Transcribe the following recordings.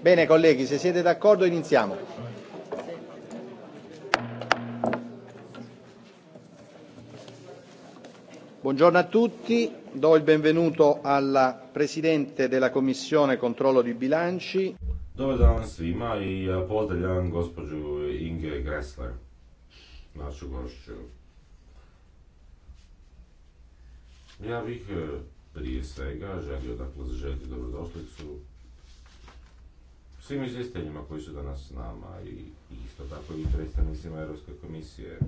Bene colleghi, se siete d'accordo iniziamo. Buongiorno a tutti, do il benvenuto alla Presidente della Commissione Controllo di Bilanci. Dobar dan svima i eh, pozdravljam gospođu Inge Gressler, našu gošću. Ja bih eh, prije svega želio da dakle, zaželiti dobrodošlicu svim izvjestiteljima koji su danas s nama i isto tako i predstavnicima Europske komisije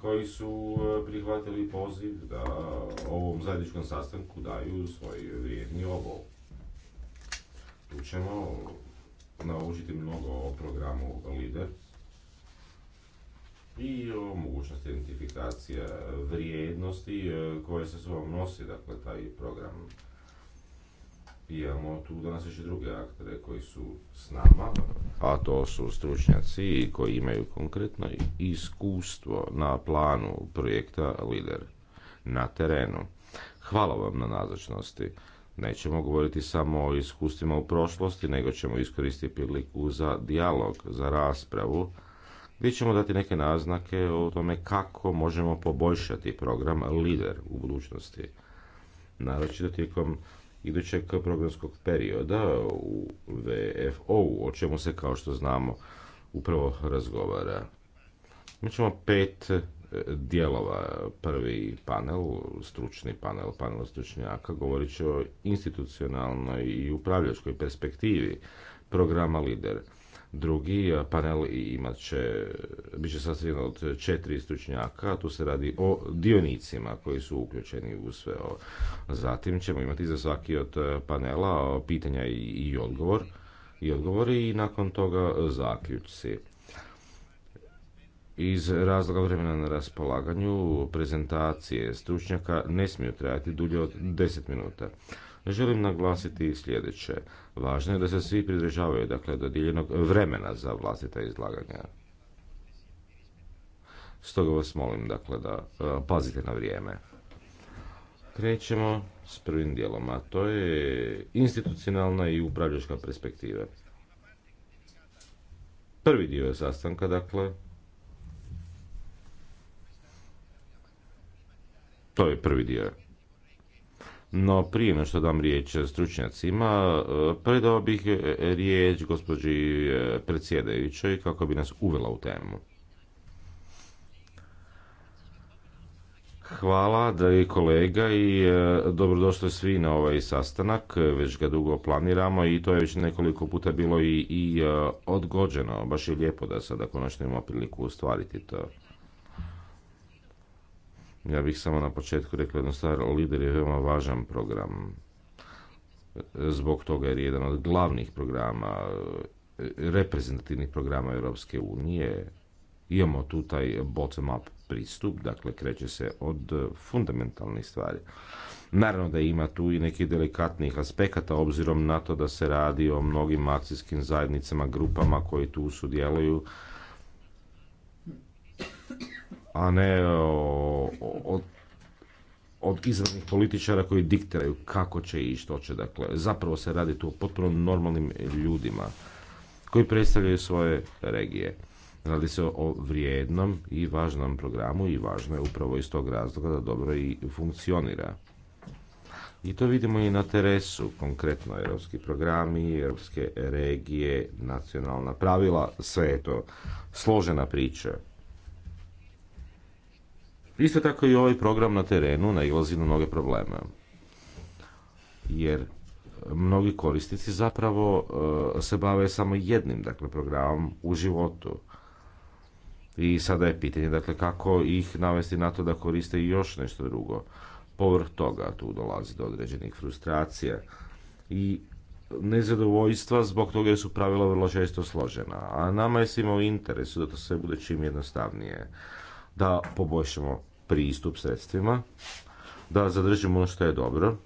koji su e, prihvatili poziv da ovom zajedničkom sastanku daju svoj vrijedni obol. Tu ćemo naučiti mnogo o programu LIDER i o mogućnosti identifikacije vrijednosti e, koje se s nosi, dakle taj program imamo tu danas još druge aktere koji su s nama, a to su stručnjaci koji imaju konkretno iskustvo na planu projekta LIDER na terenu. Hvala vam na nazočnosti. Nećemo govoriti samo o iskustvima u prošlosti, nego ćemo iskoristiti priliku za dijalog, za raspravu, gdje ćemo dati neke naznake o tome kako možemo poboljšati program LIDER u budućnosti. Naročito tijekom idućeg programskog perioda u vfo o čemu se kao što znamo upravo razgovara. Mi ćemo pet e, dijelova. Prvi panel, stručni panel, panel stručnjaka, govorit će o institucionalnoj i upravljačkoj perspektivi programa LIDER. Drugi e, panel imat će, bit će sastavljen od četiri stručnjaka, tu se radi o dionicima koji su uključeni u sve ovo. Zatim ćemo imati za svaki od e, panela pitanja i, odgovor i odgovori i nakon toga zaključci. Iz razloga vremena na raspolaganju prezentacije stručnjaka ne smiju trajati dulje od 10 minuta želim naglasiti sljedeće. Važno je da se svi pridržavaju dakle, dodijeljenog vremena za vlastita izlaganja. Stoga vas molim dakle, da e, pazite na vrijeme. Krećemo s prvim dijelom, a to je institucionalna i upravljačka perspektiva. Prvi dio je sastanka, dakle, to je prvi dio no prije nego što dam riječ stručnjacima, e, predao bih riječ gospođi e, predsjedajućoj kako bi nas uvela u temu. Hvala da kolega i e, dobrodošli svi na ovaj sastanak, već ga dugo planiramo i to je već nekoliko puta bilo i, odgođeno. Baš je lijepo da sada konačno imamo priliku ostvariti to. Ja bih samo na početku rekao jednu stvar, Lider je veoma važan program. Zbog toga jer je jedan od glavnih programa, reprezentativnih programa Europske unije. Imamo tu taj bottom-up pristup, dakle kreće se od fundamentalnih stvari. Naravno da ima tu i nekih delikatnih aspekata obzirom na to da se radi o mnogim akcijskim zajednicama, grupama koji tu sudjeluju a ne e, od, od političara koji diktiraju kako će i što će. Dakle, zapravo se radi tu o potpuno normalnim ljudima koji predstavljaju svoje regije. Radi se o vrijednom i važnom programu i važno je upravo iz tog razloga da dobro i funkcionira. I to vidimo i na teresu, konkretno europski programi, europske regije, nacionalna pravila, sve je to složena priča. Isto tako i ovaj program na terenu nailazi na mnoge probleme. Jer mnogi korisnici zapravo e, se bave samo jednim dakle, programom u životu. I sada je pitanje dakle, kako ih navesti na to da koriste još nešto drugo. Povrh toga tu dolazi do određenih frustracija i nezadovoljstva zbog toga jer su pravila vrlo često složena. A nama je svima u interesu da to sve bude čim jednostavnije da poboljšamo pristup sredstvima, da zadržimo ono što je dobro,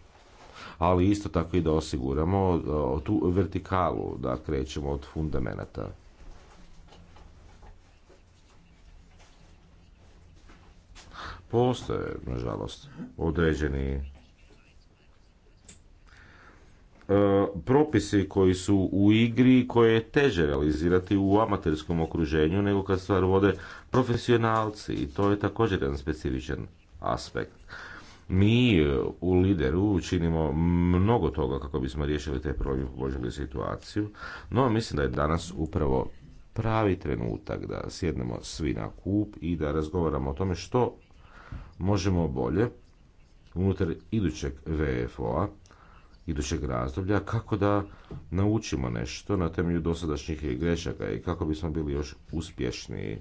ali isto tako i da osiguramo e, tu vertikalu, da krećemo od fundamenta. Postoje, nažalost, određeni E, propisi koji su u igri koje je teže realizirati u amaterskom okruženju nego kad stvar vode profesionalci i to je također jedan specifičan aspekt. Mi e, u lideru učinimo mnogo toga kako bismo riješili te problem i poboljšali situaciju, no mislim da je danas upravo pravi trenutak da sjednemo svi na kup i da razgovaramo o tome što možemo bolje unutar idućeg VFO-a idućeg razdoblja, kako da naučimo nešto na temelju dosadašnjih grešaka i kako bismo bili još uspješniji.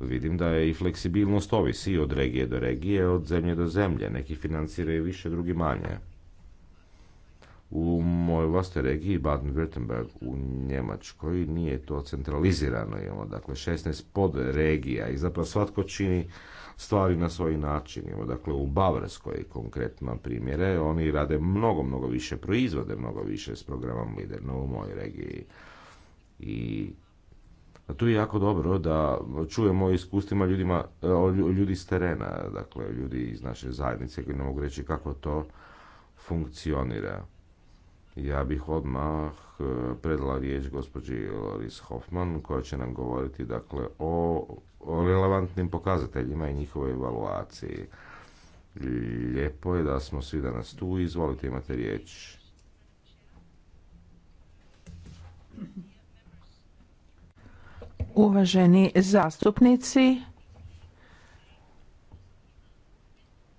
Vidim da je i fleksibilnost ovisi od regije do regije, od zemlje do zemlje. Neki financiraju više, drugi manje. U mojoj vlastoj regiji Baden-Württemberg u Njemačkoj nije to centralizirano. Imamo dakle 16 regija i zapravo svatko čini stvari na svoj način. Evo, dakle, u Bavarskoj konkretno primjere, oni rade mnogo, mnogo više, proizvode mnogo više s programom Lider, no u mojoj regiji. I tu je jako dobro da čujemo iskustvima ljudima, e, ljudi s terena, dakle, ljudi iz naše zajednice koji ne mogu reći kako to funkcionira. Ja bih odmah e, predala riječ gospođi Loris Hoffman koja će nam govoriti dakle o o relevantnim pokazateljima i njihovoj evaluaciji. Lijepo je da smo svi danas tu. Izvolite, imate riječ. Uvaženi zastupnici,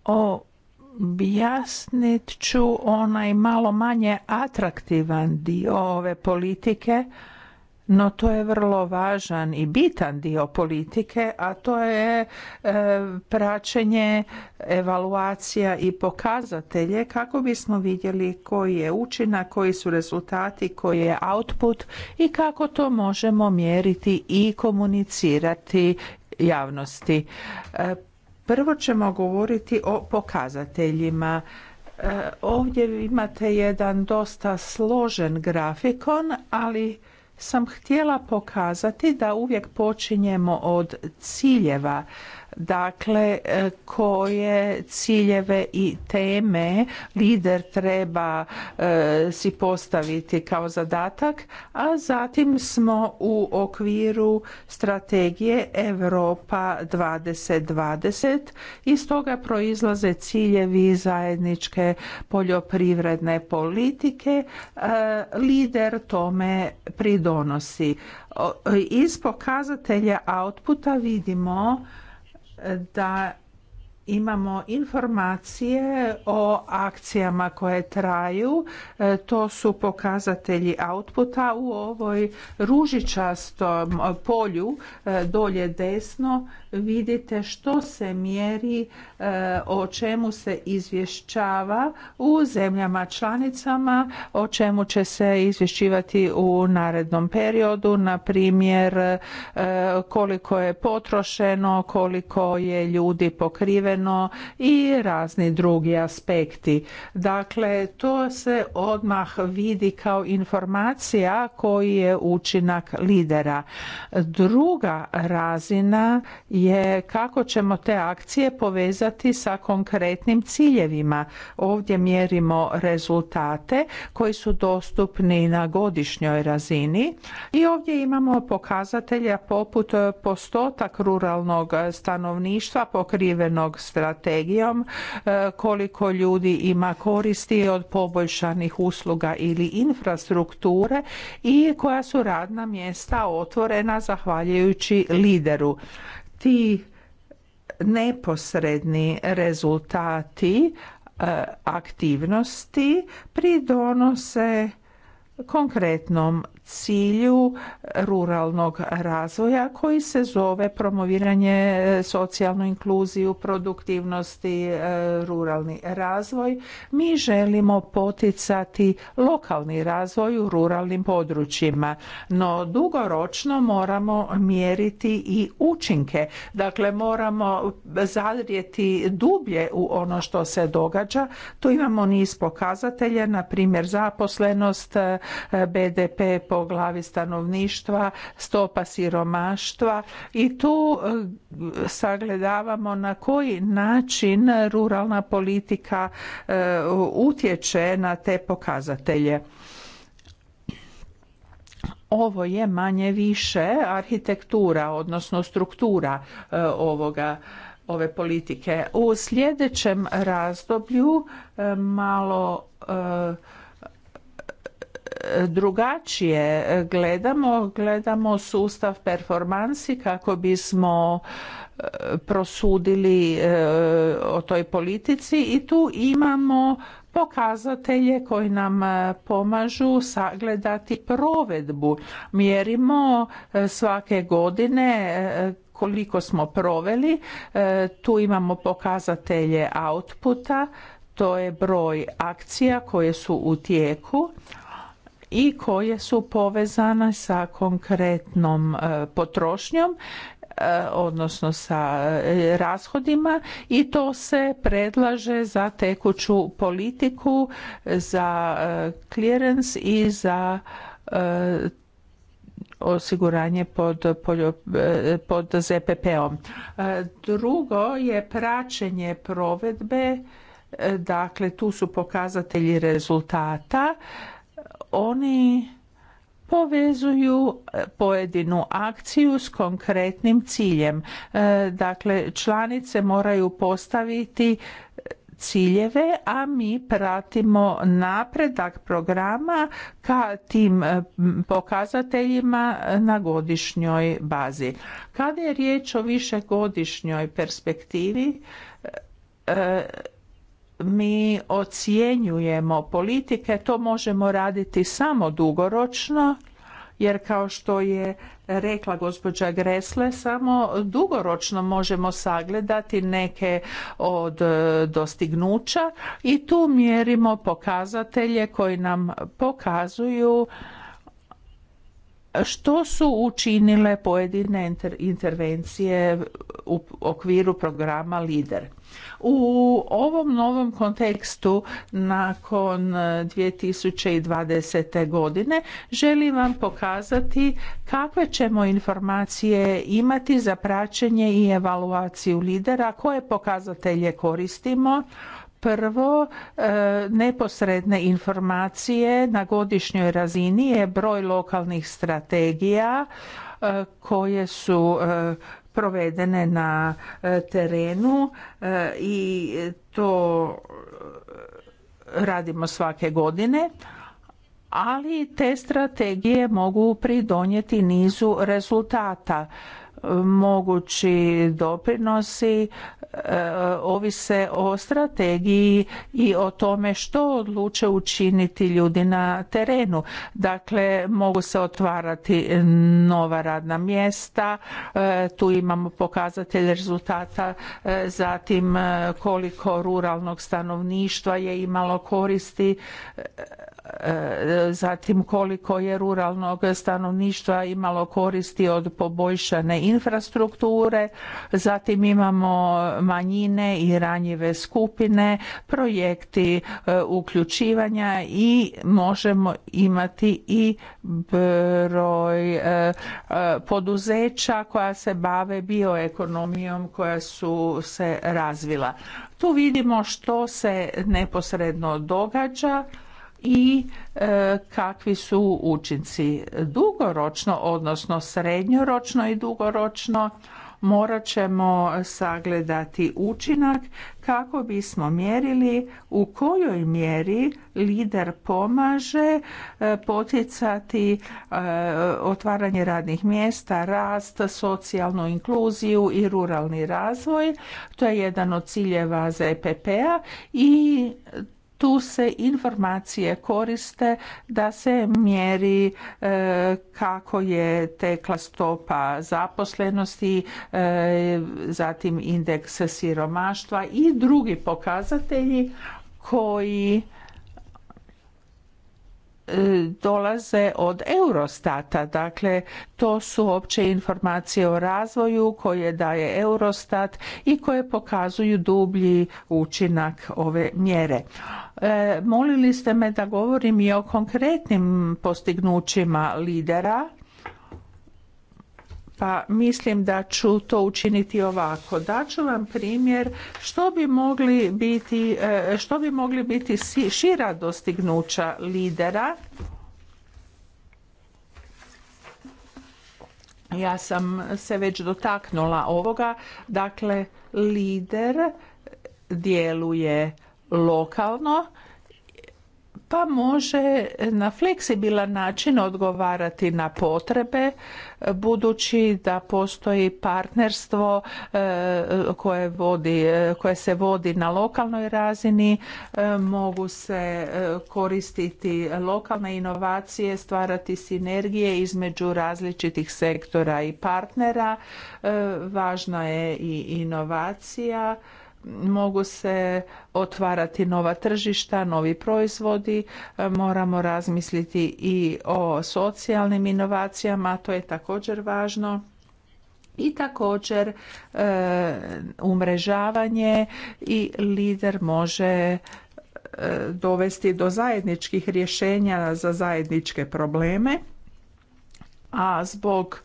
objasnit ću onaj malo manje atraktivan dio ove politike, no to je vrlo važan i bitan dio politike, a to je e, praćenje evaluacija i pokazatelje kako bismo vidjeli koji je učinak, koji su rezultati, koji je output i kako to možemo mjeriti i komunicirati javnosti. E, prvo ćemo govoriti o pokazateljima. E, ovdje imate jedan dosta složen grafikon, ali sam htjela pokazati da uvijek počinjemo od ciljeva dakle e, koje ciljeve i teme lider treba e, si postaviti kao zadatak, a zatim smo u okviru strategije Europa 2020 i stoga proizlaze ciljevi zajedničke poljoprivredne politike. E, lider tome pridonosi. Iz pokazatelja outputa vidimo da imamo informacije o akcijama koje traju. E, to su pokazatelji outputa u ovoj ružičastom polju e, dolje desno vidite što se mjeri, e, o čemu se izvješćava u zemljama članicama, o čemu će se izvješćivati u narednom periodu, na primjer e, koliko je potrošeno, koliko je ljudi pokriveno i razni drugi aspekti. Dakle, to se odmah vidi kao informacija koji je učinak lidera. Druga razina je je kako ćemo te akcije povezati sa konkretnim ciljevima. Ovdje mjerimo rezultate koji su dostupni na godišnjoj razini i ovdje imamo pokazatelja poput postotak ruralnog stanovništva pokrivenog strategijom, e, koliko ljudi ima koristi od poboljšanih usluga ili infrastrukture i koja su radna mjesta otvorena zahvaljujući lideru ti neposredni rezultati e, aktivnosti pridonose konkretnom cilju ruralnog razvoja koji se zove promoviranje e, socijalnu inkluziju, produktivnosti, e, ruralni razvoj. Mi želimo poticati lokalni razvoj u ruralnim područjima, no dugoročno moramo mjeriti i učinke. Dakle, moramo zadrijeti dublje u ono što se događa. Tu imamo niz pokazatelja, na primjer zaposlenost, BDP po glavi stanovništva, stopa siromaštva i tu e, sagledavamo na koji način ruralna politika e, utječe na te pokazatelje. Ovo je manje više arhitektura, odnosno struktura e, ovoga ove politike. U sljedećem razdoblju malo drugačije gledamo, gledamo sustav performansi kako bismo e, prosudili e, o toj politici i tu imamo pokazatelje koji nam e, pomažu sagledati provedbu. Mjerimo svake godine koliko smo proveli, tu imamo pokazatelje outputa, to je broj akcija koje su u tijeku i koje su povezane sa konkretnom e, potrošnjom e, odnosno sa e, rashodima i to se predlaže za tekuću politiku, za clearance i za osiguranje pod, pod ZPP-om. Drugo je praćenje provedbe, dakle tu su pokazatelji rezultata oni povezuju e, pojedinu akciju s konkretnim ciljem. E, dakle, članice moraju postaviti e, ciljeve, a mi pratimo napredak programa ka tim pokazateljima na godišnjoj bazi. Kada je riječ o višegodišnjoj perspektivi, mi ocjenjujemo politike, to možemo raditi samo dugoročno, jer kao što je rekla gospođa Gresle, samo dugoročno možemo sagledati neke od e, dostignuća i tu mjerimo pokazatelje koji nam pokazuju što su učinile pojedine intervencije u okviru programa LIDER. U ovom novom kontekstu nakon 2020. godine želim vam pokazati kakve ćemo informacije imati za praćenje i evaluaciju lidera, koje pokazatelje koristimo, Prvo, e, neposredne informacije na godišnjoj razini je broj lokalnih strategija e, koje su e, provedene na terenu i to radimo svake godine ali te strategije mogu pridonijeti nizu rezultata mogući doprinosi E, ovise o strategiji i o tome što odluče učiniti ljudi na terenu. Dakle, mogu se otvarati nova radna mjesta, e, tu imamo pokazatelj rezultata, e, zatim koliko ruralnog stanovništva je imalo koristi E, zatim koliko je ruralnog stanovništva imalo koristi od poboljšane infrastrukture, zatim imamo manjine i ranjive skupine, projekti e, uključivanja i možemo imati i broj e, poduzeća koja se bave bioekonomijom koja su se razvila. Tu vidimo što se neposredno događa i e, kakvi su učinci dugoročno, odnosno srednjoročno i dugoročno morat ćemo sagledati učinak kako bismo mjerili u kojoj mjeri lider pomaže e, poticati e, otvaranje radnih mjesta, rast, socijalnu inkluziju i ruralni razvoj. To je jedan od ciljeva za p-a epp a i tu se informacije koriste da se mjeri e, kako je tekla stopa zaposlenosti, e, zatim indeks siromaštva i drugi pokazatelji koji E, dolaze od Eurostata. Dakle, to su opće informacije o razvoju koje daje Eurostat i koje pokazuju dublji učinak ove mjere. E, molili ste me da govorim i o konkretnim postignućima lidera pa mislim da ću to učiniti ovako. Daću vam primjer što bi mogli biti, e, što bi mogli biti šira dostignuća lidera. Ja sam se već dotaknula ovoga. Dakle, lider djeluje lokalno pa može na fleksibilan način odgovarati na potrebe budući da postoji partnerstvo eh, koje, vodi, eh, koje se vodi na lokalnoj razini, eh, mogu se koristiti lokalne inovacije, stvarati sinergije između različitih sektora i partnera, važna je i inovacija mogu se otvarati nova tržišta, novi proizvodi, e, moramo razmisliti i o socijalnim inovacijama, to je također važno i također e, umrežavanje i lider može e, dovesti do zajedničkih rješenja za zajedničke probleme a zbog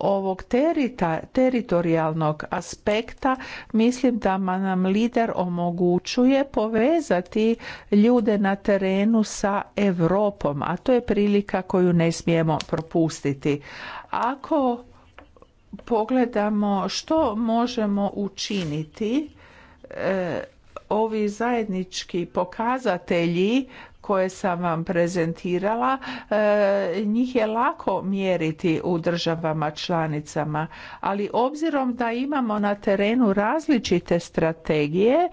ovog terita, teritorijalnog aspekta mislim da nam lider omogućuje povezati ljude na terenu sa Europom, a to je prilika koju ne smijemo propustiti. Ako pogledamo što možemo učiniti, e, ovi zajednički pokazatelji koje sam vam prezentirala, e, njih je lako mjeriti u državama članicama, ali obzirom da imamo na terenu različite strategije,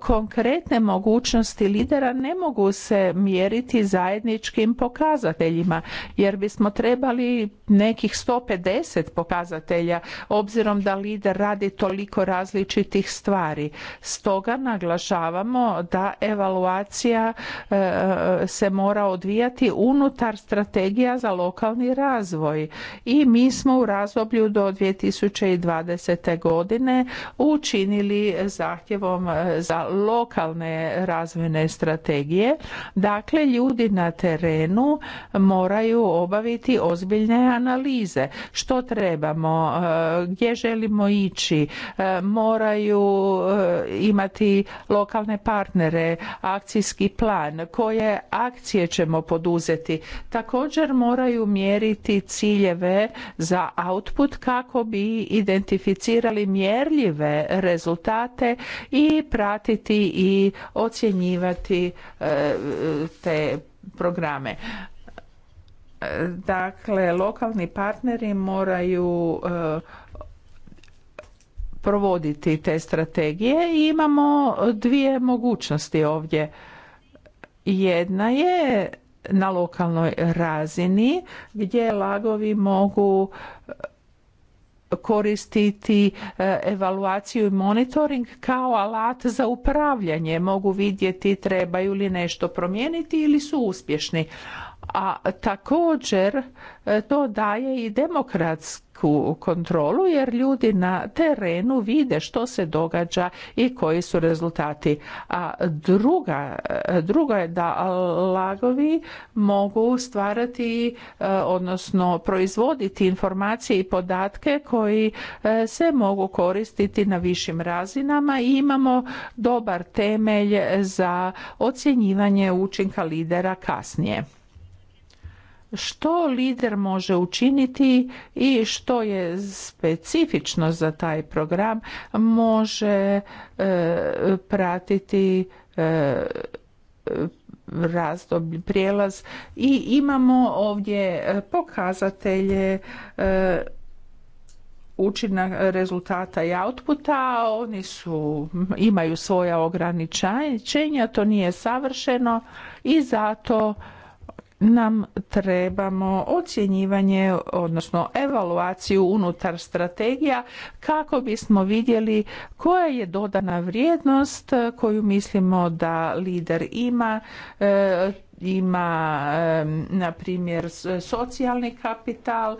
konkretne mogućnosti lidera ne mogu se mjeriti zajedničkim pokazateljima, jer bismo trebali nekih 150 pokazatelja, obzirom da lider radi toliko različitih stvari. Stoga naglašavamo da evaluacija e, se mora odvijati unutar strategija za lokalni razvoj i mi smo u razdoblju do 2020. godine učinili zahtjevom e, za lokalne razvojne strategije. Dakle, ljudi na terenu moraju obaviti ozbiljne analize. Što trebamo? E, gdje želimo ići? E, moraju imati lokalne partnere, akcijski plan, koji koje akcije ćemo poduzeti. Također moraju mjeriti ciljeve za output kako bi identificirali mjerljive rezultate i pratiti i ocjenjivati e, te programe. Dakle, lokalni partneri moraju e, provoditi te strategije i imamo dvije mogućnosti ovdje jedna je na lokalnoj razini gdje lagovi mogu e, koristiti e, evaluaciju i monitoring kao alat za upravljanje. Mogu vidjeti trebaju li nešto promijeniti ili su uspješni. A također e, to daje i demokratski veliku kontrolu jer ljudi na terenu vide što se događa i koji su rezultati. A druga, drugo je da lagovi mogu stvarati e, odnosno proizvoditi informacije i podatke koji e, se mogu koristiti na višim razinama i imamo dobar temelj za ocjenjivanje učinka lidera kasnije što lider može učiniti i što je specifično za taj program može e, pratiti e, razdoblje prijelaz i imamo ovdje e, pokazatelje učinak rezultata i outputa, oni su, imaju svoja ograničenja, to nije savršeno i zato nam trebamo ocjenjivanje, odnosno evaluaciju unutar strategija kako bismo vidjeli koja je dodana vrijednost koju mislimo da lider ima, e, ima na primjer socijalni kapital,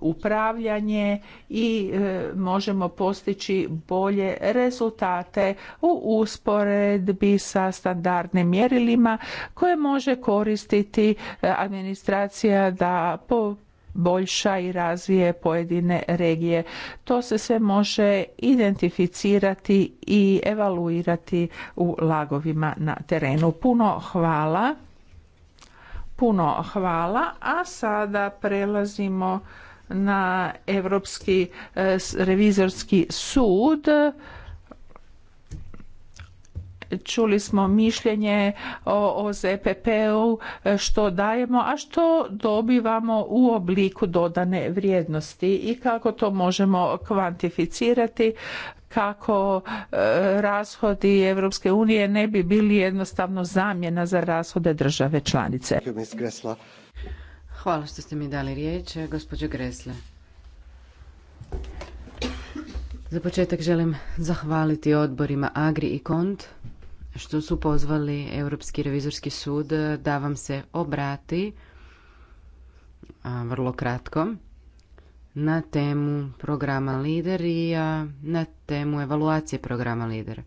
upravljanje i možemo postići bolje rezultate u usporedbi sa standardnim mjerilima koje može koristiti administracija da po poboljša i razvije pojedine regije. To se sve može identificirati i evaluirati u lagovima na terenu. Puno hvala. Puno hvala, a sada prelazimo na Europski eh, revizorski sud. Čuli smo mišljenje o, zPpu u e, što dajemo, a što dobivamo u obliku dodane vrijednosti i kako to možemo kvantificirati kako e, rashodi Europske unije ne bi bili jednostavno zamjena za rashode države članice. Hvala što ste mi dali riječ, e, gospođo Gresle. Za početak želim zahvaliti odborima Agri i Kont što su pozvali Europski revizorski sud da vam se obrati vrlo kratko na temu programa Lider i na temu evaluacije programa Lider.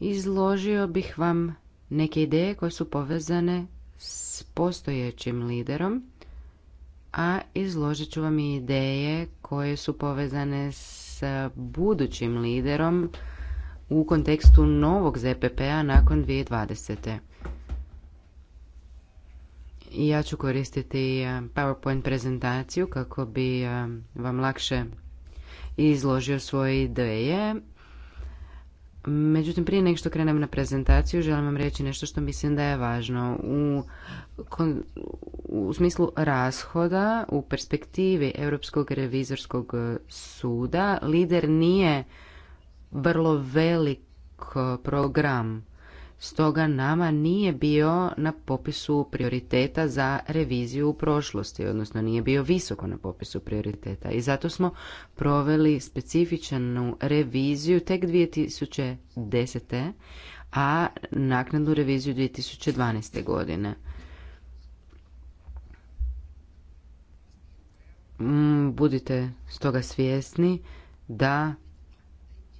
Izložio bih vam neke ideje koje su povezane s postojećim liderom, a izložit ću vam i ideje koje su povezane s budućim liderom u kontekstu novog ZPP-a nakon 2020. Ja ću koristiti eh, PowerPoint prezentaciju kako bi eh, vam lakše izložio svoje ideje. Međutim, prije nego što krenem na prezentaciju, želim vam reći nešto što mislim da je važno. U, u smislu rashoda, u perspektivi Europskog revizorskog eh, suda, lider nije vrlo velik e, program. Stoga nama nije bio na popisu prioriteta za reviziju u prošlosti, odnosno nije bio visoko na popisu prioriteta i zato smo proveli specifičanu reviziju tek 2010. a naknadnu reviziju 2012. godine. Mm, budite stoga svjesni da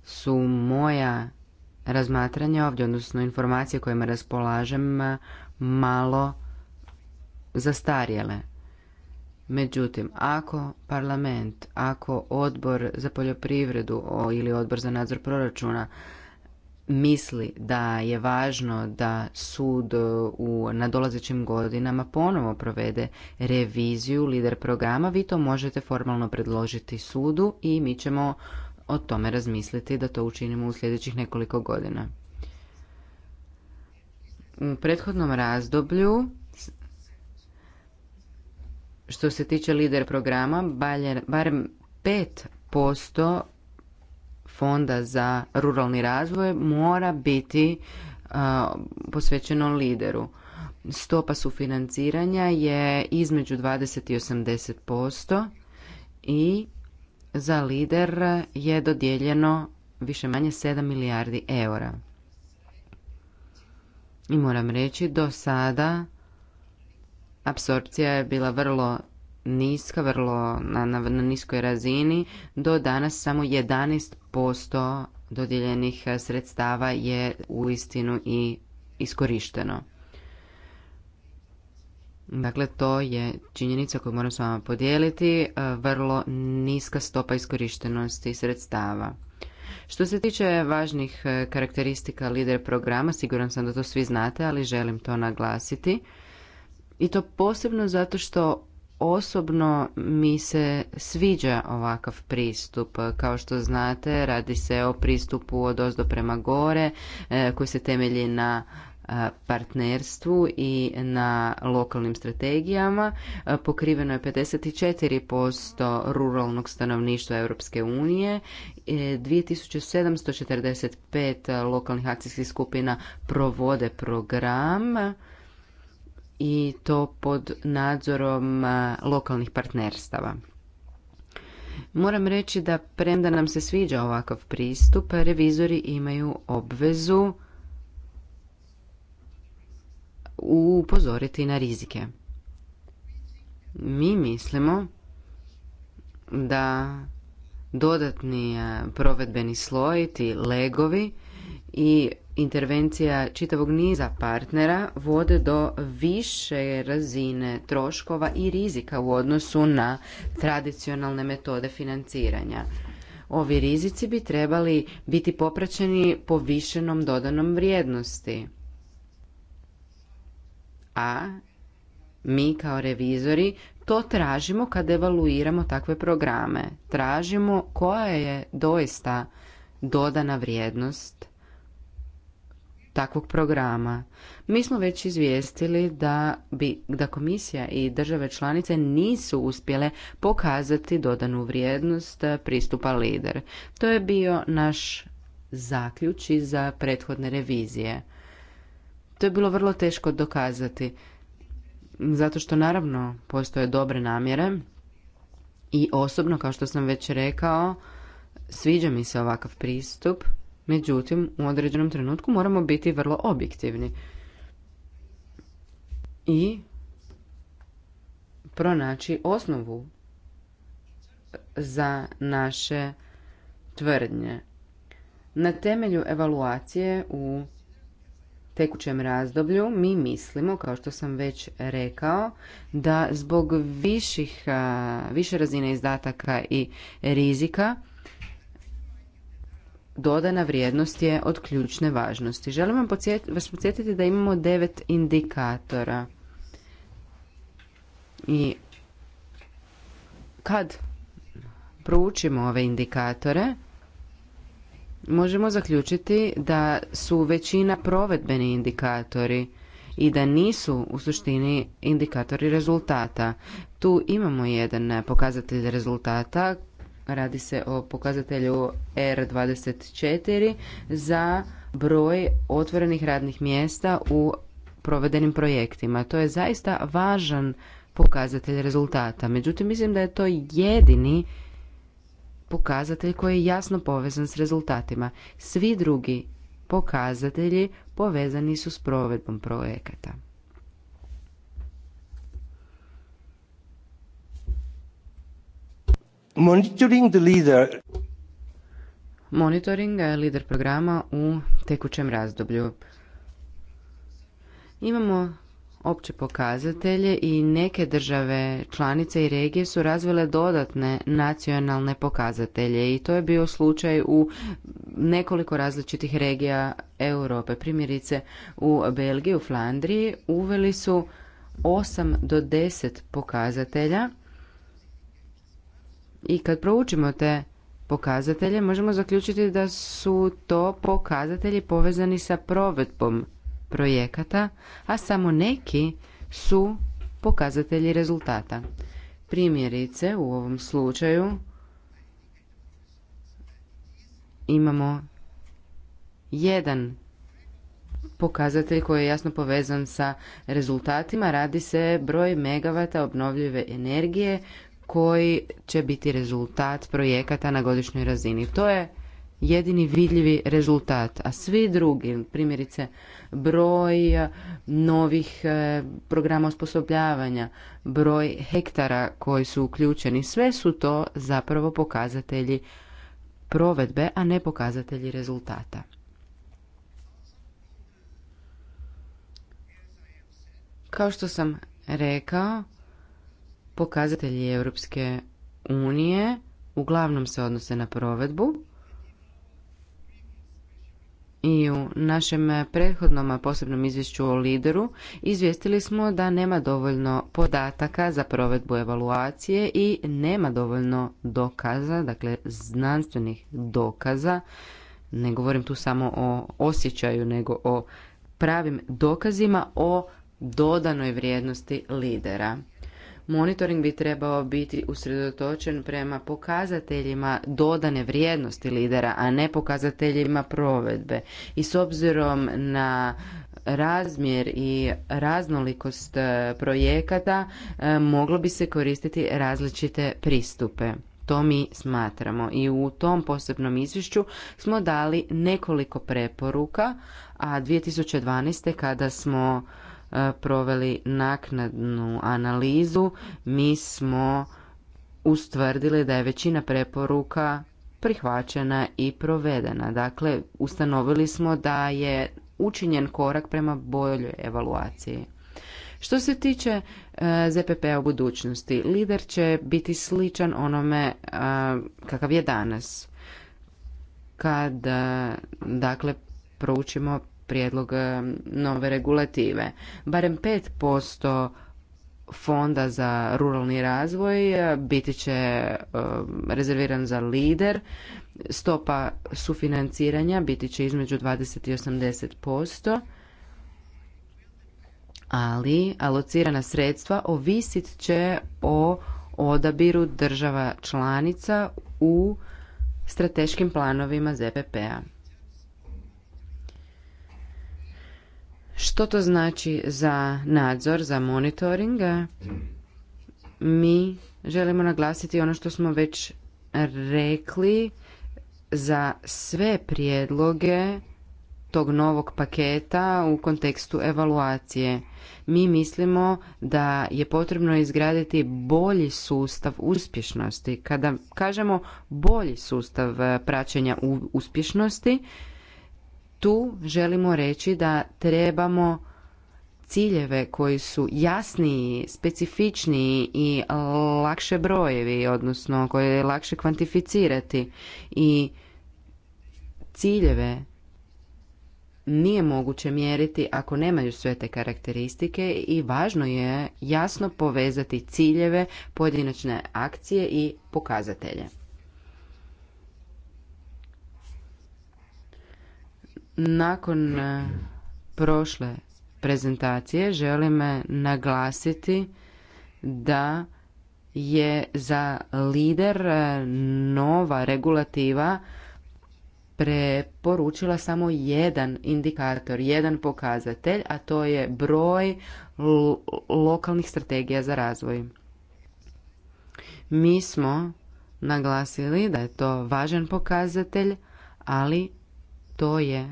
su moja razmatranja ovdje, odnosno informacije kojima raspolažem, malo zastarjele. Međutim, ako parlament, ako odbor za poljoprivredu ili odbor za nadzor proračuna misli da je važno da sud u nadolazećim godinama ponovo provede reviziju lider programa, vi to možete formalno predložiti sudu i mi ćemo o tome razmisliti da to učinimo u sljedećih nekoliko godina. U prethodnom razdoblju što se tiče lider programa, barem 5% fonda za ruralni razvoj mora biti posvećeno lideru. Stopa sufinanciranja je između 20 i 80% i za lider je dodijeljeno više manje 7 milijardi eura. I moram reći, do sada apsorpcija je bila vrlo niska, vrlo na, niskoj razini. Do danas samo 11% dodijeljenih sredstava je u istinu i iskorišteno. Dakle, to je činjenica koju moram s vama podijeliti, e, vrlo niska stopa iskorištenosti sredstava. Što se tiče važnih e, karakteristika lider programa, siguran sam da to svi znate, ali želim to naglasiti. I to posebno zato što osobno mi se sviđa ovakav pristup. Kao što znate, radi se o pristupu od ozdo prema gore, e, koji se temelji na partnerstvu i na lokalnim strategijama. Pokriveno je 54% ruralnog stanovništva Europske unije, 2745 e, lokalnih akcijskih skupina provode program i to pod nadzorom lokalnih partnerstava. Moram reći da premda nam se sviđa ovakav pristup, revizori imaju obvezu upozoriti na rizike. Mi mislimo da dodatni e, provedbeni sloj, ti legovi i intervencija čitavog niza partnera vode do više razine troškova i rizika u odnosu na tradicionalne metode financiranja. Ovi rizici bi trebali biti popraćeni povišenom dodanom vrijednosti a mi kao revizori to tražimo kad evaluiramo takve programe. Tražimo koja je doista dodana vrijednost takvog programa. Mi smo već izvijestili da, bi, da komisija i države članice nisu uspjele pokazati dodanu vrijednost eh, pristupa lider. To je bio naš zaključ za eh, prethodne revizije. To je bilo vrlo teško dokazati, zato što naravno postoje dobre namjere i osobno, kao što sam već rekao, sviđa mi se ovakav pristup, međutim u određenom trenutku moramo biti vrlo objektivni i pronaći osnovu za naše tvrdnje. Na temelju evaluacije u tekućem razdoblju mi mislimo, kao što sam već rekao, da zbog viših, više razine izdataka i rizika dodana vrijednost je od ključne važnosti. Želim vam vas podsjetiti da imamo devet indikatora. I kad proučimo ove indikatore, možemo zaključiti da su većina provedbeni indikatori i da nisu u suštini indikatori rezultata. Tu imamo jedan pokazatelj rezultata, radi se o pokazatelju R24 za broj otvorenih radnih mjesta u provedenim projektima. To je zaista važan pokazatelj rezultata. Međutim, mislim da je to jedini pokazatelj koji je jasno povezan s rezultatima. Svi drugi pokazatelji povezani su s provedbom projekata. Monitoring the leader. je lider programa u tekućem razdoblju. Imamo opće pokazatelje i neke države članice i regije su razvile dodatne nacionalne pokazatelje i to je bio slučaj u nekoliko različitih regija Europe. Primjerice u Belgiji, u Flandriji uveli su 8 do 10 pokazatelja i kad proučimo te pokazatelje možemo zaključiti da su to pokazatelji povezani sa provedbom projekata, a samo neki su pokazatelji rezultata. Primjerice, u ovom slučaju imamo jedan pokazatelj koji je jasno povezan sa rezultatima. Radi se broj megavata obnovljive energije koji će biti rezultat projekata na godišnjoj razini. To je jedini vidljivi rezultat, a svi drugi, primjerice broj eh, novih eh, programa osposobljavanja, broj hektara koji su uključeni, sve su to zapravo pokazatelji provedbe, a ne pokazatelji rezultata. Kao što sam rekao, pokazatelji Europske unije uglavnom se odnose na provedbu, i u našem prethodnom posebnom izvješću o lideru izvijestili smo da nema dovoljno podataka za provedbu evaluacije i nema dovoljno dokaza, dakle znanstvenih dokaza, ne govorim tu samo o osjećaju, nego o pravim dokazima o dodanoj vrijednosti lidera. Monitoring bi trebao biti usredotočen prema pokazateljima dodane vrijednosti lidera, a ne pokazateljima provedbe. I s obzirom na razmjer i raznolikost e, projekata e, moglo bi se koristiti različite pristupe. To mi smatramo i u tom posebnom izvješću smo dali nekoliko preporuka, a 2012. kada smo E, proveli naknadnu analizu, mi smo ustvrdili da je većina preporuka prihvaćena i provedena. Dakle, ustanovili smo da je učinjen korak prema boljoj evaluaciji. Što se tiče e, zpp u budućnosti, lider će biti sličan onome e, kakav je danas. Kad, dakle, proučimo prijedlog e, nove regulative. Barem 5% fonda za ruralni razvoj e, biti će e, rezerviran za lider. Stopa sufinanciranja biti će između 20 i 80%, ali alocirana sredstva ovisit će o odabiru država članica u strateškim planovima ZPP-a. Što to znači za nadzor, za monitoring? Mi želimo naglasiti ono što smo već rekli za sve prijedloge tog novog paketa u kontekstu evaluacije. Mi mislimo da je potrebno izgraditi bolji sustav uspješnosti. Kada kažemo bolji sustav praćenja uspješnosti, tu želimo reći da trebamo ciljeve koji su jasniji, specifičniji i lakše brojevi, odnosno koje je lakše kvantificirati i ciljeve nije moguće mjeriti ako nemaju sve te karakteristike i važno je jasno povezati ciljeve, pojedinačne akcije i pokazatelje. Nakon e, prošle prezentacije želim e, naglasiti da je za lider e, nova regulativa preporučila samo jedan indikator, jedan pokazatelj, a to je broj lokalnih strategija za razvoj. Mi smo naglasili da je to važan pokazatelj, ali to je,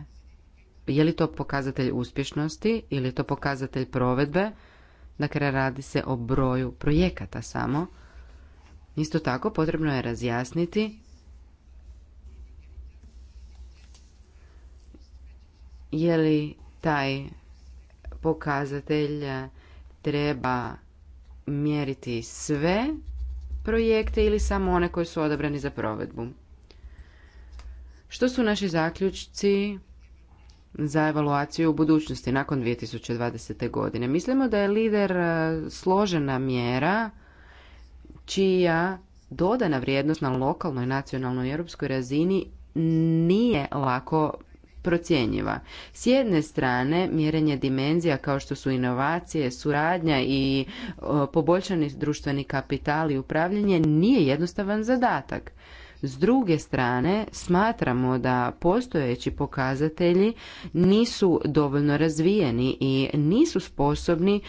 je li to pokazatelj uspješnosti ili je to pokazatelj provedbe, dakle radi se o broju projekata samo. Isto tako potrebno je razjasniti je li taj pokazatelj treba mjeriti sve projekte ili samo one koji su odabrani za provedbu. Što su naši zaključci za evaluaciju u budućnosti nakon 2020. godine? Mislimo da je lider e, složena mjera čija dodana vrijednost na lokalnoj, nacionalnoj i europskoj razini nije lako procjenjiva. S jedne strane, mjerenje dimenzija kao što su inovacije, suradnja i e, poboljšani društveni kapital i upravljanje nije jednostavan zadatak. S druge strane, smatramo da postojeći pokazatelji nisu dovoljno razvijeni i nisu sposobni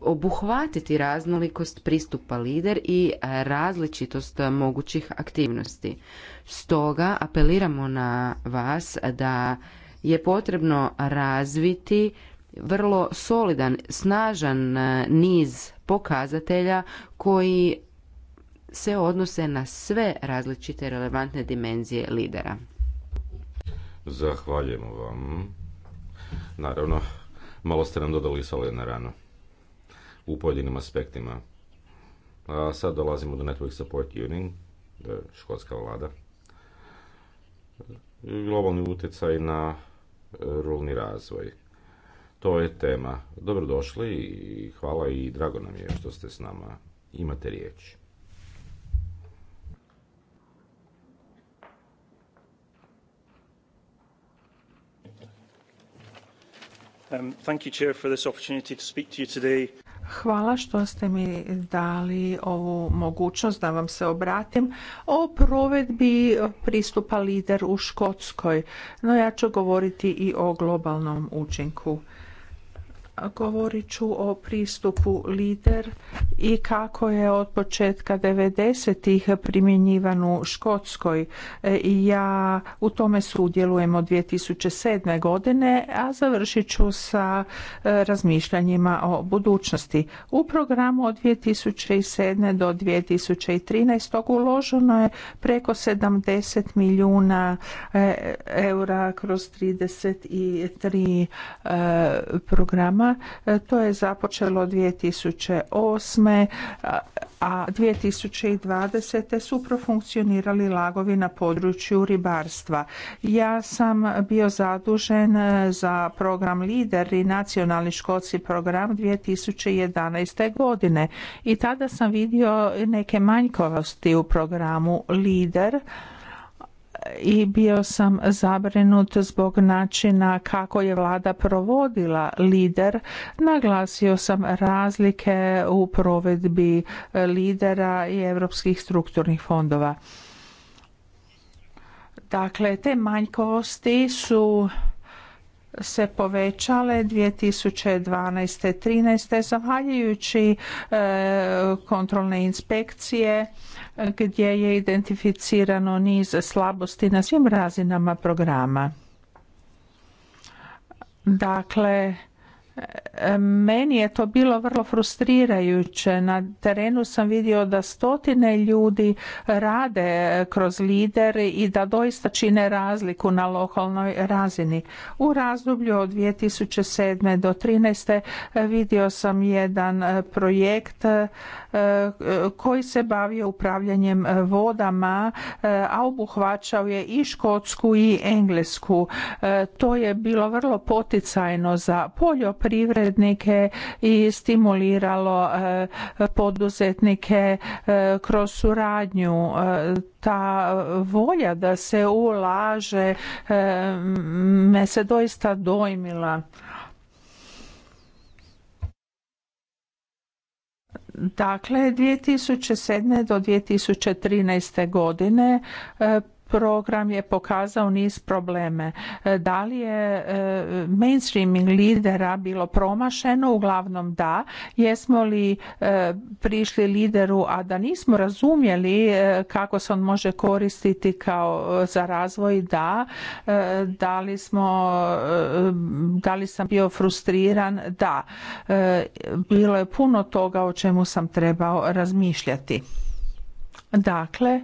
obuhvatiti raznolikost pristupa lider i različitost mogućih aktivnosti. Stoga apeliramo na vas da je potrebno razviti vrlo solidan, snažan e, niz pokazatelja koji se odnose na sve različite relevantne dimenzije lidera. Zahvaljujemo vam. Naravno, malo ste nam dodali na rano u pojedinim aspektima. A sad dolazimo do Network Support Union, škotska vlada. Globalni utjecaj na ruralni razvoj. To je tema. Dobrodošli i hvala i drago nam je što ste s nama. Imate riječ. Hvala što ste mi dali ovu mogućnost da vam se obratim o provedbi pristupa lider u Škotskoj, no ja ću govoriti i o globalnom učinku govorit ću o pristupu lider i kako je od početka 90-ih primjenjivan u Škotskoj. E, ja u tome sudjelujem od 2007. godine, a završit ću sa e, razmišljanjima o budućnosti. U programu od 2007. do 2013. uloženo je preko 70 milijuna e, eura kroz 33 programa E, to je započelo 2008. a 2020. su profunkcionirali lagovi na području ribarstva. Ja sam bio zadužen e, za program LIDER i nacionalni školski program 2011. godine i tada sam vidio neke manjkovosti u programu LIDER i bio sam zabrinut zbog načina kako je vlada provodila lider. Naglasio sam razlike u provedbi lidera i europskih strukturnih fondova. Dakle, te manjkosti su se povećale 2012. 13. zahvaljujući e, kontrolne inspekcije gdje je identificirano niz slabosti na svim razinama programa. Dakle, meni je to bilo vrlo frustrirajuće. Na terenu sam vidio da stotine ljudi rade kroz lider i da doista čine razliku na lokalnoj razini. U razdoblju od 2007. do 2013. vidio sam jedan projekt koji se bavio upravljanjem e, vodama, e, a obuhvaćao je i Škotsku i Englesku. E, to je bilo vrlo poticajno za poljoprivrednike i stimuliralo poduzetnike kroz suradnju ta volja da se ulaže me se doista dojmila Dakle, 2007. do 2013. godine e, program je pokazao niz probleme. E, da li je e, mainstreaming lidera bilo promašeno? Uglavnom da. Jesmo li e, prišli lideru, a da nismo razumjeli kako se on može koristiti kao za razvoj? Da. Da li smo, da li sam bio frustriran? Da. Bilo je puno toga o čemu sam trebao razmišljati. Dakle,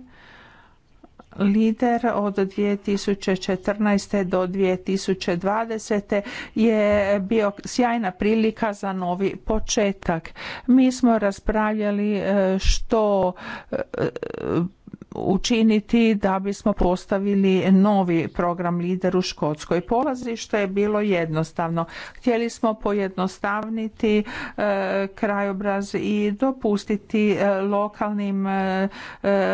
lider od 2014. do 2020. je bio sjajna prilika za novi početak. Mi smo raspravljali e, što e, učiniti da bismo postavili novi program lider u Škotskoj. Polazište je bilo jednostavno. Htjeli smo pojednostavniti e, krajobraz i dopustiti e, lokalnim e,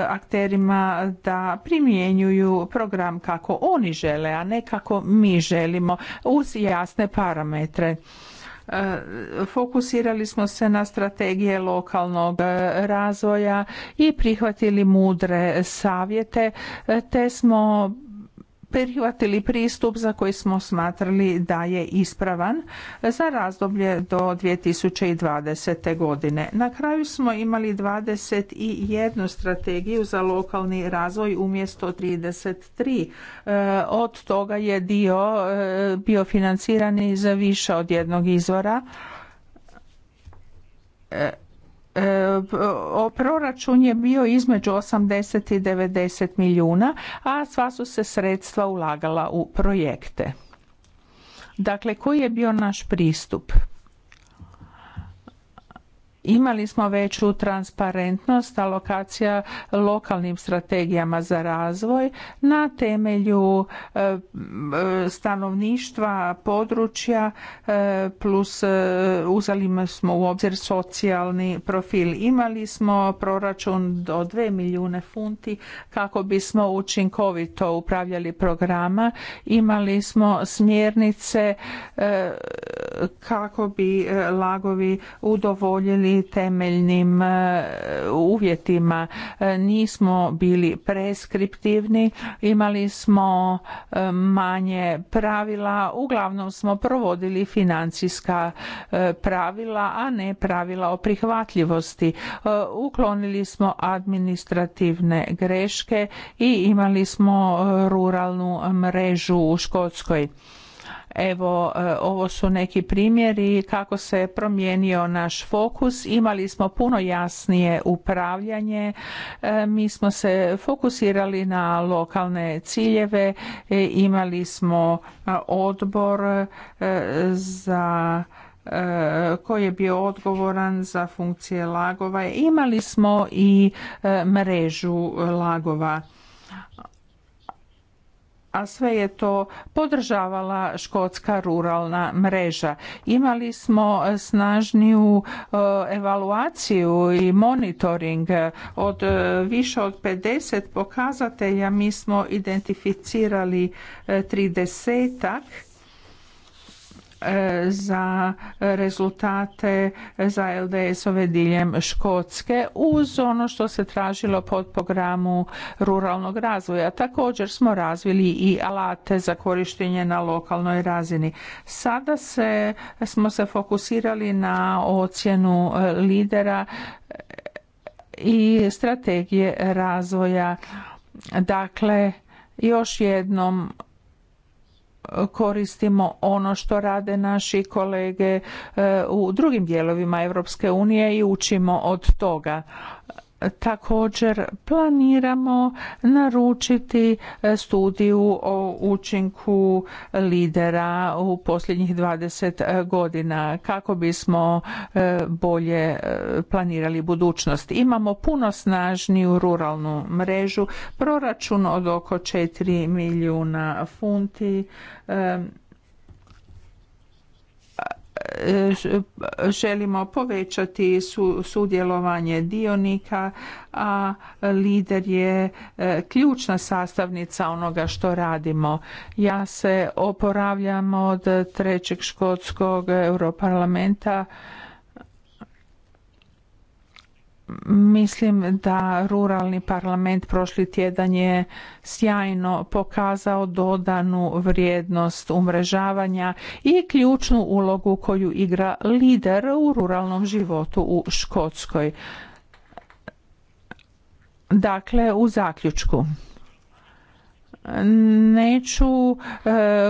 akterima da primjenjuju program kako oni žele, a ne kako mi želimo uz jasne parametre. E, fokusirali smo se na strategije lokalnog e, razvoja i prihvatili mudre savjete e, te smo prihvatili pristup za koji smo smatrali da je ispravan za razdoblje do 2020. godine. Na kraju smo imali 21 strategiju za lokalni razvoj umjesto 33. E, od toga je dio e, bio financiran za više od jednog izvora e, E, proračun je bio između 80 i 90 milijuna, a sva su se sredstva ulagala u projekte. Dakle, koji je bio naš pristup? Imali smo veću transparentnost alokacija lokalnim strategijama za razvoj na temelju e, stanovništva područja e, plus e, uzeli smo u obzir socijalni profil. Imali smo proračun do 2 milijune funti kako bismo učinkovito upravljali programa. Imali smo smjernice kako bi lagovi udovoljili temeljnim e, uvjetima. E, nismo bili preskriptivni, imali smo e, manje pravila, uglavnom smo provodili financijska pravila, a ne pravila o prihvatljivosti. Uklonili smo administrativne greške i imali smo ruralnu mrežu u Škotskoj. Evo, e, ovo su neki primjeri kako se promijenio naš fokus. Imali smo puno jasnije upravljanje. E, mi smo se fokusirali na lokalne ciljeve. E, imali smo odbor za koji je bio odgovoran za funkcije lagova. Imali smo i mrežu lagova a sve je to podržavala škotska ruralna mreža. Imali smo snažniju e, evaluaciju i monitoring od e, više od 50 pokazatelja mi smo identificirali e, tridesetak za rezultate za LDS-ove diljem Škotske uz ono što se tražilo pod programu ruralnog razvoja. Također smo razvili i alate za korištenje na lokalnoj razini. Sada se, smo se fokusirali na ocjenu lidera i strategije razvoja. Dakle, još jednom koristimo ono što rade naši kolege e, u drugim dijelovima Europske unije i učimo od toga također planiramo naručiti e, studiju o učinku lidera u posljednjih 20 e, godina kako bismo e, bolje planirali budućnost. Imamo puno snažniju ruralnu mrežu, proračun od oko 4 milijuna funti E, želimo povećati sudjelovanje dionika, a lider je e, ključna sastavnica onoga što radimo. Ja se oporavljam od trećeg škotskog europarlamenta Mislim da ruralni parlament prošli tjedan je sjajno pokazao dodanu vrijednost umrežavanja i ključnu ulogu koju igra lider u ruralnom životu u Škotskoj. Dakle, u zaključku. Neću e,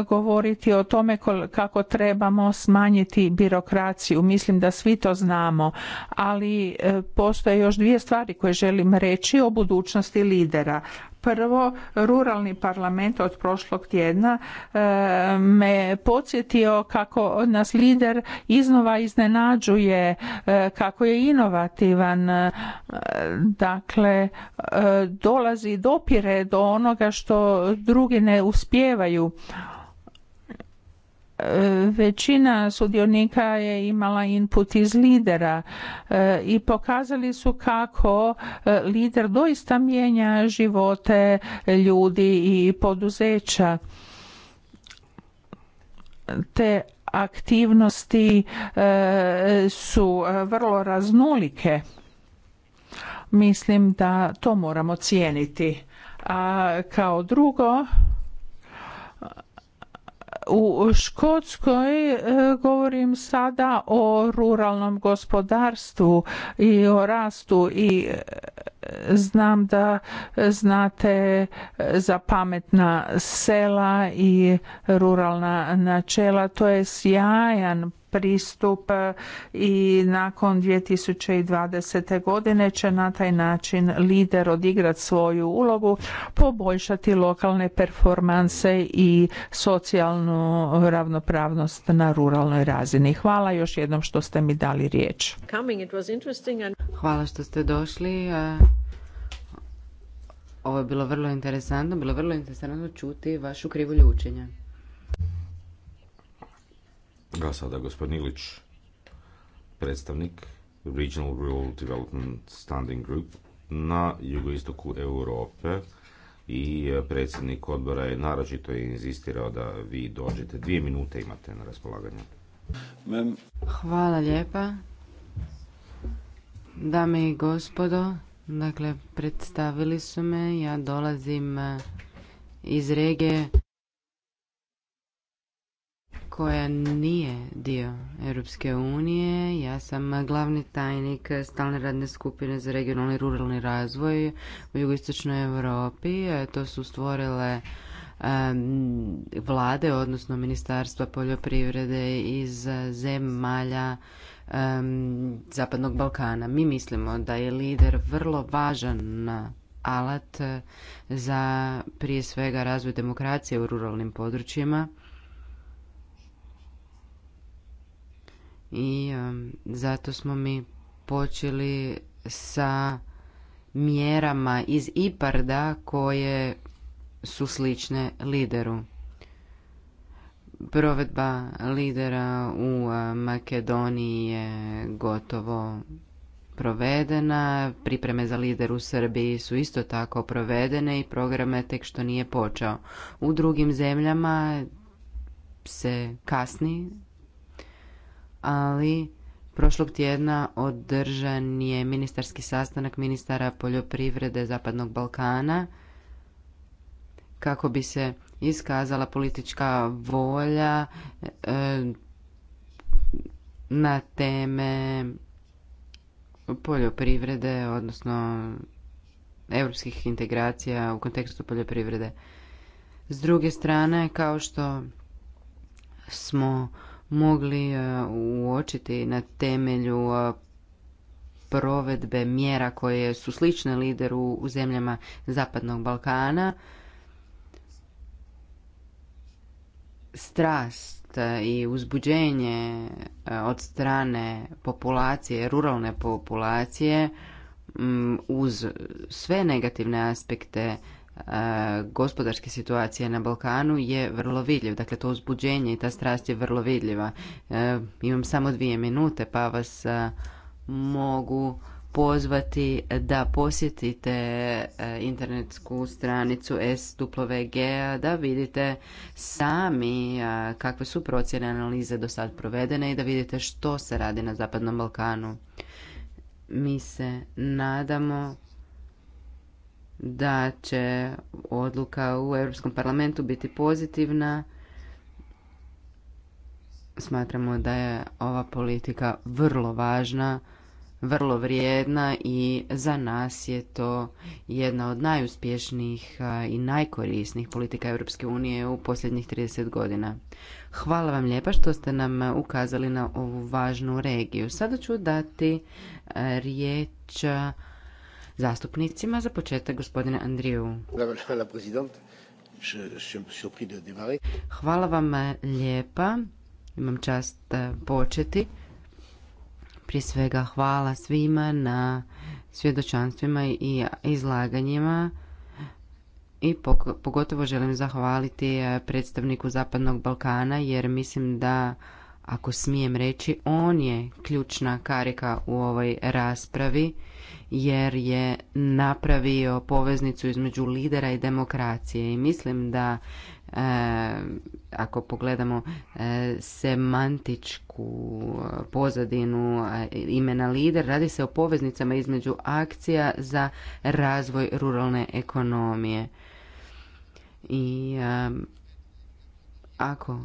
govoriti o tome kako trebamo smanjiti birokraciju. Mislim da svi to znamo, ali e, postoje još dvije stvari koje želim reći o budućnosti lidera. Prvo, ruralni parlament od prošlog tjedna e, me podsjetio kako nas lider iznova iznenađuje, e, kako je inovativan, e, dakle dolazi dopire do onoga što drugi ne uspijevaju većina sudionika je imala input iz lidera e, i pokazali su kako e, lider doista mijenja živote ljudi i poduzeća te aktivnosti e, su vrlo raznolike mislim da to moramo cijeniti a kao drugo u Škotskoj e, govorim sada o ruralnom gospodarstvu i o rastu i e, znam da znate e, za pametna sela i ruralna načela. To je sjajan pristup i nakon 2020. godine će na taj način lider odigrati svoju ulogu, poboljšati lokalne performanse i socijalnu rodnu ravnopravnost na ruralnoj razini. Hvala još jednom što ste mi dali riječ. Hvala što ste došli. Ovo je bilo vrlo interesantno, bilo vrlo interesantno čuti vašu krivulju učenja. A sada gospodin Ilić, predstavnik Regional Rural Development Standing Group na jugoistoku Europe i e, predsjednik odbora je naročito inzistirao da vi dođete. Dvije minute imate na raspolaganju. Hvala lijepa. Dame i gospodo, dakle predstavili su me, ja dolazim e, iz regije koja nije dio Europske unije. Ja sam glavni tajnik stalne radne skupine za regionalni i ruralni razvoj u jugoistočnoj Europi. To su stvorile vlade, odnosno ministarstva poljoprivrede iz zemalja Zapadnog Balkana. Mi mislimo da je lider vrlo važan alat za prije svega razvoj demokracije u ruralnim područjima i zato smo mi počeli sa mjerama iz IPARDA koje su slične lideru. Provedba lidera u Makedoniji je gotovo provedena, pripreme za lider u Srbiji su isto tako provedene i programe tek što nije počeo. U drugim zemljama se kasni ali prošlog tjedna održan je ministarski sastanak ministara poljoprivrede Zapadnog Balkana kako bi se iskazala politička volja e, na teme poljoprivrede, odnosno europskih integracija u kontekstu poljoprivrede. S druge strane, kao što smo mogli e, uočiti na temelju e, provedbe mjera koje su slične lideru u zemljama Zapadnog Balkana. Strast e, i uzbuđenje od strane populacije, ruralne populacije, uz sve negativne aspekte gospodarske situacije na Balkanu je vrlo vidljiv. Dakle, to uzbuđenje i ta strast je vrlo vidljiva. Imam samo dvije minute pa vas mogu pozvati da posjetite internetsku stranicu SWG da vidite sami kakve su procjene analize do sad provedene i da vidite što se radi na Zapadnom Balkanu. Mi se nadamo da će odluka u Europskom parlamentu biti pozitivna. Smatramo da je ova politika vrlo važna, vrlo vrijedna i za nas je to jedna od najuspješnijih i najkorisnijih politika Europske unije u posljednjih 30 godina. Hvala vam lijepa što ste nam ukazali na ovu važnu regiju. Sada ću dati riječ zastupnicima. Za početak gospodine Andriju. Hvala vam eh, lijepa. Imam čast eh, početi. Prije svega hvala svima na svjedočanstvima i izlaganjima i pogotovo želim zahvaliti eh, predstavniku Zapadnog Balkana jer mislim da ako smijem reći on je ključna karika u ovoj raspravi jer je napravio poveznicu između lidera i demokracije i mislim da e, ako pogledamo e, semantičku pozadinu imena lider radi se o poveznicama između akcija za razvoj ruralne ekonomije i e, ako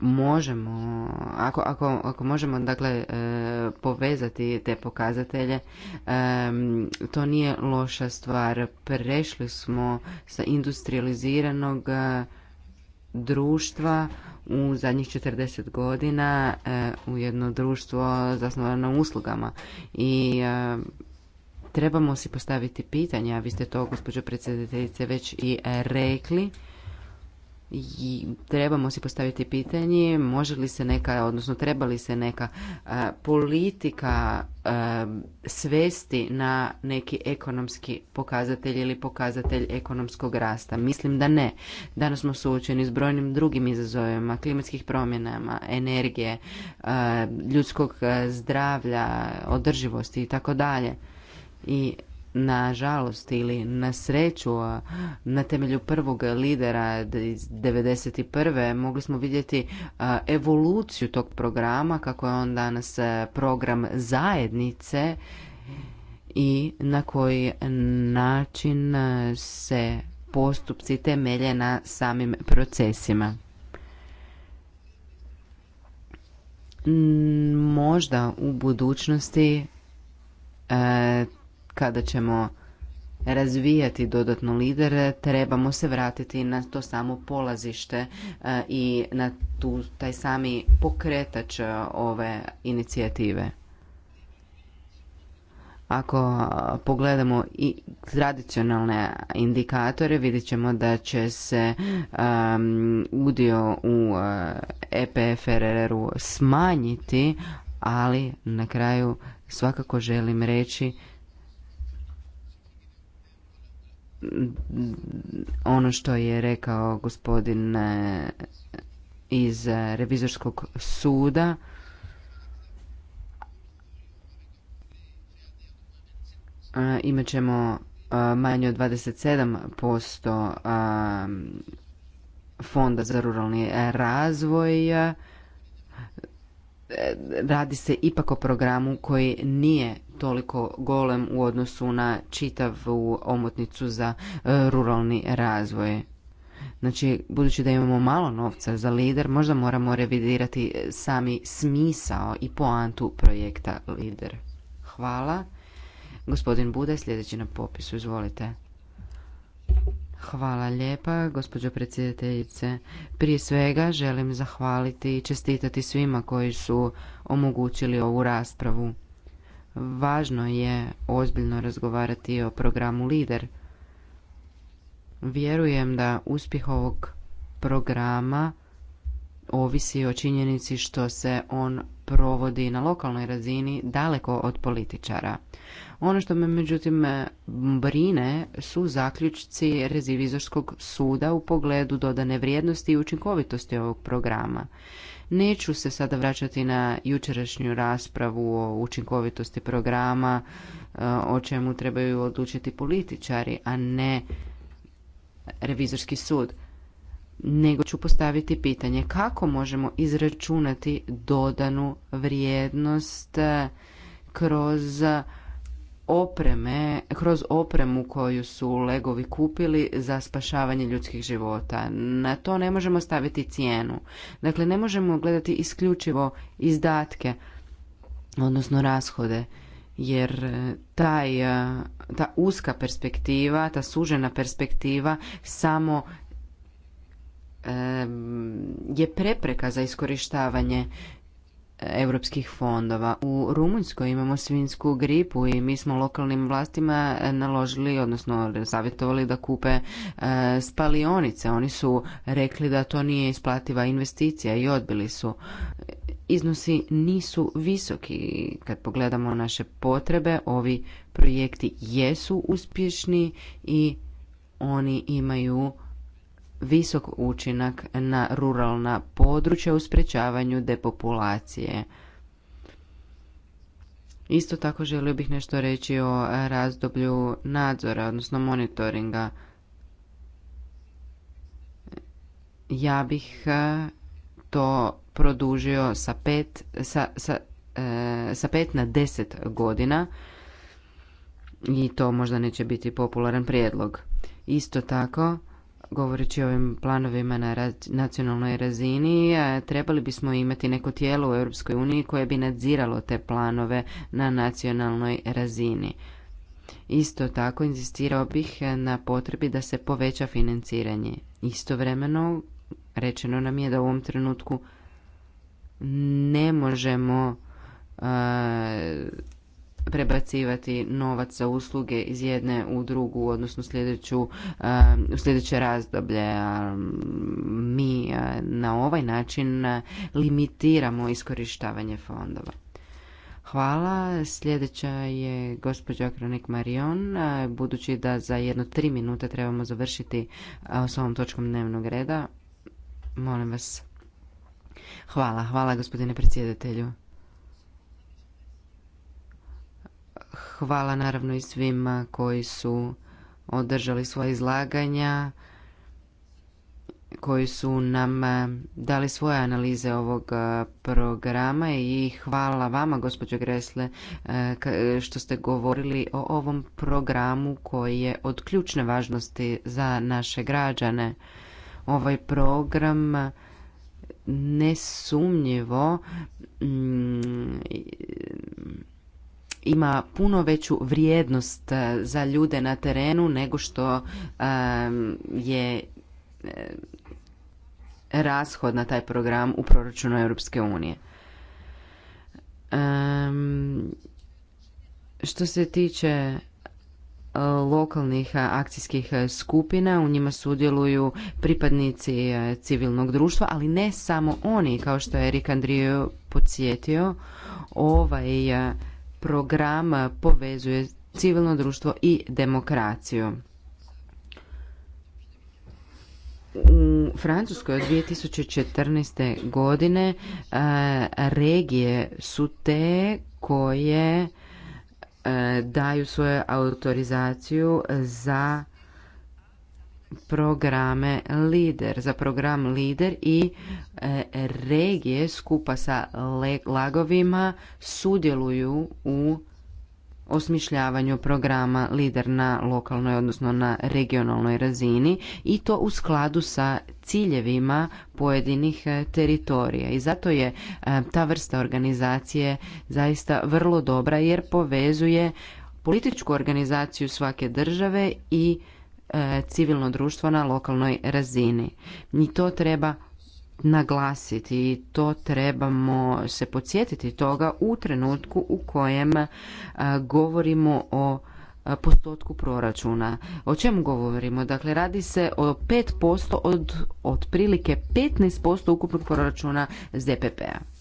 možemo, ako, ako, ako možemo dakle e, povezati te pokazatelje, e, to nije loša stvar. Prešli smo sa industrializiranog e, društva u zadnjih 40 godina u jedno društvo zasnovano na uslugama i trebamo si postaviti pitanja, vi ste to gospođo predsjedateljice već i rekli i trebamo si postaviti pitanje može li se neka, odnosno treba li se neka e, politika e, svesti na neki ekonomski pokazatelj ili pokazatelj ekonomskog rasta. Mislim da ne. Danas smo suočeni s brojnim drugim izazovima, klimatskih promjenama, energije, e, ljudskog zdravlja, održivosti i tako dalje. I na žalost ili na sreću na temelju prvog lidera iz 1991. mogli smo vidjeti evoluciju tog programa kako je on danas program zajednice i na koji način se postupci temelje na samim procesima. Možda u budućnosti kada ćemo razvijati dodatno lidere, trebamo se vratiti na to samo polazište e, i na tu, taj sami pokretač e, ove inicijative. Ako e, pogledamo i tradicionalne indikatore, vidjet ćemo da će se udio u EPFRR-u smanjiti, ali na kraju svakako želim reći ono što je rekao gospodin e, iz revizorskog suda imat ćemo manje od 27% fonda za ruralni razvoj radi se ipak o programu koji nije toliko golem u odnosu na čitavu omotnicu za e, ruralni razvoj. Znači, budući da imamo malo novca za lider, možda moramo revidirati e, sami smisao i poantu projekta lider. Hvala. Gospodin Buda sljedeći na popisu, izvolite. Hvala lijepa, gospođo predsjedateljice. Prije svega želim zahvaliti i čestitati svima koji su omogućili ovu raspravu. Važno je ozbiljno razgovarati o programu LIDER. Vjerujem da uspjeh ovog programa ovisi o činjenici što se on provodi na lokalnoj razini daleko od političara. Ono što me međutim e, brine su zaključci rezivizorskog suda u pogledu dodane vrijednosti i učinkovitosti ovog programa. Neću se sada vraćati na jučerašnju raspravu o učinkovitosti programa, e, o čemu trebaju odlučiti političari, a ne revizorski sud nego ću postaviti pitanje kako možemo izračunati dodanu vrijednost e, kroz opreme, kroz opremu koju su legovi kupili za spašavanje ljudskih života. Na to ne možemo staviti cijenu. Dakle, ne možemo gledati isključivo izdatke, odnosno rashode, jer e, taj, e, ta uska perspektiva, ta sužena perspektiva samo je prepreka za iskorištavanje europskih fondova. U Rumunjskoj imamo svinsku gripu i mi smo lokalnim vlastima e, naložili, odnosno savjetovali da kupe e, spalionice. Oni su rekli da to nije isplativa investicija i odbili su. Iznosi nisu visoki. Kad pogledamo naše potrebe, ovi projekti jesu uspješni i oni imaju visok učinak na ruralna područja u sprečavanju depopulacije. Isto tako želio bih nešto reći o razdoblju nadzora, odnosno monitoringa. Ja bih eh, to produžio sa pet, sa, sa, eh, sa pet na deset godina i to možda neće biti popularan prijedlog. Isto tako, govoreći o ovim planovima na nacionalnoj razini, e, trebali bismo imati neko tijelo u EU koje bi nadziralo te planove na nacionalnoj razini. Isto tako insistirao bih na potrebi da se poveća financiranje. Istovremeno rečeno nam je da u ovom trenutku ne možemo e, prebacivati novac za usluge iz jedne u drugu, odnosno sljedeću, u sljedeće razdoblje. Mi eh, na ovaj način eh, limitiramo iskorištavanje fondova. Hvala. Sljedeća je gospođa Kronik Marion. Eh, budući da za jedno tri minute trebamo završiti s ovom točkom dnevnog reda, molim vas. Hvala, hvala gospodine predsjedatelju. Hvala naravno i svima koji su održali svoje izlaganja, koji su nam e, dali svoje analize ovog e, programa i hvala vama, gospođo Gresle, e, što ste govorili o ovom programu koji je od ključne važnosti za naše građane. Ovaj program nesumnjivo mm, ima puno veću vrijednost eh, za ljude na terenu nego što ehm, je eh, rashod na taj program u proračunu Europske unije. Ehm, što se tiče eh, lokalnih akcijskih skupina, u njima sudjeluju pripadnici civilnog društva, ali ne samo oni, kao što je Erik Andriju podsjetio, ovaj program povezuje civilno društvo i demokraciju. U Francuskoj od 2014. godine e, regije su te koje e, daju svoju autorizaciju za programe LIDER, za program LIDER i e, regije skupa sa lagovima sudjeluju u osmišljavanju programa LIDER na lokalnoj, odnosno na regionalnoj razini i to u skladu sa ciljevima pojedinih e, teritorija. I zato je e, ta vrsta organizacije zaista vrlo dobra jer povezuje političku organizaciju svake države i E, civilno društvo na lokalnoj razini. Mi to treba naglasiti i to trebamo se podsjetiti toga u trenutku u kojem e, govorimo o e, postotku proračuna. O čemu govorimo? Dakle, radi se o 5% od otprilike 15% ukupnog proračuna ZPP-a.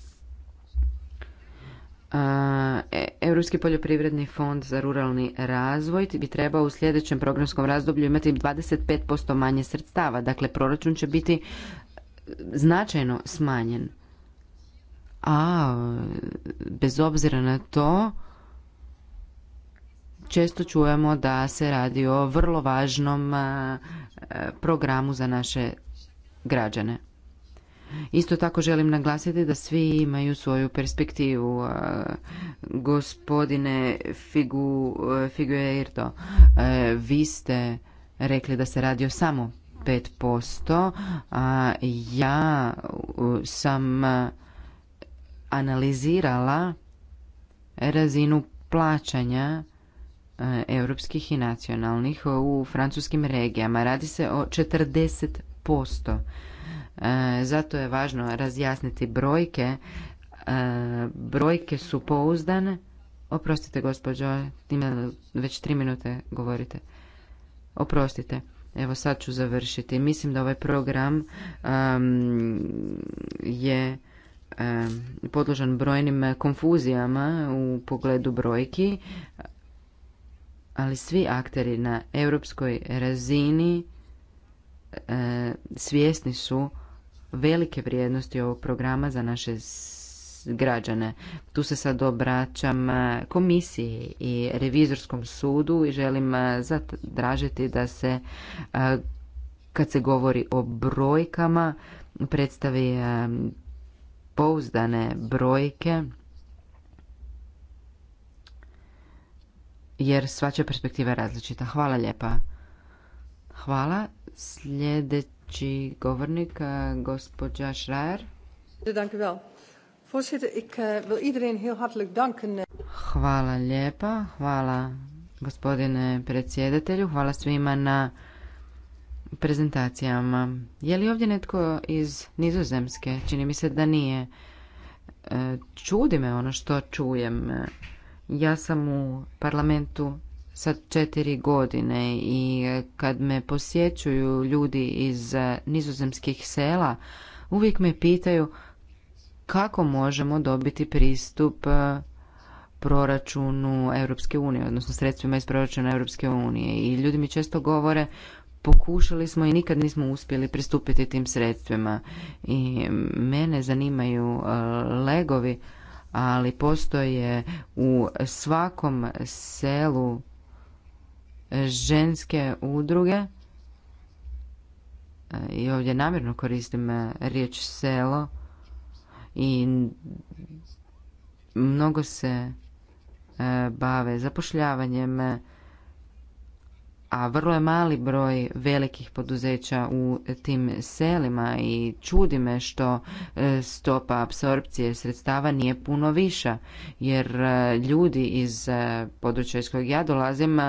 E, Europski poljoprivredni fond za ruralni razvoj bi trebao u sljedećem programskom razdoblju imati 25% manje sredstava. Dakle, proračun će biti značajno smanjen. A bez obzira na to, često čujemo da se radi o vrlo važnom programu za naše građane. Isto tako želim naglasiti da svi imaju svoju perspektivu. Gospodine Figu, vi ste rekli da se radi o samo 5%, a ja sam analizirala razinu plaćanja europskih i nacionalnih u francuskim regijama. Radi se o 40%. E, zato je važno razjasniti brojke. E, brojke su pouzdane. Oprostite, gospođo, ima već tri minute govorite. Oprostite. Evo sad ću završiti. Mislim da ovaj program je um, podložan brojnim konfuzijama u pogledu brojki, ali svi akteri na europskoj razini e, svjesni su velike vrijednosti ovog programa za naše građane. Tu se sad obraćam e, komisiji i revizorskom sudu i želim e, zatražiti da se e, kad se govori o brojkama predstavi pouzdane brojke jer sva će perspektiva različita. Hvala lijepa. Hvala. Sljedeći Čiji znači, govornik, gospođa Šrajer. Eh, eh. Hvala lijepa, hvala gospodine predsjedatelju, hvala svima na prezentacijama. Je li ovdje netko iz nizozemske? Čini mi se da nije. E, čudi me ono što čujem. Ja sam u parlamentu sad četiri godine i kad me posjećuju ljudi iz nizozemskih sela, uvijek me pitaju kako možemo dobiti pristup e, proračunu Europske unije, odnosno sredstvima iz proračuna Europske unije. I ljudi mi često govore pokušali smo i nikad nismo uspjeli pristupiti tim sredstvima. I mene zanimaju e, legovi, ali postoje u svakom selu ženske udruge e, i ovdje namjerno koristim e, riječ selo i mnogo se e, bave zapošljavanjem a vrlo je mali broj velikih poduzeća u tim selima i čudi me što e, stopa apsorpcije sredstava nije puno viša jer e, ljudi iz e, područja iz kojeg ja dolazim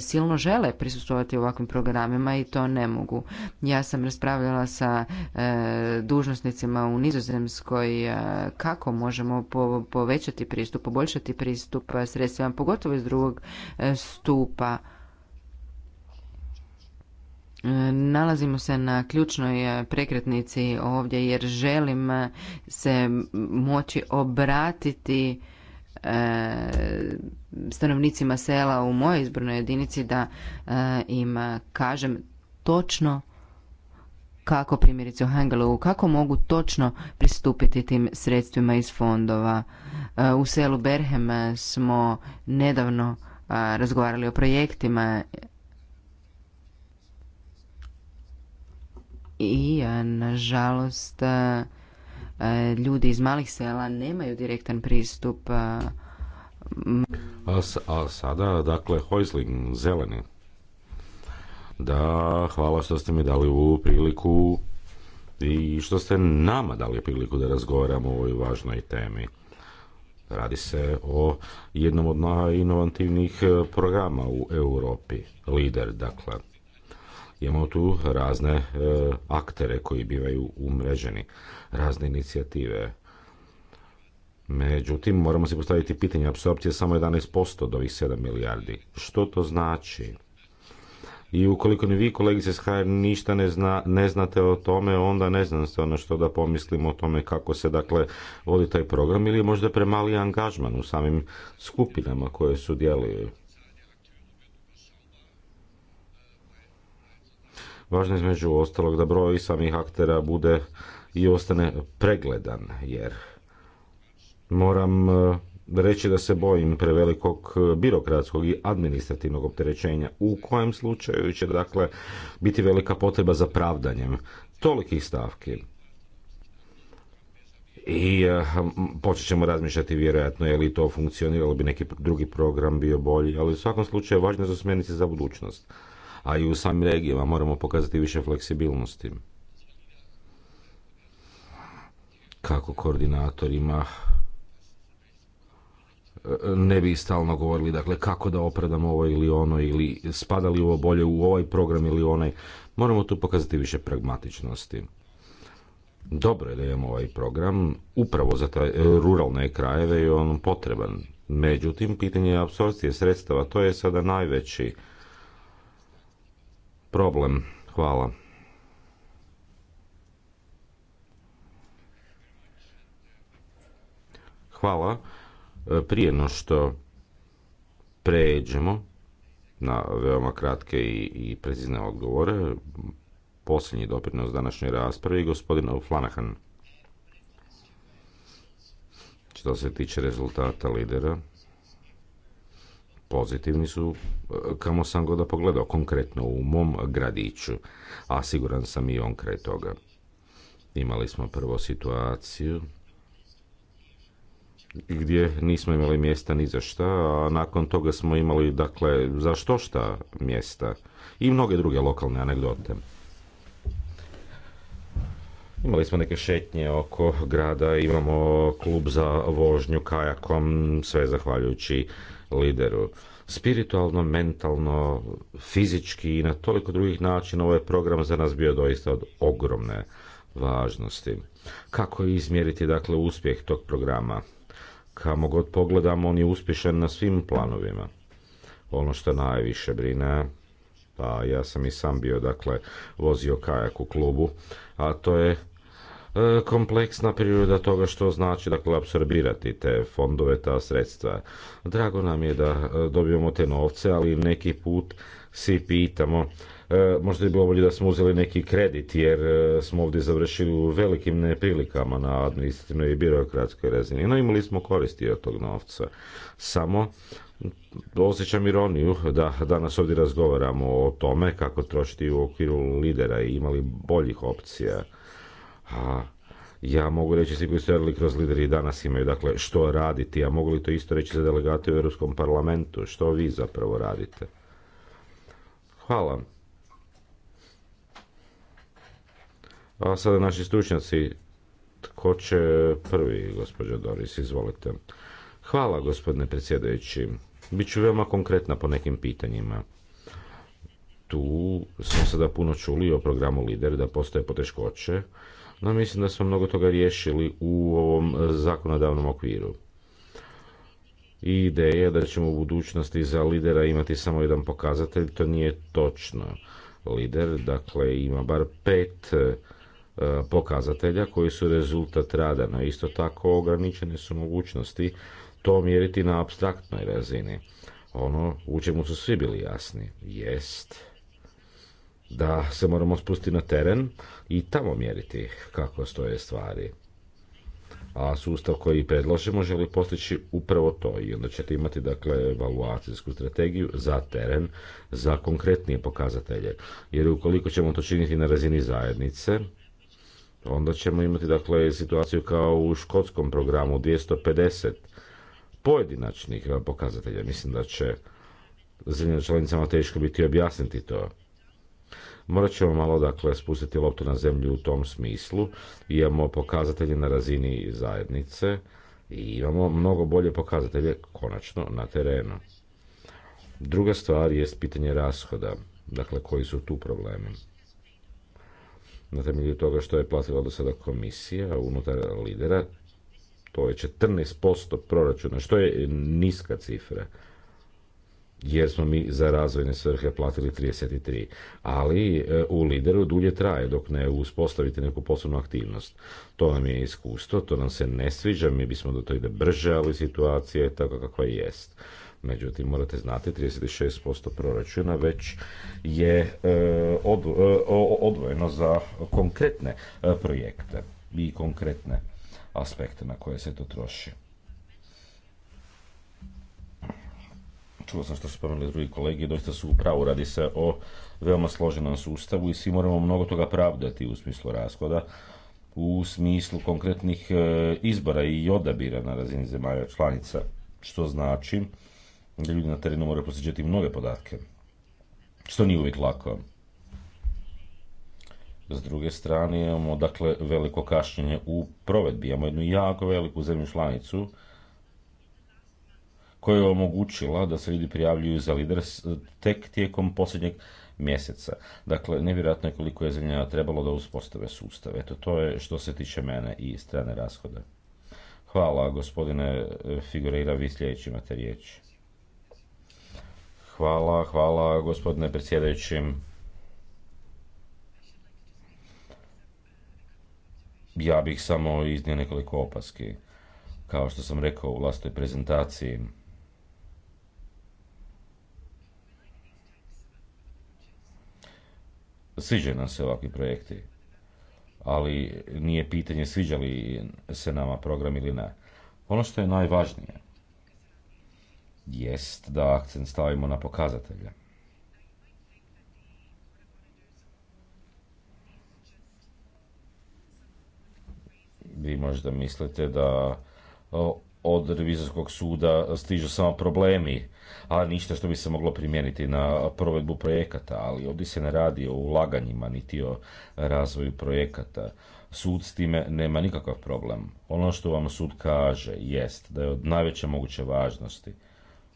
silno žele prisustovati ovakvim programima i to ne mogu. Ja sam raspravljala sa dužnosnicima u Nizozemskoj kako možemo povećati pristup, poboljšati pristup sredstvima pogotovo iz drugog stupa Nalazimo se na ključnoj e, prekretnici ovdje jer želim e, se moći obratiti e, stanovnicima sela u mojoj izbornoj jedinici da im kažem točno kako primjerice u Hangelovu, kako mogu točno pristupiti tim sredstvima iz fondova. U selu Berhem smo nedavno razgovarali o projektima i e, nažalost e, e, ljudi iz malih sela nemaju direktan pristup a, sada dakle Hojsling zeleni da hvala što ste mi dali ovu priliku i što ste nama dali priliku da razgovaramo o ovoj važnoj temi Radi se o jednom od najinovativnijih programa u Europi, lider dakle. Imamo tu razne e, aktere koji bivaju umreženi, razne inicijative. Međutim, moramo se postaviti pitanje apsorpcije samo 11% od ovih 7 milijardi. Što to znači? I ukoliko ni vi, kolegice iz HR, ništa ne, znate o tome, onda ne znam ono što da pomislimo o tome kako se, dakle, vodi taj program ili možda premali angažman u samim skupinama koje su djeluju. Važno je između ostalog da broj samih aktera bude i ostane pregledan, jer moram eh, reći da se bojim prevelikog eh, birokratskog i administrativnog opterećenja, u kojem slučaju će dakle biti velika potreba za pravdanjem tolikih stavki. I eh, počet ćemo razmišljati vjerojatno je li to funkcioniralo, bi neki drugi program bio bolji, ali u svakom slučaju je za smjernice za budućnost a i u samim regijama moramo pokazati više fleksibilnosti. Kako koordinatorima ne bi stalno govorili dakle kako da opravdamo ovo ili ono ili spadali ovo bolje u ovaj program ili onaj. Moramo tu pokazati više pragmatičnosti. Dobro je da imamo ovaj program upravo za ruralne krajeve i on potreban. Međutim, pitanje apsorpcije sredstava, to je sada najveći problem. Hvala. Hvala. E, prije no što pređemo na veoma kratke i precizne odgovore, posljednji doprinos današnjoj raspravi, gospodin Flanahan. Što se tiče rezultata lidera, Pozitivni su e, kamo sam goda pogledao, konkretno u mom gradiću, a siguran sam i on kraj toga. Imali smo prvo situaciju gdje nismo imali mjesta ni za šta, a nakon toga smo imali, dakle, za što šta mjesta i mnoge druge lokalne anegdote. Imali smo neke šetnje oko grada, imamo klub za vožnju kajakom, sve zahvaljujući lideru. Spiritualno, mentalno, fizički i na toliko drugih načina ovaj program za nas bio doista od ogromne važnosti. Kako izmjeriti dakle uspjeh tog programa? Kamo god pogledamo, on je uspješan na svim planovima. Ono što najviše brine, pa ja sam i sam bio dakle vozio kajak u klubu, a to je E, kompleksna priroda toga što znači dakle apsorbirati te fondove, ta sredstva. Drago nam je da e, dobijemo te novce, ali neki put svi pitamo e, možda bi bilo bolje da smo uzeli neki kredit jer smo ovdje završili u velikim neprilikama na administrativnoj i birokratskoj razini. No imali smo koristi od tog novca. Samo osjećam ironiju da danas ovdje razgovaramo o tome kako trošiti u okviru lidera i imali boljih opcija. A ja mogu reći svi koji su radili kroz lideri i danas imaju dakle što raditi, a mogu li to isto reći za delegate u Europskom parlamentu, što vi zapravo radite. Hvala. A sada naši stručnjaci, tko će prvi, gospođo Doris, izvolite. Hvala, gospodine predsjedajući. Biću veoma konkretna po nekim pitanjima. Tu smo sada puno čuli o programu LIDER, da postoje poteškoće no mislim da smo mnogo toga riješili u ovom e, zakonodavnom okviru. I ideja da ćemo u budućnosti za lidera imati samo jedan pokazatelj, to nije točno. Lider, dakle, ima bar pet e, pokazatelja koji su rezultat rada, no isto tako ograničene su mogućnosti to mjeriti na abstraktnoj razini. Ono u čemu su svi bili jasni jest da se moramo spustiti na teren i tamo mjeriti kako stoje stvari. A sustav koji predložimo želi postići upravo to i onda ćete imati dakle evaluacijsku strategiju za teren, za konkretnije pokazatelje. Jer ukoliko ćemo to činiti na razini zajednice, onda ćemo imati dakle situaciju kao u škotskom programu 250 pojedinačnih pokazatelja. Mislim da će zemljama članicama teško biti objasniti to. Morat ćemo malo dakle spustiti loptu na zemlju u tom smislu. Imamo pokazatelje na razini zajednice i imamo mnogo bolje pokazatelje konačno na terenu. Druga stvar je pitanje rashoda, dakle koji su tu problemi. Na temelju toga što je platila do sada komisija unutar lidera, to je 14% proračuna, što je niska cifra jer smo mi za razvojne svrhe platili 33. Ali e, u lideru dulje traje dok ne uspostavite neku poslovnu aktivnost. To nam je iskustvo, to nam se ne sviđa, mi bismo da to ide brže, ali situacija je tako kakva jest. Međutim, morate znati, 36% proračuna već je e, e, odvojeno za konkretne projekte i konkretne aspekte na koje se to troši. čuo sam što su spomenuli drugi kolegi, doista su upravo radi se o veoma složenom sustavu i svi moramo mnogo toga pravdati u smislu rashoda, u smislu konkretnih e, izbora i odabira na razini zemalja članica, što znači da ljudi na terenu moraju posjećati mnoge podatke, što nije uvijek lako. S druge strane imamo dakle veliko kašnjenje u provedbi, imamo jednu jako veliku zemlju članicu, koja je omogućila da se ljudi prijavljuju za lider eh, tek tijekom posljednjeg mjeseca. Dakle, nevjerojatno je koliko je zemlja trebalo da uspostave sustav. Eto, to je što se tiče mene i strane rashoda. Hvala, gospodine eh, Figureira, vi sljedeći imate riječ. Hvala, hvala, gospodine predsjedajućim. Ja bih samo iznio nekoliko opaski. Kao što sam rekao u vlastoj prezentaciji, Sviđaju nam se ovakvi projekti, ali nije pitanje sviđa li se nama program ili ne. Ono što je najvažnije jest da akcent stavimo na pokazatelje. Vi možda mislite da od revizorskog suda stižu samo problemi a ništa što bi se moglo primijeniti na provedbu projekata, ali ovdje se ne radi o ulaganjima niti o razvoju projekata. Sud s time nema nikakav problem. Ono što vam sud kaže jest da je od najveće moguće važnosti,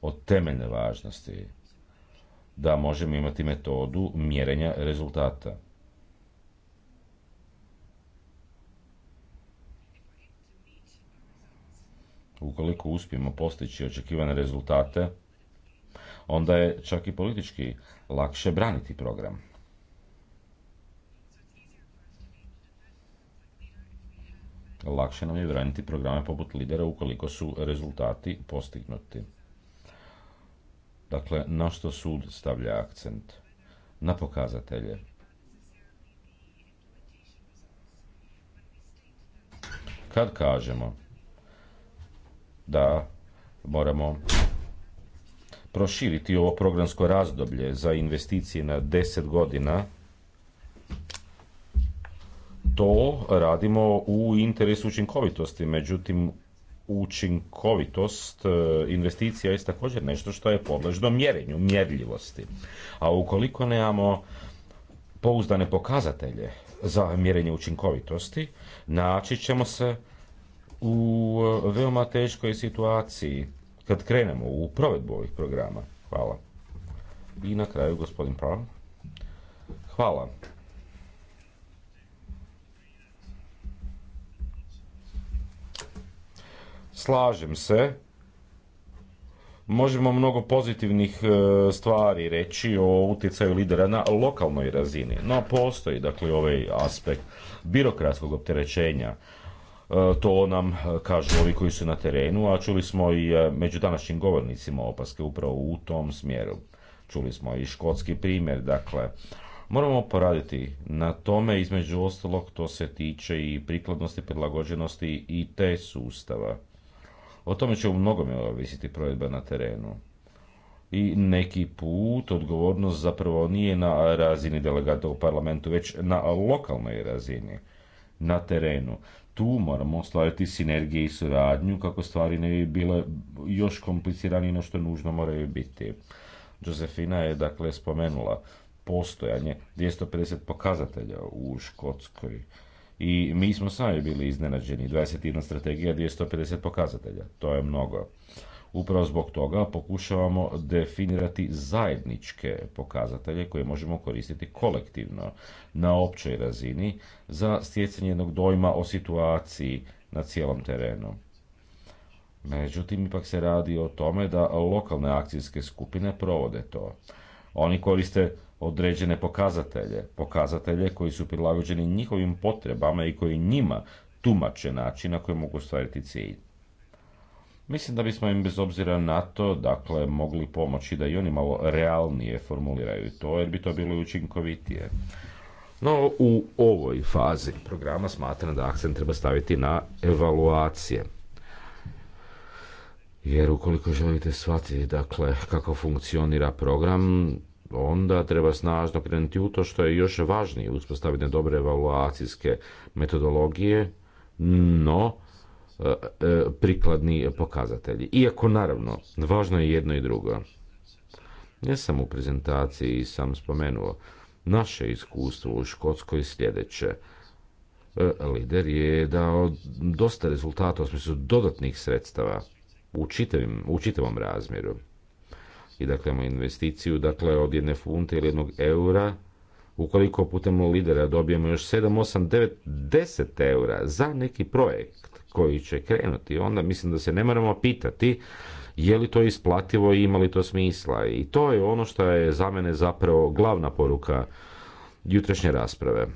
od temeljne važnosti, da možemo imati metodu mjerenja rezultata. Ukoliko uspijemo postići očekivane rezultate, onda je čak i politički lakše braniti program. Lakše nam je braniti programe poput lidera ukoliko su rezultati postignuti. Dakle, na što sud stavlja akcent? Na pokazatelje. Kad kažemo da moramo proširiti ovo programsko razdoblje za investicije na 10 godina, to radimo u interesu učinkovitosti. Međutim, učinkovitost e, investicija je također nešto što je podležno mjerenju, mjerljivosti. A ukoliko nemamo pouzdane pokazatelje za mjerenje učinkovitosti, naći ćemo se u e, veoma teškoj situaciji kad krenemo u provedbu ovih programa. Hvala. I na kraju gospodin Prav. Hvala. Slažem se. Možemo mnogo pozitivnih e, stvari reći o utjecaju lidera na lokalnoj razini, no postoji dakle ovaj aspekt birokratskog opterećenja E, to nam e, kažu ovi koji su na terenu, a čuli smo i e, među današnjim govornicima opaske upravo u tom smjeru. Čuli smo i škotski primjer, dakle, moramo poraditi na tome, između ostalog to se tiče i prikladnosti, prilagođenosti i te sustava. O tome će u mnogome ovisiti provedba na terenu. I neki put odgovornost zapravo nije na razini delegata u parlamentu, već na lokalnoj razini na terenu. Tu moramo ostvariti sinergije i suradnju kako stvari ne bi bile još kompliciranije no što nužno moraju biti. Josefina je dakle spomenula postojanje 250 pokazatelja u Škotskoj. I mi smo sami bili iznenađeni. 21 strategija, 250 pokazatelja. To je mnogo. Upravo zbog toga pokušavamo definirati zajedničke pokazatelje koje možemo koristiti kolektivno na općoj razini za stjecanje jednog dojma o situaciji na cijelom terenu. Međutim, ipak se radi o tome da lokalne akcijske skupine provode to. Oni koriste određene pokazatelje, pokazatelje koji su prilagođeni njihovim potrebama i koji njima tumače način na koji mogu ostvariti cilj. Mislim da bismo im bez obzira na to dakle, mogli pomoći da i oni malo realnije formuliraju to jer bi to bilo učinkovitije. No, u ovoj fazi programa smatram da akcent treba staviti na evaluacije. Jer ukoliko želite shvatiti dakle, kako funkcionira program, onda treba snažno krenuti u to što je još važnije uspostaviti dobre evaluacijske metodologije, no E, e, prikladni pokazatelji. Iako naravno, važno je jedno i drugo. Ja sam u prezentaciji sam spomenuo, naše iskustvo u Škotskoj sljedeće. E, lider je dao dosta rezultata u smislu dodatnih sredstava u, čitavim, čitavom razmjeru. I dakle imamo investiciju dakle, od jedne funte ili jednog eura ukoliko putem lidera dobijemo još 7, 8, 9, 10 eura za neki projekt koji će krenuti, onda mislim da se ne moramo pitati je li to isplativo i ima li to smisla. I to je ono što je za mene zapravo glavna poruka jutrašnje rasprave.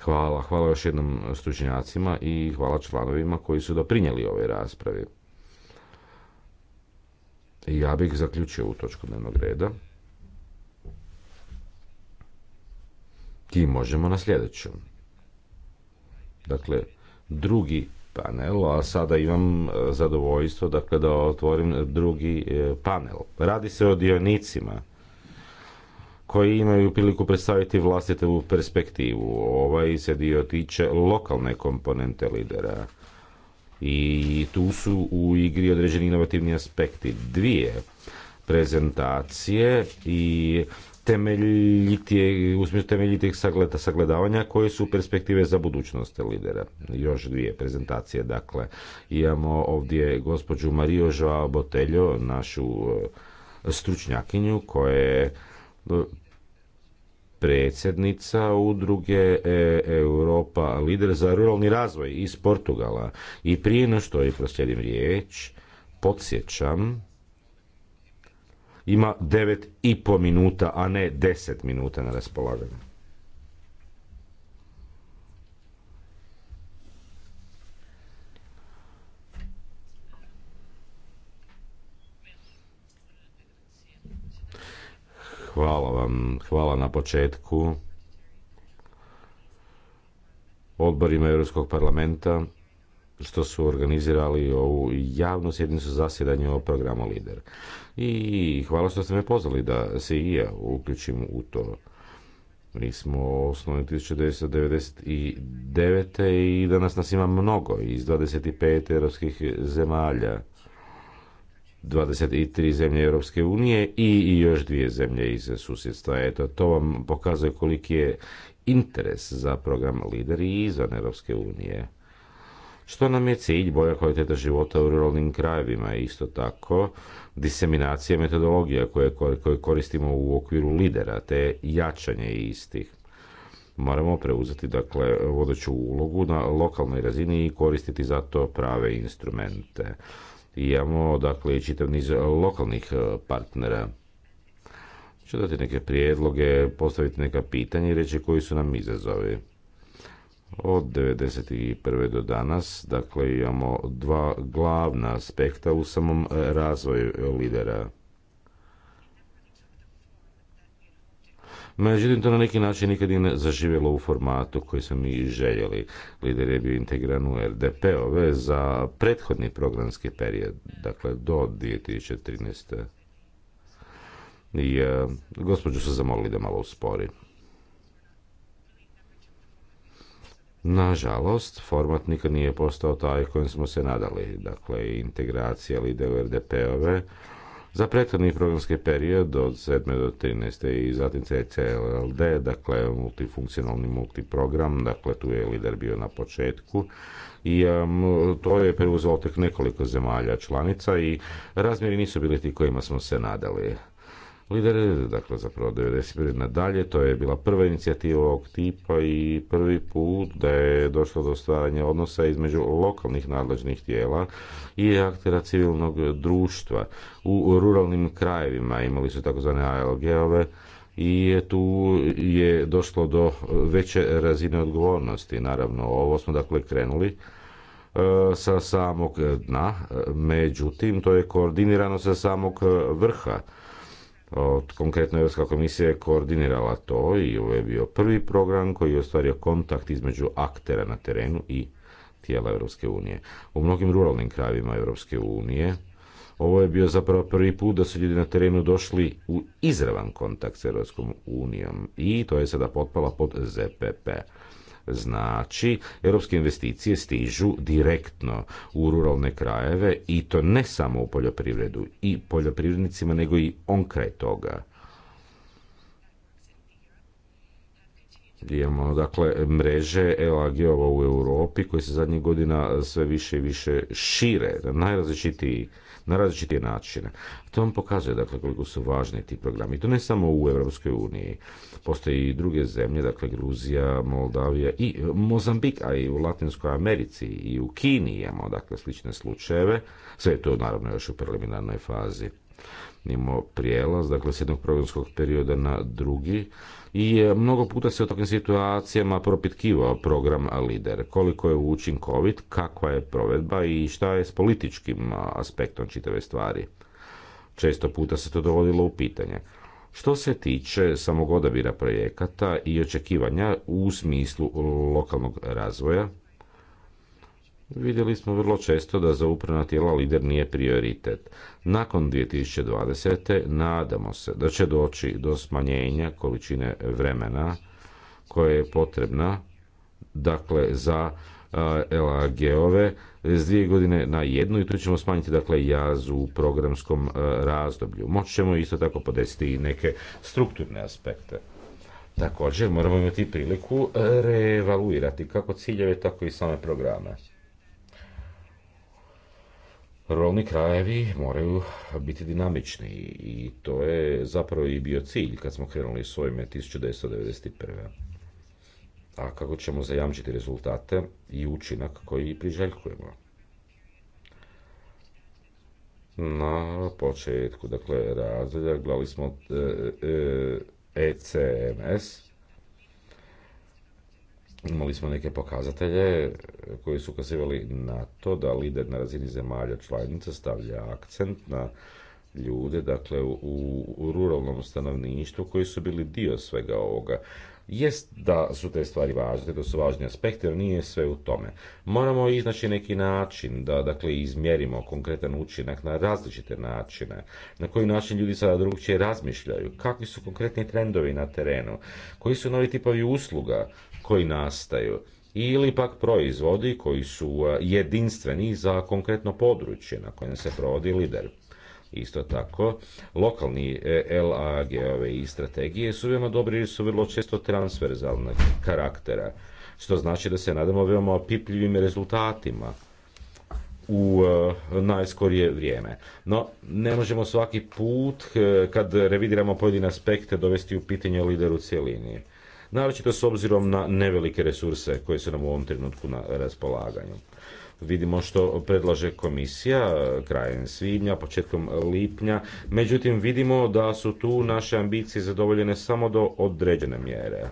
Hvala, hvala još jednom stručnjacima i hvala članovima koji su doprinijeli ovoj raspravi. Ja bih zaključio u točku dnevnog reda. I možemo na sljedeću dakle drugi panel, a sada imam e, zadovoljstvo dakle, da otvorim drugi e, panel. Radi se o dionicima koji imaju priliku predstaviti vlastitu perspektivu. Ovaj se dio tiče lokalne komponente lidera i tu su u igri određeni inovativni aspekti. Dvije prezentacije i temeljitije, u smislu temeljitih sagleda, sagledavanja koje su perspektive za budućnost lidera. Još dvije prezentacije, dakle, imamo ovdje gospođu Mario Joao Botelho, našu e, stručnjakinju koja je e, predsjednica udruge e, Europa lider za ruralni razvoj iz Portugala. I prije na što je prosljedim riječ, podsjećam ima 9,5 minuta, a ne 10 minuta na raspolaganju. Hvala vam, hvala na početku odborima Europskog parlamenta što su organizirali ovu javnu sjednicu zasjedanja o programu Lider. I hvala što ste me pozvali da se i ja uključim u to. Mi smo osnovni 1999. i danas nas ima mnogo iz 25 europskih zemalja. 23 zemlje Europske unije i još dvije zemlje iz susjedstva. Eto, to vam pokazuje koliki je interes za program Lider i izvan Europske unije što nam je cilj bolja kvaliteta života u ruralnim krajevima. Isto tako, diseminacija metodologija koje, koristimo u okviru lidera, te jačanje istih moramo preuzeti dakle vodeću ulogu na lokalnoj razini i koristiti za to prave instrumente. imamo dakle čitav niz lokalnih e, partnera. Ću dati neke prijedloge, postaviti neka pitanja i reći koji su nam izazovi od 1991. do danas, dakle imamo dva glavna aspekta u samom e, razvoju lidera. Međutim, to na neki način nikad nije zaživjelo u formatu koji smo mi željeli. Lider je bio integran u RDP-ove za prethodni programski period, dakle do 2013. I e, gospođu su zamolili da malo uspori. Nažalost, format nikad nije postao taj kojem smo se nadali, dakle integracija lidera RDP-ove za prethodni programski period od 7. do 13. i zatim CCLD, dakle multifunkcionalni multiprogram, dakle tu je lider bio na početku i to je preuzelo tek nekoliko zemalja članica i razmjeri nisu bili ti kojima smo se nadali lider, dakle zapravo 1991. nadalje, to je bila prva inicijativa ovog tipa i prvi put da je došlo do stvaranja odnosa između lokalnih nadležnih tijela i aktera civilnog društva u ruralnim krajevima. Imali su takozvane ALG-ove, i tu je došlo do veće razine odgovornosti. Naravno, ovo smo dakle krenuli e, sa samog dna, međutim, to je koordinirano sa samog vrha konkretno Europska komisija je koordinirala to i ovo je bio prvi program koji je ostvario kontakt između aktera na terenu i tijela Europske unije. U mnogim ruralnim krajevima Europske unije ovo je bio zapravo prvi put da su ljudi na terenu došli u izravan kontakt s Europskom unijom i to je sada potpala pod ZPP. Znači, europske investicije stižu direktno u ruralne krajeve i to ne samo u poljoprivredu i poljoprivrednicima, nego i onkraj toga. Imamo dakle mreže lag u Europi koje se zadnjih godina sve više i više šire na najrazličitiji na različiti način. To vam pokazuje dakle, koliko su važni ti programi. I to ne samo u Europskoj uniji. Postoje i druge zemlje, dakle Gruzija, Moldavija i Mozambik, a i u Latinskoj Americi i u Kini imamo dakle, slične slučajeve. Sve je to naravno još u preliminarnoj fazi imamo prijelaz, dakle s jednog programskog perioda na drugi i mnogo puta se u takvim situacijama propitkivao program LIDER, koliko je učinkovit, kakva je provedba i šta je s političkim aspektom čitave stvari. Često puta se to dovodilo u pitanje. Što se tiče samog odabira projekata i očekivanja u smislu lokalnog razvoja, Vidjeli smo vrlo često da za upravna tijela lider nije prioritet. Nakon 2020. nadamo se da će doći do smanjenja količine vremena koja je potrebna dakle za LAG-ove s dvije godine na jednu i tu ćemo smanjiti dakle jaz u programskom razdoblju. Moći ćemo isto tako podesiti i neke strukturne aspekte. Također moramo imati priliku revaluirati kako ciljeve, tako i same programe. Rolni krajevi moraju biti dinamični i to je zapravo i bio cilj kad smo krenuli s ovime 1991. A kako ćemo zajamčiti rezultate i učinak koji priželjkujemo? Na početku, dakle, razreda gledali smo ECMS, e, e, e, Imali smo neke pokazatelje koji su ukazivali na to da lider na razini zemalja članica stavlja akcent na ljude, dakle u, u ruralnom stanovništvu koji su bili dio svega ovoga jest da su te stvari važne, da su važni aspekti, ali nije sve u tome. Moramo iznaći neki način da dakle izmjerimo konkretan učinak na različite načine, na koji način ljudi sada drugčije razmišljaju, kakvi su konkretni trendovi na terenu, koji su novi tipovi usluga koji nastaju ili pak proizvodi koji su jedinstveni za konkretno područje na kojem se provodi lider. Isto tako, lokalni e, LAG-ove i strategije su veoma dobri jer su vrlo često transverzalnog karaktera, što znači da se nadamo veoma pipljivim rezultatima u e, najskorije vrijeme. No, ne možemo svaki put e, kad revidiramo pojedine aspekte dovesti u pitanje lider u cijelini. to s obzirom na nevelike resurse koje su nam u ovom trenutku na raspolaganju. Vidimo što predlaže komisija krajem svibnja, početkom lipnja. Međutim, vidimo da su tu naše ambicije zadovoljene samo do određene mjere.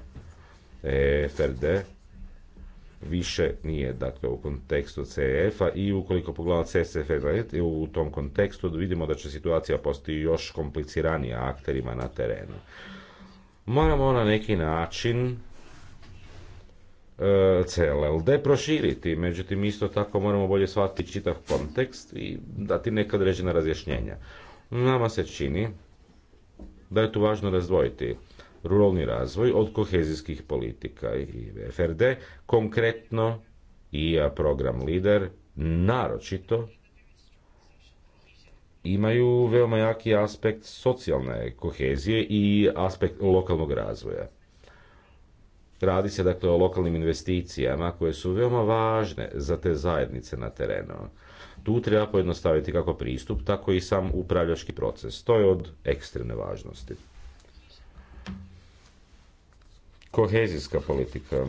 E FRD više nije dakle u kontekstu CEF-a i ukoliko pogledamo CSF u tom kontekstu vidimo da će situacija postati još kompliciranija akterima na terenu. Moramo na neki način E, CLLD proširiti, međutim isto tako moramo bolje shvatiti čitav kontekst i dati neka određena razjašnjenja. Nama se čini da je tu važno razdvojiti ruralni razvoj od kohezijskih politika i FRD, konkretno i program LIDER, naročito imaju veoma jaki aspekt socijalne kohezije i aspekt lokalnog razvoja. Radi se dakle o lokalnim investicijama koje su veoma važne za te zajednice na terenu. Tu treba pojednostaviti kako pristup, tako i sam upravljački proces. To je od ekstremne važnosti. Kohezijska politika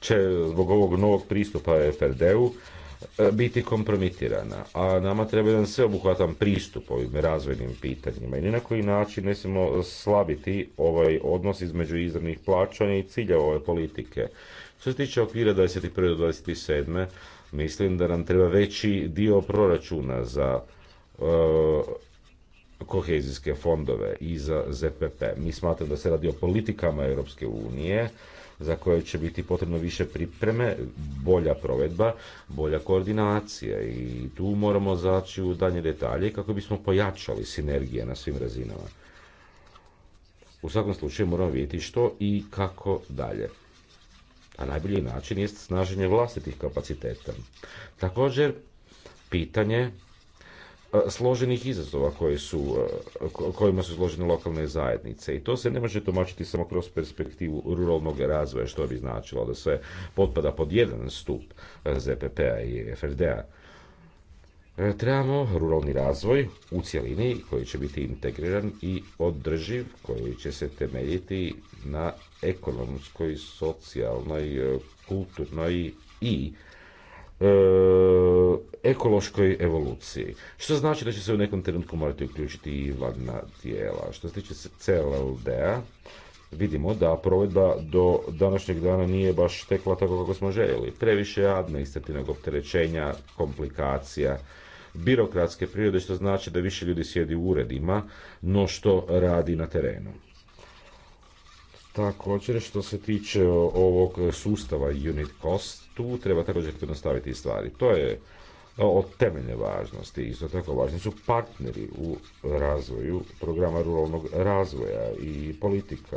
će zbog ovog novog pristupa FRD-u E, biti kompromitirana, a nama treba jedan sveobuhvatan pristup ovim razvojnim pitanjima i ni na koji način ne smijemo slabiti ovaj odnos između izravnih plaćanja i cilja ove politike. Što se tiče okvira 21. do 2027. mislim da nam treba veći dio proračuna za e, kohezijske fondove i za ZPP. Mi smatramo da se radi o politikama Europske unije, za koje će biti potrebno više pripreme, bolja provedba, bolja koordinacija i tu moramo zaći u danje detalje kako bismo pojačali sinergije na svim razinama. U svakom slučaju moramo vidjeti što i kako dalje. A najbolji način je snaženje vlastitih kapaciteta. Također, pitanje E, složenih izazova su, e, kojima su složene lokalne zajednice. I to se ne može tumačiti samo kroz perspektivu ruralnog razvoja, što bi značilo da sve potpada pod jedan stup e, ZPP-a i FRD-a. Trebamo ruralni razvoj u cjelini koji će biti integriran i održiv, koji će se temeljiti na ekonomskoj, socijalnoj, kulturnoj i E, ekološkoj evoluciji. Što znači da će se u nekom trenutku morati uključiti i vladna tijela. Što se tiče CLLD-a, vidimo da provedba do današnjeg dana nije baš tekla tako kako smo željeli. Previše administrativnog opterećenja, komplikacija, birokratske prirode, što znači da više ljudi sjedi u uredima, no što radi na terenu. Također, što se tiče ovog sustava unit cost, tu treba također nastaviti stvari. To je od temeljne važnosti. Isto tako važni su partneri u razvoju programa ruralnog razvoja i politika.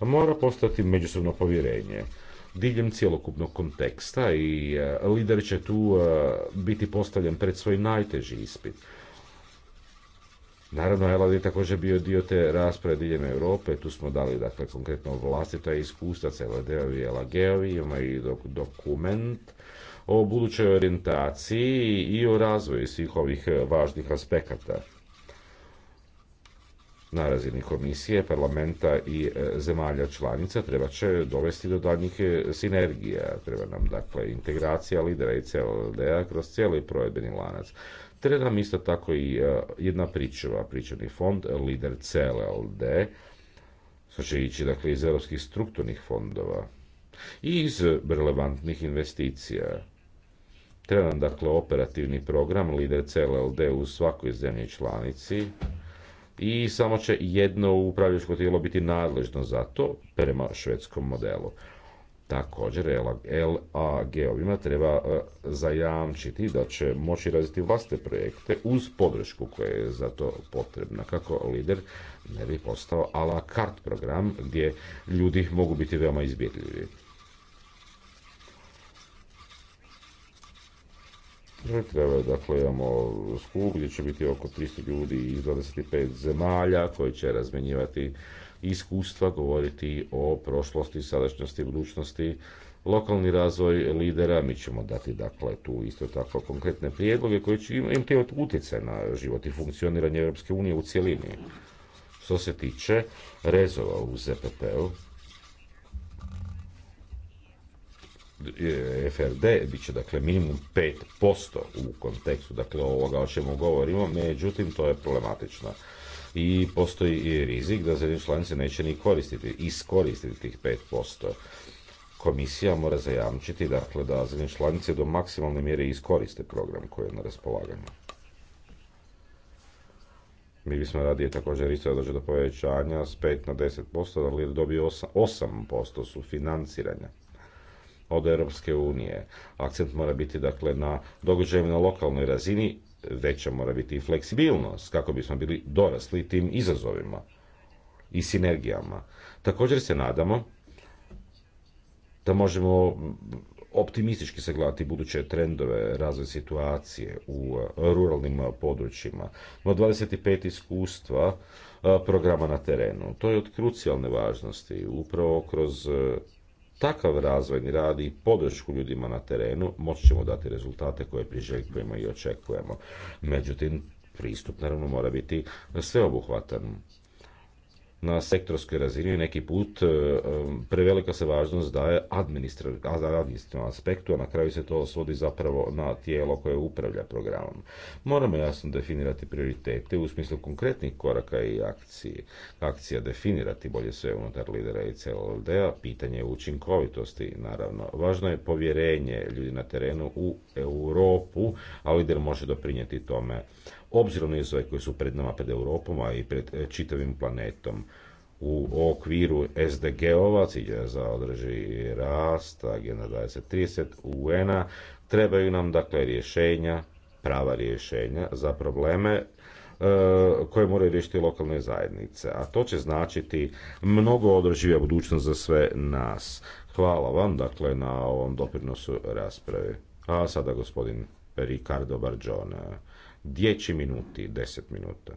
Mora postati međusobno povjerenje diljem cjelokupnog konteksta i e, lider će tu e, biti postavljen pred svoj najteži ispit. Naravno, Elad je također bio dio te rasprave diljem Europe, tu smo dali dakle, konkretno vlastita iskustva s Eladeovi i Elageovi, imamo i dokument o budućoj orijentaciji i o razvoju svih ovih eh, važnih aspekata na razini komisije, parlamenta i eh, zemalja članica treba će dovesti do daljnjih eh, sinergija. Treba nam dakle integracija lidera i cld kroz cijeli projedbeni lanac. Treba nam isto tako i e, jedna pričava, pričani fond, lider CLLD, što će ići dakle, iz europskih strukturnih fondova i iz relevantnih investicija. Treba nam dakle operativni program lider CLLD u svakoj zemlji članici i samo će jedno upravljačko tijelo biti nadležno za to prema švedskom modelu. Također, LAG-ovima treba e, zajamčiti da će moći raziti vlastite projekte uz podršku koja je za to potrebna, kako lider ne bi postao a la carte program gdje ljudi mogu biti veoma Treba je dakle, imamo skup gdje će biti oko 300 ljudi iz 25 zemalja koji će razmenjivati iskustva, govoriti o prošlosti, sadašnjosti, budućnosti, lokalni razvoj lidera, mi ćemo dati dakle tu isto tako konkretne prijedloge koje će imati utjecaj na život i funkcioniranje Europske unije u cjelini. Što se tiče rezova u ZPP-u, e, FRD bit će dakle minimum 5% u kontekstu dakle ovoga o čemu govorimo, međutim to je problematično i postoji i rizik da zemlje članice neće ni koristiti, iskoristiti tih 5%. Komisija mora zajamčiti dakle, da zemlje članice do maksimalne mjere iskoriste program koji je na raspolaganju. Mi bismo radije također isto da dođe do povećanja s 5 na 10%, ali dobije 8%, 8 financiranja od Europske unije. Akcent mora biti dakle na događajima na lokalnoj razini veća mora biti i fleksibilnost kako bismo bili dorasli tim izazovima i sinergijama. Također se nadamo da možemo optimistički sagledati buduće trendove razvoj situacije u e, ruralnim područjima. No 25 iskustva e, programa na terenu. To je od krucijalne važnosti. Upravo kroz e, takav razvojni rad i podršku ljudima na terenu, moći ćemo dati rezultate koje priželjkujemo i očekujemo. Međutim, pristup naravno mora biti sveobuhvatan na sektorskoj razini neki put e, prevelika se važnost daje administrativnom aspektu, a na kraju se to svodi zapravo na tijelo koje upravlja programom. Moramo jasno definirati prioritete u smislu konkretnih koraka i akcije. Akcija definirati bolje sve unutar lidera i CLLD-a, pitanje učinkovitosti, naravno. Važno je povjerenje ljudi na terenu u Europu, a lider može doprinijeti tome obzirom na izazove koji su pred nama, pred Europom, a i pred e, čitavim planetom. U okviru SDG-ova, cilje za održi rast, agenda 2030, UN-a, trebaju nam dakle rješenja, prava rješenja za probleme e, koje moraju riješiti lokalne zajednice. A to će značiti mnogo održivija budućnost za sve nas. Hvala vam dakle na ovom doprinosu rasprave. A sada gospodin Ricardo Barđone dječji minuti, deset minuta.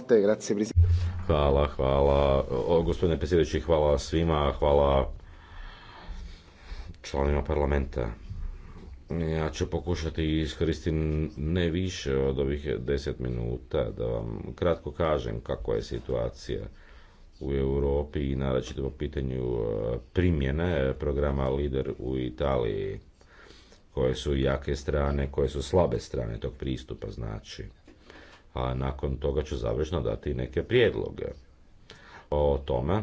Eh, hvala, hvala. O, gospodine predsjedeći, hvala svima, hvala članima parlamenta. Ja ću pokušati iskoristiti ne više od ovih deset minuta da vam kratko kažem kako je situacija u Europi i naročito po pitanju e, primjene programa Lider u Italiji koje su jake strane, koje su slabe strane tog pristupa znači. A nakon toga ću završno dati neke prijedloge o tome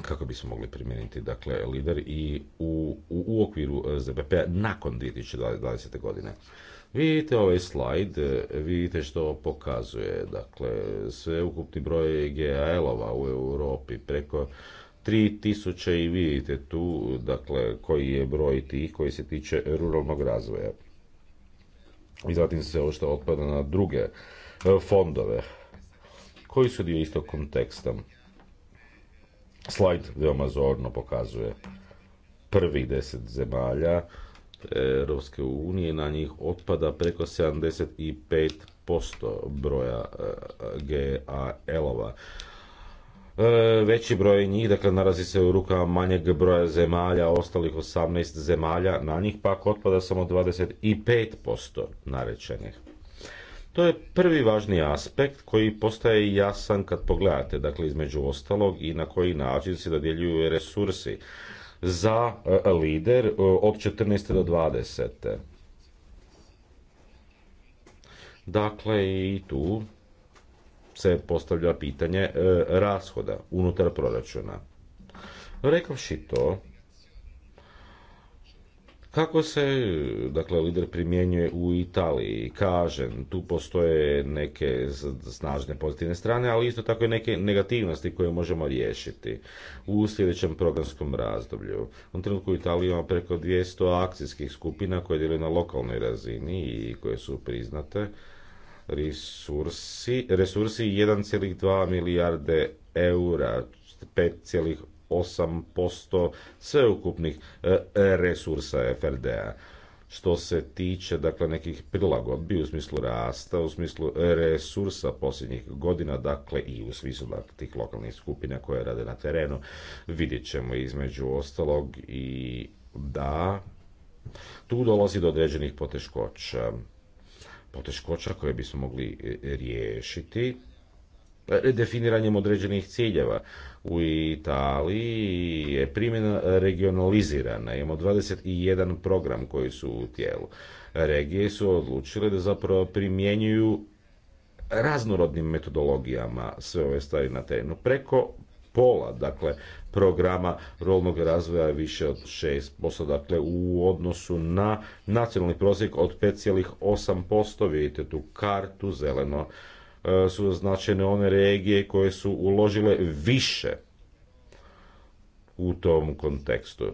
kako bismo mogli primijeniti dakle, lider i u, u, okviru e, zbp p-a nakon 2020. godine. Vidite ovaj slajd, e, vidite što pokazuje, dakle, sveukupni broj GAL-ova u Europi preko 3000 i vidite tu, dakle, koji je broj tih koji se tiče ruralnog razvoja. I zatim se ovo što otpada na druge e, fondove, koji su dio istog konteksta. Slajd veoma zorno pokazuje prvih deset zemalja e, Europske unije, na njih otpada preko 75% broja e, GAL-ova. E, veći broj njih, dakle, narazi se u rukama manjeg broja zemalja, ostalih 18 zemalja, na njih pak otpada samo 25% narečenih. To je prvi važni aspekt koji postaje jasan kad pogledate, dakle između ostalog i na koji način se dodjeljuju resursi za e, lider e, od 14. do 20. Dakle, i tu se postavlja pitanje e, rashoda unutar proračuna. Rekavši to, kako se, dakle, lider primjenjuje u Italiji? Kažem, tu postoje neke snažne pozitivne strane, ali isto tako i neke negativnosti koje možemo riješiti u sljedećem programskom razdoblju. U trenutku u Italiji ima preko 200 akcijskih skupina koje djeluju na lokalnoj razini i koje su priznate. Resursi, resursi 1,2 milijarde eura, 8% sveukupnih e, resursa FRD-a što se tiče dakle nekih prilagodbi u smislu rasta, u smislu resursa posljednjih godina, dakle i u smislu dakle, tih lokalnih skupina koje rade na terenu, vidjet ćemo između ostalog i da tu dolazi do određenih poteškoća. Poteškoća koje bismo mogli e, riješiti e, definiranjem određenih ciljeva u Italiji je primjena regionalizirana. Imamo 21 program koji su u tijelu. Regije su odlučile da zapravo primjenjuju raznorodnim metodologijama sve ove stvari na terenu. Preko pola, dakle, programa rolnog razvoja je više od 6%, dakle, u odnosu na nacionalni prosjek od 5,8%, vidite tu kartu zeleno E, su označene one regije koje su uložile više u tom kontekstu.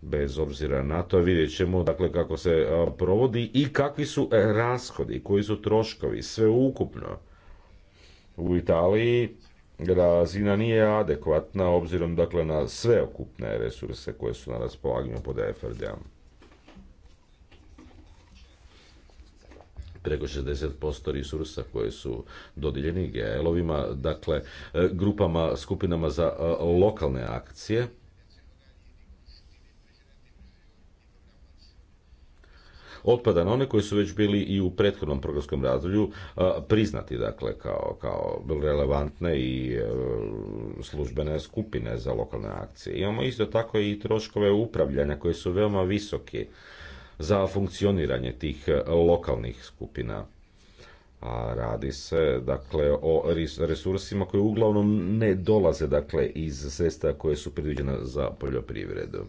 Bez obzira na to vidjet ćemo dakle, kako se e, provodi i kakvi su e, rashodi, koji su troškovi, sve ukupno. U Italiji razina nije adekvatna obzirom dakle na sve okupne resurse koje su na raspolaganju pod EFRD-om. preko 60% resursa koje su dodijeljeni GL-ovima, dakle e, grupama, skupinama za e, lokalne akcije. otpada na one koji su već bili i u prethodnom programskom razdoblju e, priznati dakle kao, kao relevantne i službene skupine za lokalne akcije. Imamo isto tako i troškove upravljanja koje su veoma visoki za funkcioniranje tih e, lokalnih skupina. A radi se dakle o resursima koji uglavnom ne dolaze dakle iz sredstva koje su predviđena za poljoprivredu.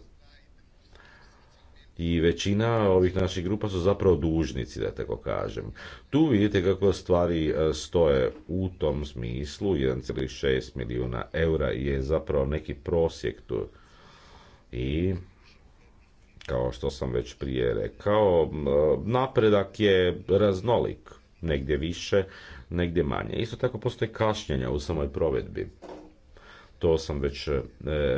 I većina ovih naših grupa su zapravo dužnici, da tako kažem. Tu vidite kako stvari e, stoje u tom smislu. 1,6 milijuna eura je zapravo neki prosjek I kao što sam već prije rekao, napredak je raznolik, negdje više, negdje manje. Isto tako postoje kašnjenja u samoj provedbi. To sam već e,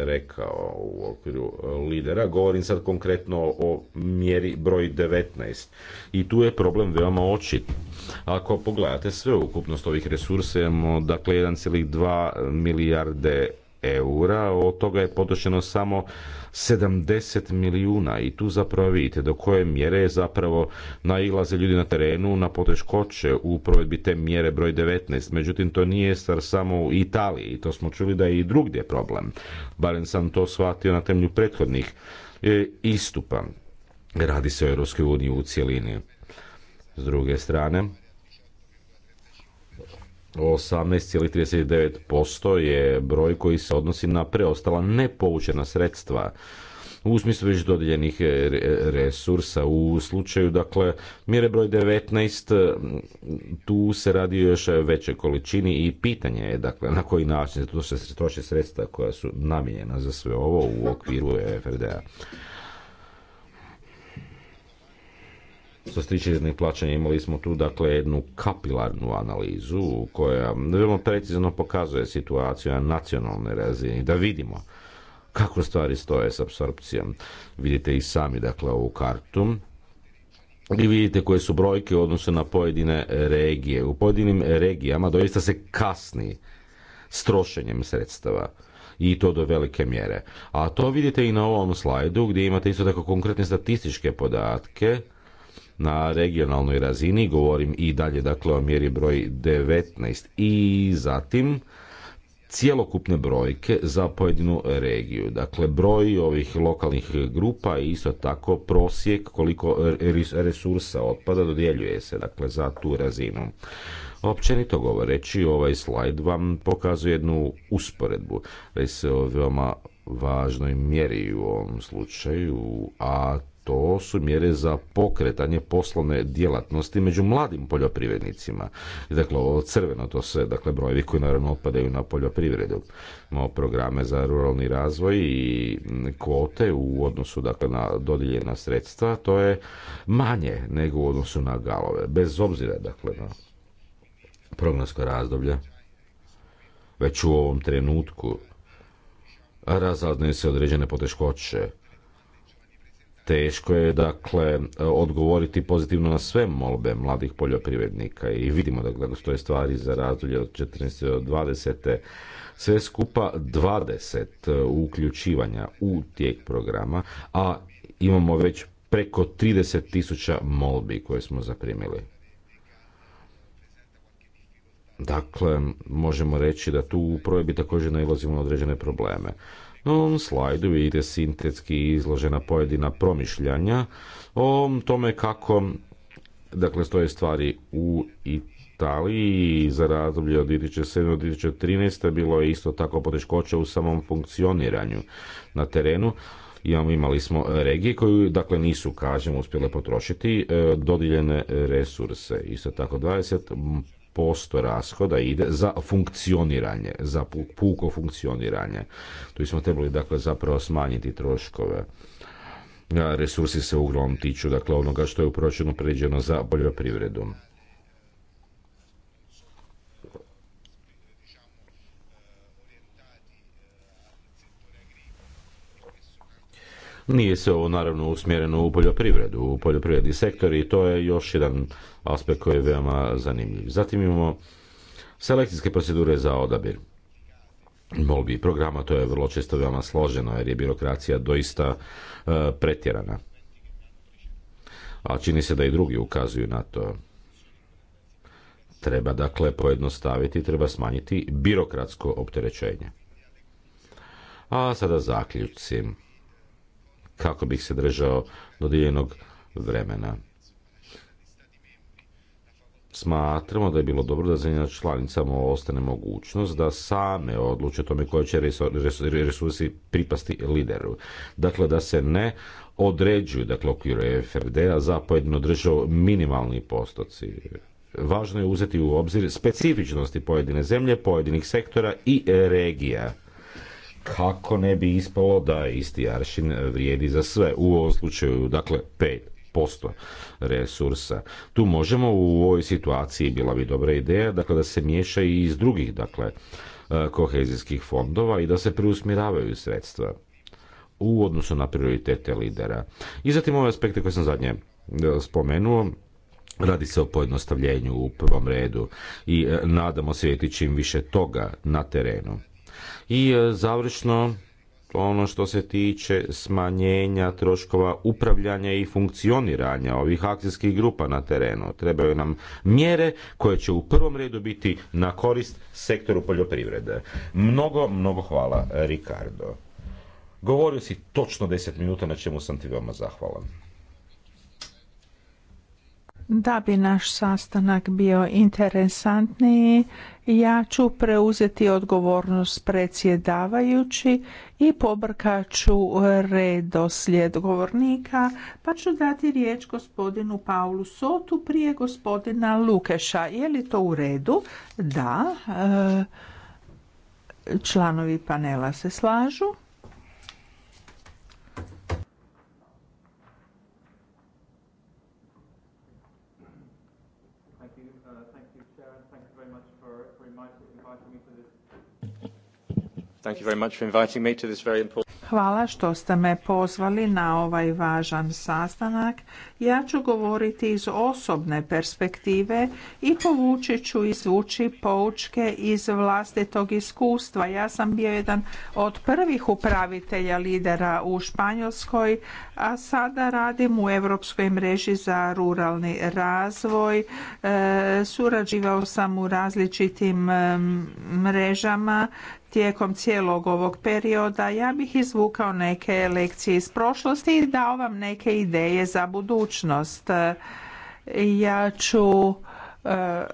rekao u okviru e, lidera. Govorim sad konkretno o mjeri broj 19. I tu je problem veoma očit. Ako pogledate sve ukupnost ovih resursa, imamo dakle 1,2 milijarde eura, od toga je potrošeno samo 70 milijuna i tu zapravo vidite do koje mjere zapravo nailaze ljudi na terenu na poteškoće u provedbi te mjere broj 19. Međutim, to nije star samo u Italiji to smo čuli da je i drugdje problem. Barem sam to shvatio na temelju prethodnih e, istupa. Radi se o Europskoj uniji u cjelini. S druge strane, 18,39% je broj koji se odnosi na preostala nepovučena sredstva u smislu već dodijeljenih e, resursa. U slučaju, dakle, mjere broj 19, tu se radi o još većoj količini i pitanje je, dakle, na koji način se troše sredstva koja su namijenjena za sve ovo u okviru frd Što se tiče plaćanja imali smo tu dakle jednu kapilarnu analizu koja vrlo precizno pokazuje situaciju na nacionalnoj razini da vidimo kako stvari stoje s apsorpcijom. Vidite i sami dakle ovu kartu i vidite koje su brojke u odnosu na pojedine regije. U pojedinim regijama doista se kasni s trošenjem sredstava i to do velike mjere. A to vidite i na ovom slajdu gdje imate isto tako konkretne statističke podatke na regionalnoj razini, govorim i dalje dakle o mjeri broj 19 i zatim cjelokupne brojke za pojedinu regiju. Dakle, broj ovih lokalnih grupa i isto tako prosjek koliko resursa otpada dodjeljuje se dakle, za tu razinu. Općenito govoreći, ovaj slajd vam pokazuje jednu usporedbu. Radi se o veoma važnoj mjeri u ovom slučaju, a to su mjere za pokretanje poslovne djelatnosti među mladim poljoprivrednicima. Dakle, ovo crveno to se, dakle, brojevi koji naravno otpadaju na poljoprivredu. Imamo programe za ruralni razvoj i kvote u odnosu, dakle, na dodijeljena sredstva, to je manje nego u odnosu na galove, bez obzira, dakle, na prognosko razdoblje. Već u ovom trenutku razaznaju se određene poteškoće Teško je dakle e, odgovoriti pozitivno na sve molbe mladih poljoprivrednika i vidimo dakle, da dakle, stvari za razdoblje od 14. do 20. Sve skupa 20 e, uključivanja u tijek programa, a imamo već preko 30 tisuća molbi koje smo zaprimili. Dakle, možemo reći da tu u projebi također nailazimo na određene probleme. Na ovom slajdu vidite sintetski izložena pojedina promišljanja o tome kako dakle stoje stvari u Italiji za razdoblje od 2007. do 2013. bilo je isto tako poteškoća u samom funkcioniranju na terenu imali smo regije koju dakle nisu kažem uspjele potrošiti e, dodijeljene resurse. Isto tako 20 posto rashoda ide za funkcioniranje, za puko funkcioniranje. Tu smo trebali dakle zapravo smanjiti troškove. Resursi se uglavnom tiču dakle onoga što je u proračunu predviđeno za poljoprivredu. Nije se ovo naravno usmjereno u poljoprivredu, u poljoprivredni sektor i to je još jedan aspekt koji je veoma zanimljiv. Zatim imamo selekcijske procedure za odabir molbi i programa, to je vrlo često veoma složeno jer je birokracija doista e, pretjerana. A čini se da i drugi ukazuju na to. Treba dakle pojednostaviti, treba smanjiti birokratsko opterećenje. A sada zaključim kako bih se držao dodijeljenog vremena. Smatramo da je bilo dobro da zemljama članicama ostane mogućnost da same odluče tome koje će resursi pripasti lideru. Dakle, da se ne određuju, dakle, okviru FRD-a za pojedinu državu minimalni postoci. Važno je uzeti u obzir specifičnosti pojedine zemlje, pojedinih sektora i regija kako ne bi ispalo da isti aršin vrijedi za sve. U ovom slučaju, dakle, 5% resursa. Tu možemo u ovoj situaciji, bila bi dobra ideja, dakle, da se miješa i iz drugih, dakle, e, kohezijskih fondova i da se preusmjeravaju sredstva u odnosu na prioritete lidera. I zatim ove aspekte koje sam zadnje e, spomenuo, Radi se o pojednostavljenju u prvom redu i e, nadamo se vidjeti čim više toga na terenu. I e, završno, ono što se tiče smanjenja troškova upravljanja i funkcioniranja ovih akcijskih grupa na terenu. Trebaju nam mjere koje će u prvom redu biti na korist sektoru poljoprivrede. Mnogo, mnogo hvala Ricardo. Govorio si točno 10 minuta na čemu sam ti veoma zahvalan. Da bi naš sastanak bio interesantniji, ja ću preuzeti odgovornost predsjedavajući i pobrkat ću redoslijed govornika, pa ću dati riječ gospodinu Paulu Sotu prije gospodina Lukeša. Je li to u redu? Da. E, članovi panela se slažu. to Hvala što ste me pozvali na ovaj važan sastanak. Ja ću govoriti iz osobne perspektive i povući ću izvući poučke iz vlastitog iskustva. Ja sam bio jedan od prvih upravitelja lidera u Španjolskoj, a sada radim u Europskoj mreži za ruralni razvoj. E, surađivao sam u različitim mrežama tijekom cijelog ovog perioda. Ja bih izvukao neke lekcije iz prošlosti i dao vam neke ideje za budućnost. Ja ću e, e,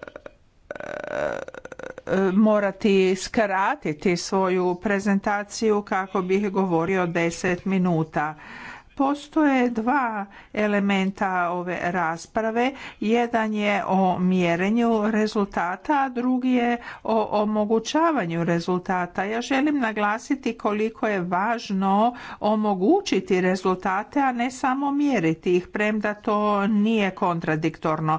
morati skratiti svoju prezentaciju kako bih govorio deset minuta. Postoje dva elementa ove rasprave. Jedan je o mjerenju rezultata, a drugi je o omogućavanju rezultata. Ja želim naglasiti koliko je važno omogućiti rezultate, a ne samo mjeriti ih, premda to nije kontradiktorno.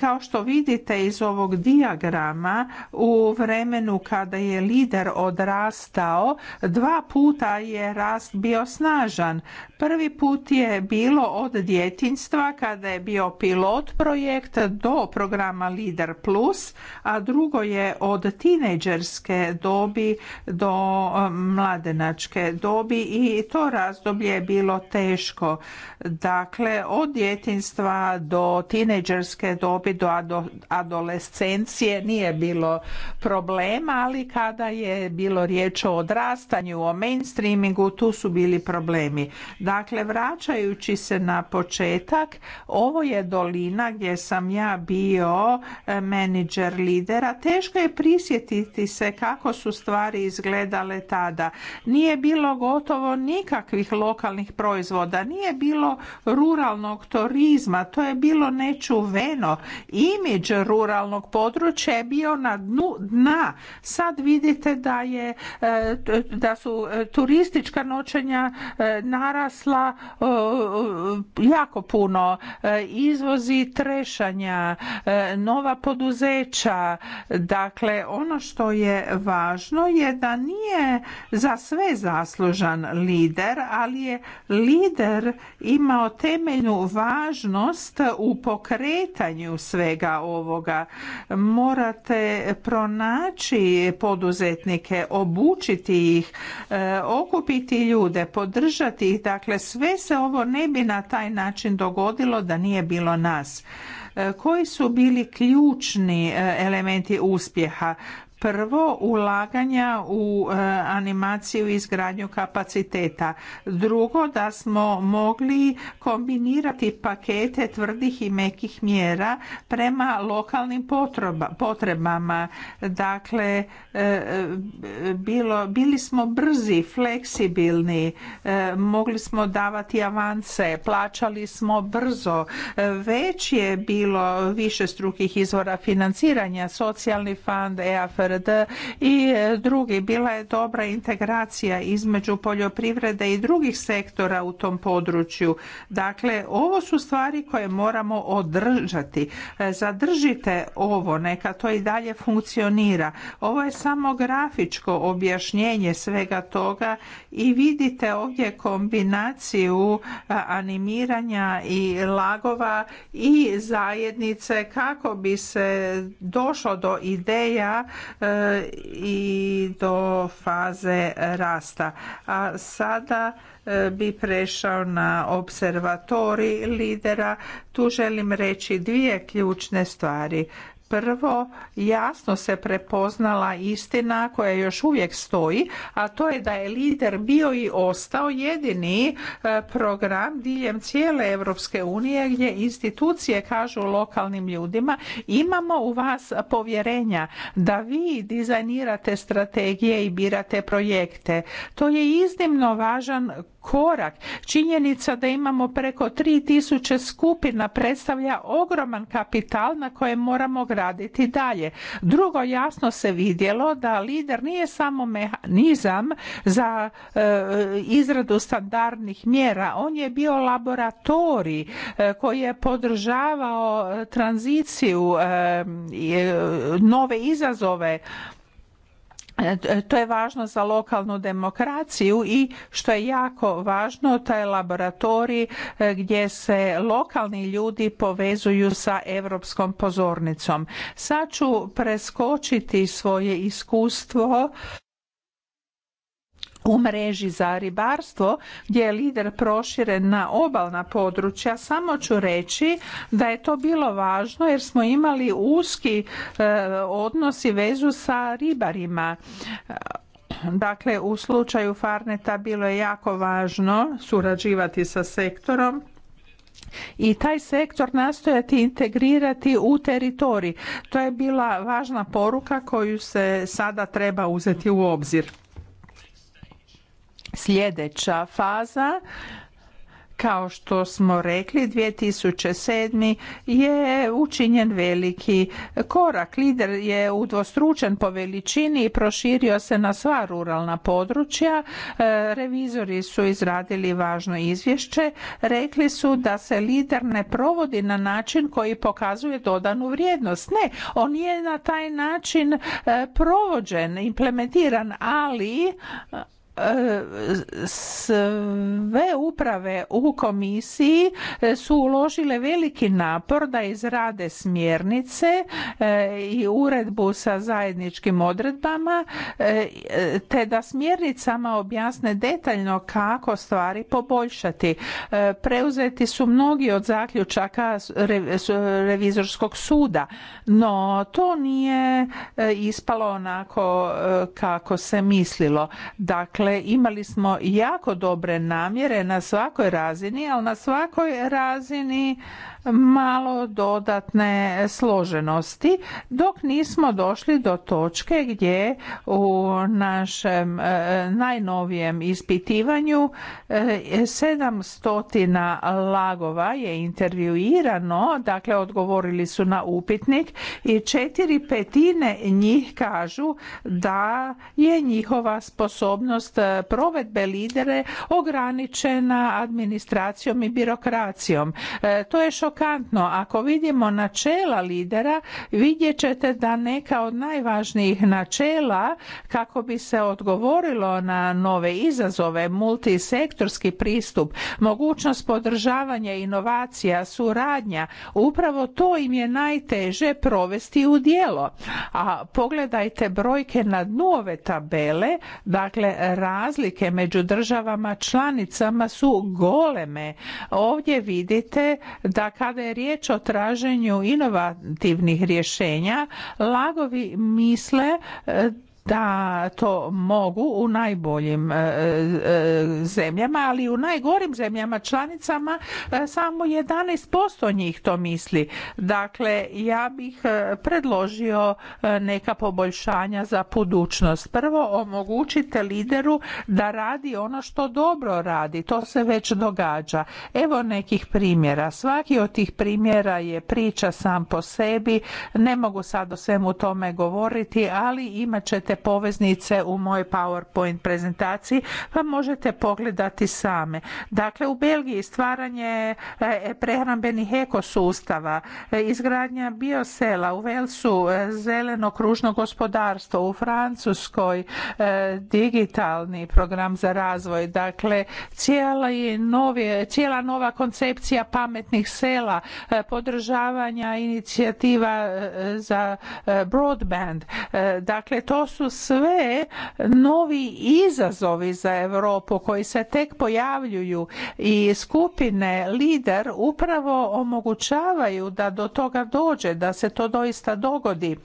Kao što vidite iz ovog diagrama, u vremenu kada je lider odrastao, dva puta je rast bio snažan. Prvi Prvi put je bilo od djetinstva kada je bio pilot projekt do programa Lider Plus, a drugo je od tineđerske dobi do um, mladenačke dobi i to razdoblje je bilo teško. Dakle, od djetinstva do tineđerske dobi do adolescencije nije bilo problema, ali kada je bilo riječ o odrastanju, o mainstreamingu, tu su bili problemi. Dakle, Dakle, vraćajući se na početak, ovo je dolina gdje sam ja bio e, menadžer lidera. Teško je prisjetiti se kako su stvari izgledale tada. Nije bilo gotovo nikakvih lokalnih proizvoda, nije bilo ruralnog turizma, to je bilo nečuveno. Imidž ruralnog područja je bio na dnu dna. Sad vidite da je e, da su e, turistička noćenja narasla E, e, jako puno. E, izvozi trešanja, nova poduzeća. Dakle, ono što je važno je da nije za sve zaslužan lider, ali je lider imao temeljnu važnost u pokretanju svega ovoga. Morate pronaći poduzetnike, obučiti ih, okupiti ljude, podržati ih. Dakle, sve se ovo ne bi na taj način dogodilo da nije bilo nas e, koji su bili ključni e, elementi uspjeha Prvo, ulaganja u e, animaciju i izgradnju kapaciteta. Drugo, da smo mogli kombinirati pakete tvrdih i mekih mjera prema lokalnim potrebama. Dakle, e, bili smo brzi, fleksibilni, e, mogli smo davati avance, plaćali smo brzo, već je bilo više strukih izvora financiranja, socijalni fond, EAFR i e, drugi bila je dobra integracija između poljoprivrede i drugih sektora u tom području. Dakle, ovo su stvari koje moramo održati. E, zadržite ovo, neka to i dalje funkcionira. Ovo je samo grafičko objašnjenje svega toga i vidite ovdje kombinaciju e, animiranja i lagova i zajednice kako bi se došlo do ideja E, i do faze rasta. A sada e, bi prešao na observatori lidera. Tu želim reći dvije ključne stvari prvo jasno se prepoznala istina koja još uvijek stoji, a to je da je lider bio i ostao jedini e, program diljem cijele Europske unije gdje institucije kažu lokalnim ljudima imamo u vas povjerenja da vi dizajnirate strategije i birate projekte. To je iznimno važan korak. Činjenica da imamo preko 3000 skupina predstavlja ogroman kapital na kojem moramo graditi dalje. Drugo, jasno se vidjelo da lider nije samo mehanizam za e, izradu standardnih mjera. On je bio laboratorij e, koji je podržavao tranziciju, e, nove izazove E, to je važno za lokalnu demokraciju i što je jako važno taj laboratorij e, gdje se lokalni ljudi povezuju sa europskom pozornicom. Sad ću preskočiti svoje iskustvo u mreži za ribarstvo gdje je lider proširen na obalna područja samo ću reći da je to bilo važno jer smo imali uski e, odnos i vezu sa ribarima dakle u slučaju farneta bilo je jako važno surađivati sa sektorom i taj sektor nastojati integrirati u teritorij to je bila važna poruka koju se sada treba uzeti u obzir Sljedeća faza kao što smo rekli 2007. je učinjen veliki korak. Lider je udvostručen po veličini i proširio se na sva ruralna područja. E, revizori su izradili važno izvješće. Rekli su da se lider ne provodi na način koji pokazuje dodanu vrijednost. Ne, on je na taj način e, provođen, implementiran, ali sve uprave u komisiji e, su uložile veliki napor da izrade smjernice e, i uredbu sa zajedničkim odredbama e, te da smjernicama objasne detaljno kako stvari poboljšati. Preuzeti su mnogi od zaključaka revizorskog suda, no to nije ispalo onako kako se mislilo. Dakle, Dakle, imali smo jako dobre namjere na svakoj razini, ali na svakoj razini malo dodatne složenosti dok nismo došli do točke gdje u našem e, najnovijem ispitivanju 700 e, lagova je intervjuirano, dakle odgovorili su na upitnik i četiri petine njih kažu da je njihova sposobnost e, provedbe lidere ograničena administracijom i birokracijom. To je šokantno šokantno. Ako vidimo načela lidera, vidjet ćete da neka od najvažnijih načela kako bi se odgovorilo na nove izazove, multisektorski pristup, mogućnost podržavanja inovacija, suradnja, upravo to im je najteže provesti u djelo. A pogledajte brojke na dnu ove tabele, dakle razlike među državama članicama su goleme. Ovdje vidite da kada je riječ o traženju inovativnih rješenja, lagovi misle e, da to mogu u najboljim e, e, zemljama, ali u najgorim zemljama članicama e, samo samo 11% njih to misli. Dakle, ja bih predložio neka poboljšanja za budućnost. Prvo, omogućite lideru da radi ono što dobro radi. To se već događa. Evo nekih primjera. Svaki od tih primjera je priča sam po sebi. Ne mogu sad o svemu tome govoriti, ali imat ćete poveznice u mojoj PowerPoint prezentaciji pa možete pogledati same. Dakle, u Belgiji stvaranje e, prehrambenih ekosustava, e, izgradnja biosela, u Velsu e, zeleno kružno gospodarstvo, u Francuskoj digitalni program za razvoj, dakle cijela, novi, cijela nova koncepcija pametnih sela, podržavanja inicijativa za broadband. Dakle, to su su sve novi izazovi za Europu koji se tek pojavljuju i skupine lider upravo omogućavaju da do toga dođe, da se to doista dogodi. E,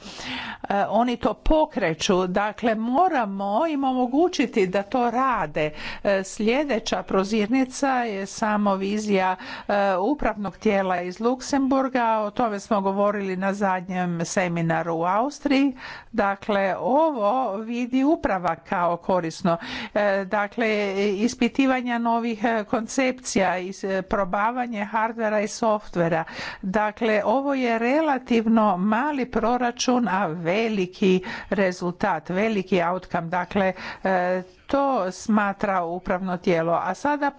oni to pokreću, dakle moramo im omogućiti da to rade. E, sljedeća prozirnica je samo vizija e, upravnog tijela iz Luksemburga, o tome smo govorili na zadnjem seminaru u Austriji. Dakle, ovo vidi uprava kao korisno. E, dakle, ispitivanja novih e, koncepcija, e, probavanje hardvera i softvera. Dakle, ovo je relativno mali proračun, a veliki rezultat, veliki outcome. Dakle, to smatra upravno tijelo. A sada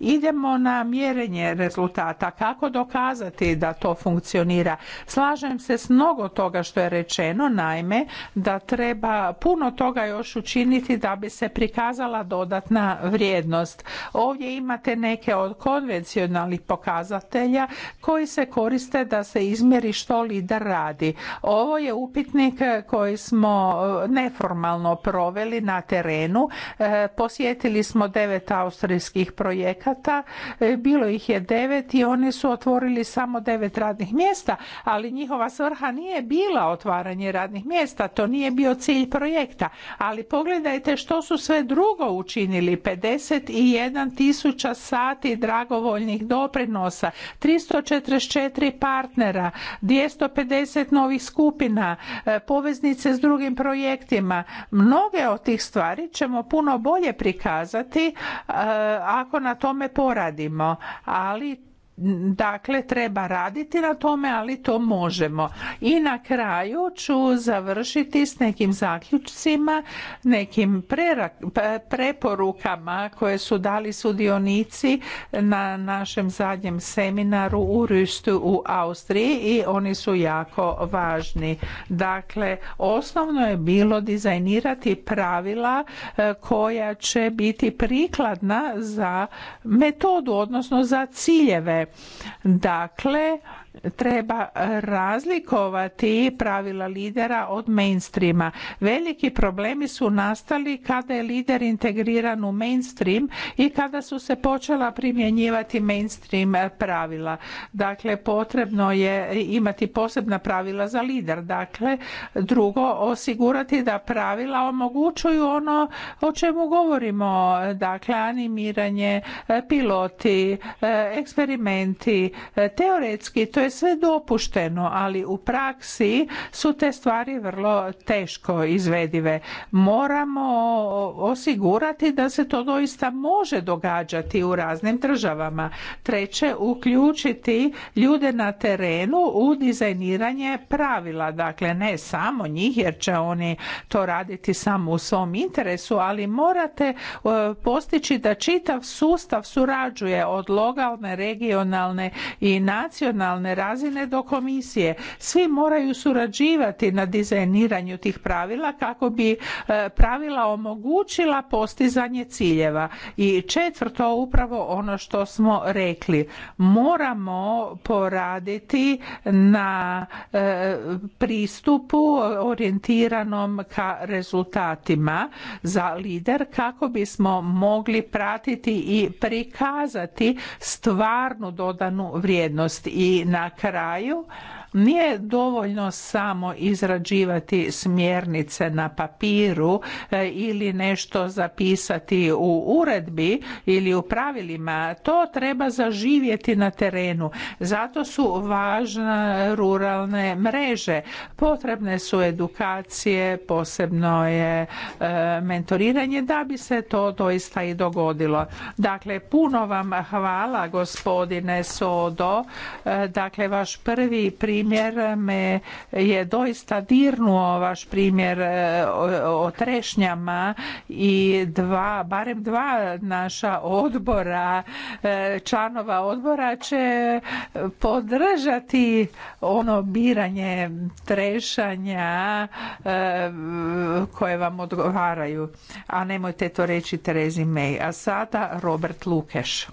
idemo na mjerenje rezultata. Kako dokazati da to funkcionira? Slažem se s mnogo toga što je rečeno, naime da treba puno toga još učiniti da bi se prikazala dodatna vrijednost. Ovdje imate neke od konvencionalnih pokazatelja koji se koriste da se izmjeri što lider radi. Ovo je upitnik koji smo neformalno proveli na terenu E, posjetili smo devet austrijskih projekata. E, bilo ih je devet i oni su otvorili samo devet radnih mjesta, ali njihova svrha nije bila otvaranje radnih mjesta. To nije bio cilj projekta. Ali pogledajte što su sve drugo učinili. 51 tisuća sati dragovoljnih doprinosa, 344 partnera, 250 novih skupina, e, poveznice s drugim projektima. Mnoge od tih stvari ćemo puno bolje prikazati eh, ako na tome poradimo ali Dakle, treba raditi na tome, ali to možemo. I na kraju ću završiti s nekim zaključcima, nekim preporukama koje su dali sudionici na našem zadnjem seminaru u Rüstu u Austriji i oni su jako važni. Dakle, osnovno je bilo dizajnirati pravila e, koja će biti prikladna za metodu, odnosno za ciljeve Dakle, treba razlikovati pravila lidera od mainstreama. Veliki problemi su nastali kada je lider integriran u mainstream i kada su se počela primjenjivati mainstream pravila. Dakle, potrebno je imati posebna pravila za lider. Dakle, drugo, osigurati da pravila omogućuju ono o čemu govorimo. Dakle, animiranje, piloti, e, eksperimenti, e, teoretski to je sve dopušteno, ali u praksi su te stvari vrlo teško izvedive. Moramo osigurati da se to doista može događati u raznim državama. Treće, uključiti ljude na terenu u dizajniranje pravila. Dakle, ne samo njih jer će oni to raditi samo u svom interesu, ali morate e, postići da čitav sustav surađuje od lokalne, regionalne i nacionalne razine do komisije. Svi moraju surađivati na dizajniranju tih pravila kako bi e, pravila omogućila postizanje ciljeva. I četvrto, upravo ono što smo rekli, moramo poraditi na e, pristupu orijentiranom ka rezultatima za lider kako bismo mogli pratiti i prikazati stvarnu dodanu vrijednost i na na kraju nije dovoljno samo izrađivati smjernice na papiru e, ili nešto zapisati u uredbi ili u pravilima. To treba zaživjeti na terenu. Zato su važne ruralne mreže. Potrebne su edukacije, posebno je e, mentoriranje da bi se to doista i dogodilo. Dakle, puno vam hvala gospodine Sodo. E, dakle, vaš prvi primjer primjer me je doista dirnuo vaš primjer e, o trešnjama i dva, barem dva naša odbora, e, članova odbora će podržati ono biranje trešanja e, koje vam odgovaraju. A nemojte to reći Terezi May. A sada Robert Lukeš.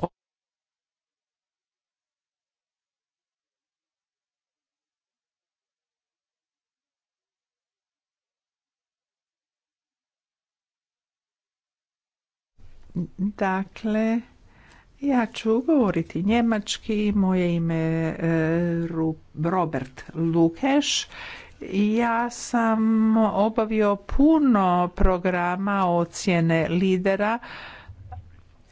Dakle, ja ću govoriti njemački, moje ime je Robert Lukeš. Ja sam obavio puno programa ocjene lidera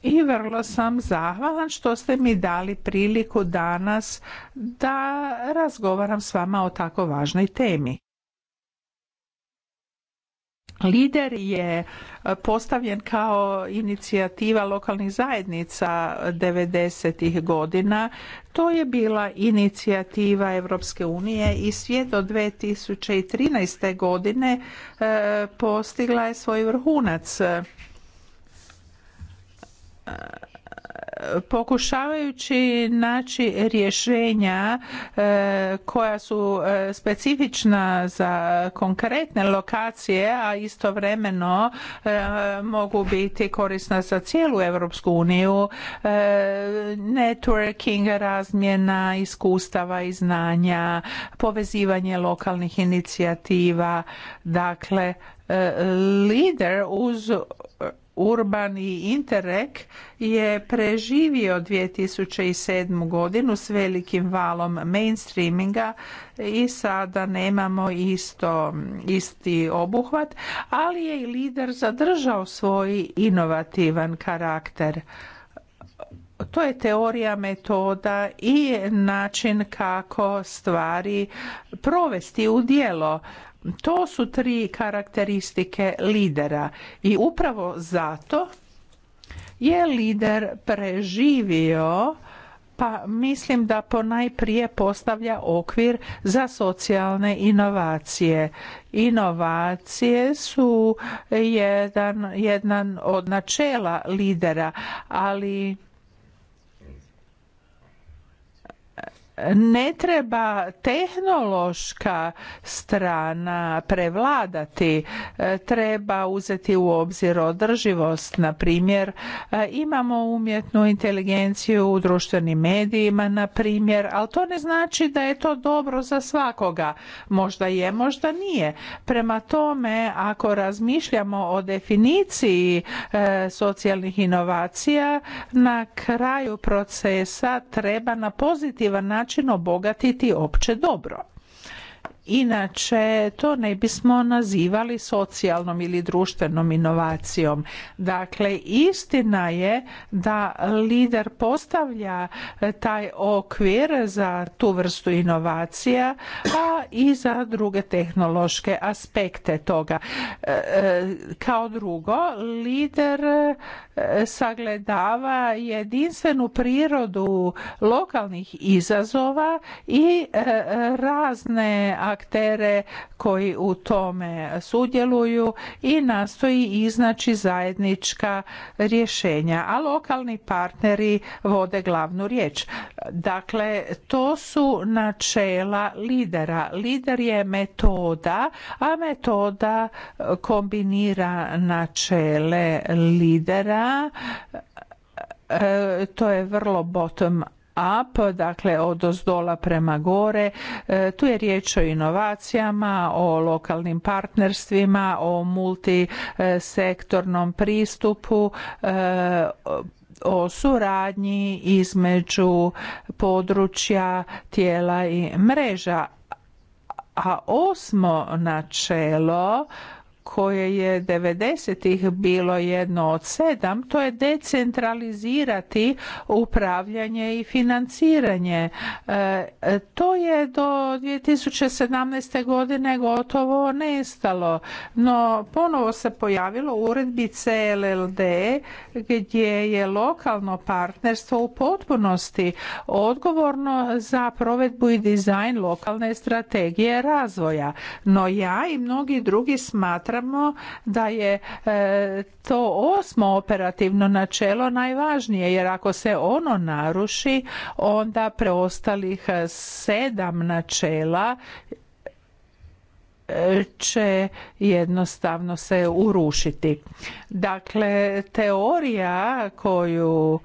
i vrlo sam zahvalan što ste mi dali priliku danas da razgovaram s vama o tako važnoj temi. Lider je e, postavljen kao inicijativa lokalnih zajednica 90. godina. To je bila inicijativa Europske unije i sve do 2013. godine e, postigla je svoj vrhunac e, pokušavajući naći rješenja e, koja su e, specifična za konkretne lokacije, a istovremeno e, mogu biti korisna za cijelu Europsku uniju, networking, razmjena iskustava i znanja, povezivanje lokalnih inicijativa, dakle lider uz i Interreg je preživio 2007. godinu s velikim valom mainstreaminga i sada nemamo isto, isti obuhvat, ali je i lider zadržao svoj inovativan karakter. To je teorija, metoda i način kako stvari provesti u djelo. To su tri karakteristike lidera i upravo zato je lider preživio pa mislim da ponajprije postavlja okvir za socijalne inovacije. Inovacije su jedan, jedan od načela lidera, ali ne treba tehnološka strana prevladati e, treba uzeti u obzir održivost na primjer e, imamo umjetnu inteligenciju u društvenim medijima na primjer ali to ne znači da je to dobro za svakoga možda je možda nije prema tome ako razmišljamo o definiciji e, socijalnih inovacija na kraju procesa treba na pozitivan način način obogatiti opće dobro. Inače, to ne bismo nazivali socijalnom ili društvenom inovacijom. Dakle, istina je da lider postavlja e, taj okvir za tu vrstu inovacija, a i za druge tehnološke aspekte toga. E, e, kao drugo, lider sagledava jedinstvenu prirodu lokalnih izazova i razne aktere koji u tome sudjeluju i nastoji iznaći zajednička rješenja, a lokalni partneri vode glavnu riječ. Dakle, to su načela lidera. Lider je metoda, a metoda kombinira načele lidera e, to je vrlo bottom up, dakle od ozdola prema gore. E, tu je riječ o inovacijama, o lokalnim partnerstvima, o multisektornom pristupu, e, o suradnji između područja, tijela i mreža. A osmo načelo koje je 90-ih bilo jedno od sedam, to je decentralizirati upravljanje i financiranje. E, to je do 2017. godine gotovo nestalo, no ponovo se pojavilo u uredbi CLLD gdje je lokalno partnerstvo u potpunosti odgovorno za provedbu i dizajn lokalne strategije razvoja. No ja i mnogi drugi smatram smatramo da je e, to osmo operativno načelo najvažnije jer ako se ono naruši onda preostalih e, sedam načela e, će jednostavno se urušiti. Dakle, teorija koju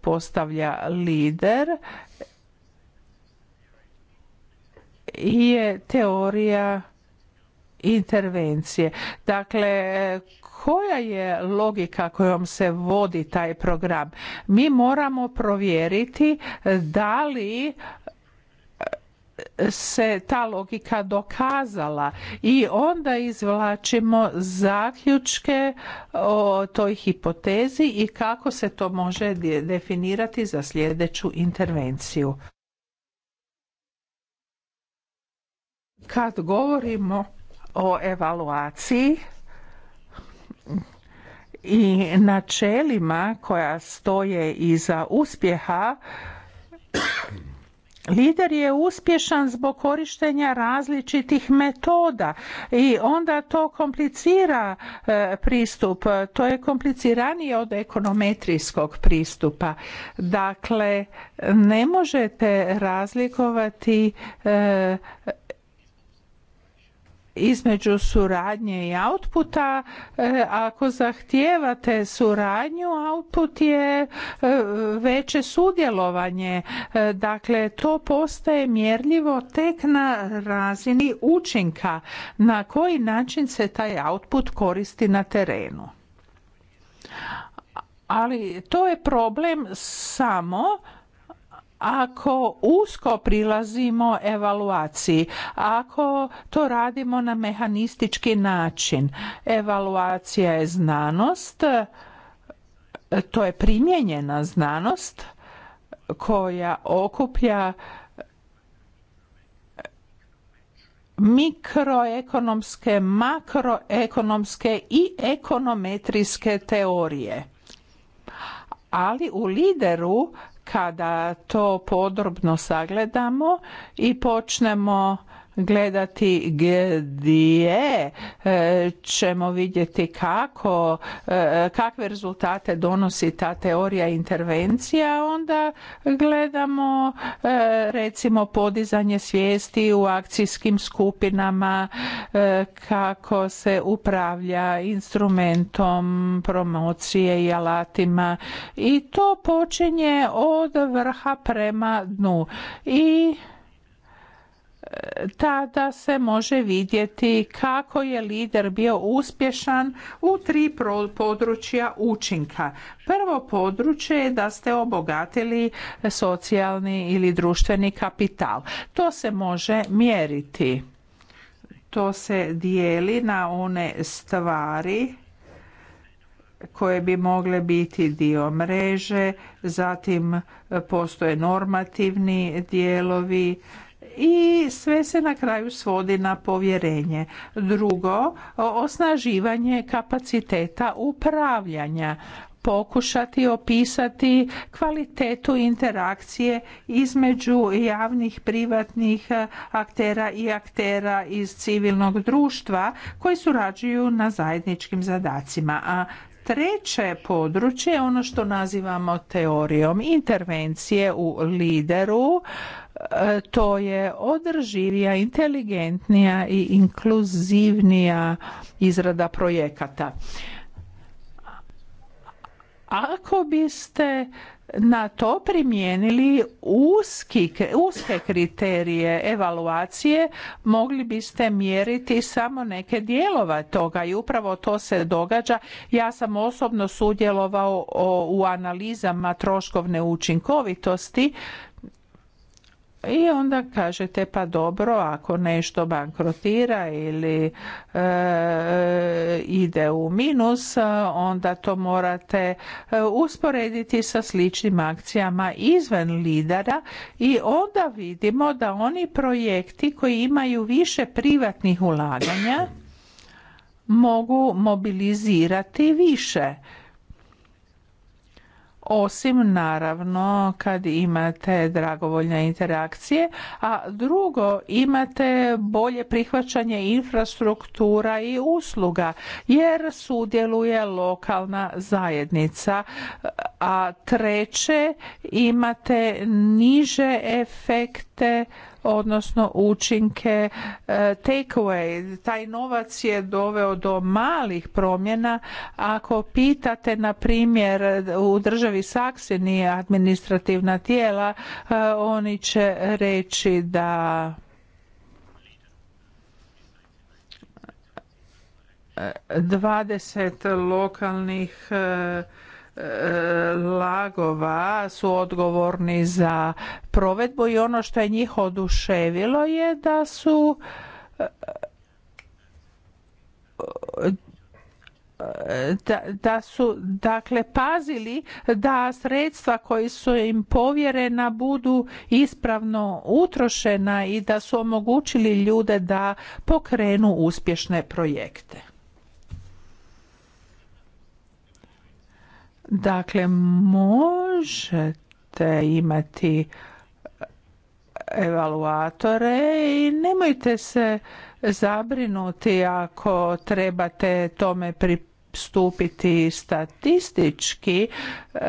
postavlja lider je teorija intervencije. Dakle, koja je logika kojom se vodi taj program? Mi moramo provjeriti da li e, se ta logika dokazala i onda izvlačimo zaključke o toj hipotezi i kako se to može definirati za sljedeću intervenciju. Kad govorimo o evaluaciji i načelima koja stoje iza uspjeha Lider je uspješan zbog korištenja različitih metoda i onda to komplicira e, pristup. To je kompliciranije od ekonometrijskog pristupa. Dakle, ne možete razlikovati e, između suradnje i outputa e, ako zahtijevate suradnju output je e, veće sudjelovanje e, dakle to postaje mjerljivo tek na razini učinka na koji način se taj output koristi na terenu ali to je problem samo ako usko prilazimo evaluaciji, ako to radimo na mehanistički način. Evaluacija je znanost, to je primijenjena znanost koja okuplja mikroekonomske, makroekonomske i ekonometrijske teorije. Ali u lideru kada to podrobno sagledamo i počnemo gledati gdje e, ćemo vidjeti kako, e, kakve rezultate donosi ta teorija intervencija, onda gledamo e, recimo podizanje svijesti u akcijskim skupinama, kako se upravlja instrumentom promocije i alatima i to počinje od vrha prema dnu i tada se može vidjeti kako je lider bio uspješan u tri područja učinka. Prvo područje je da ste obogatili socijalni ili društveni kapital. To se može mjeriti. To se dijeli na one stvari koje bi mogle biti dio mreže, zatim postoje normativni dijelovi, i sve se na kraju svodi na povjerenje. Drugo, osnaživanje kapaciteta upravljanja pokušati opisati kvalitetu interakcije između javnih privatnih e, aktera i aktera iz civilnog društva koji surađuju na zajedničkim zadacima a treće područje ono što nazivamo teorijom intervencije u lideru to je održivija, inteligentnija i inkluzivnija izrada projekata. Ako biste na to primijenili uski, uske kriterije evaluacije mogli biste mjeriti samo neke dijelova toga i upravo to se događa. Ja sam osobno sudjelovao u analizama troškovne učinkovitosti i onda kažete pa dobro ako nešto bankrotira ili e, ide u minus onda to morate e, usporediti sa sličnim akcijama izvan lidera i onda vidimo da oni projekti koji imaju više privatnih ulaganja mogu mobilizirati više osim naravno kad imate dragovoljne interakcije, a drugo imate bolje prihvaćanje infrastruktura i usluga jer sudjeluje lokalna zajednica, a treće imate niže efekt odnosno učinke e, take-away. Taj novac je doveo do malih promjena. Ako pitate, na primjer, u državi Saksini administrativna tijela, e, oni će reći da dvadeset lokalnih e, E, lagova su odgovorni za provedbu i ono što je njih oduševilo je da su e, da, da su dakle pazili da sredstva koji su im povjerena budu ispravno utrošena i da su omogućili ljude da pokrenu uspješne projekte. Dakle, možete imati e, evaluatore i nemojte se zabrinuti ako trebate tome pristupiti statistički. E,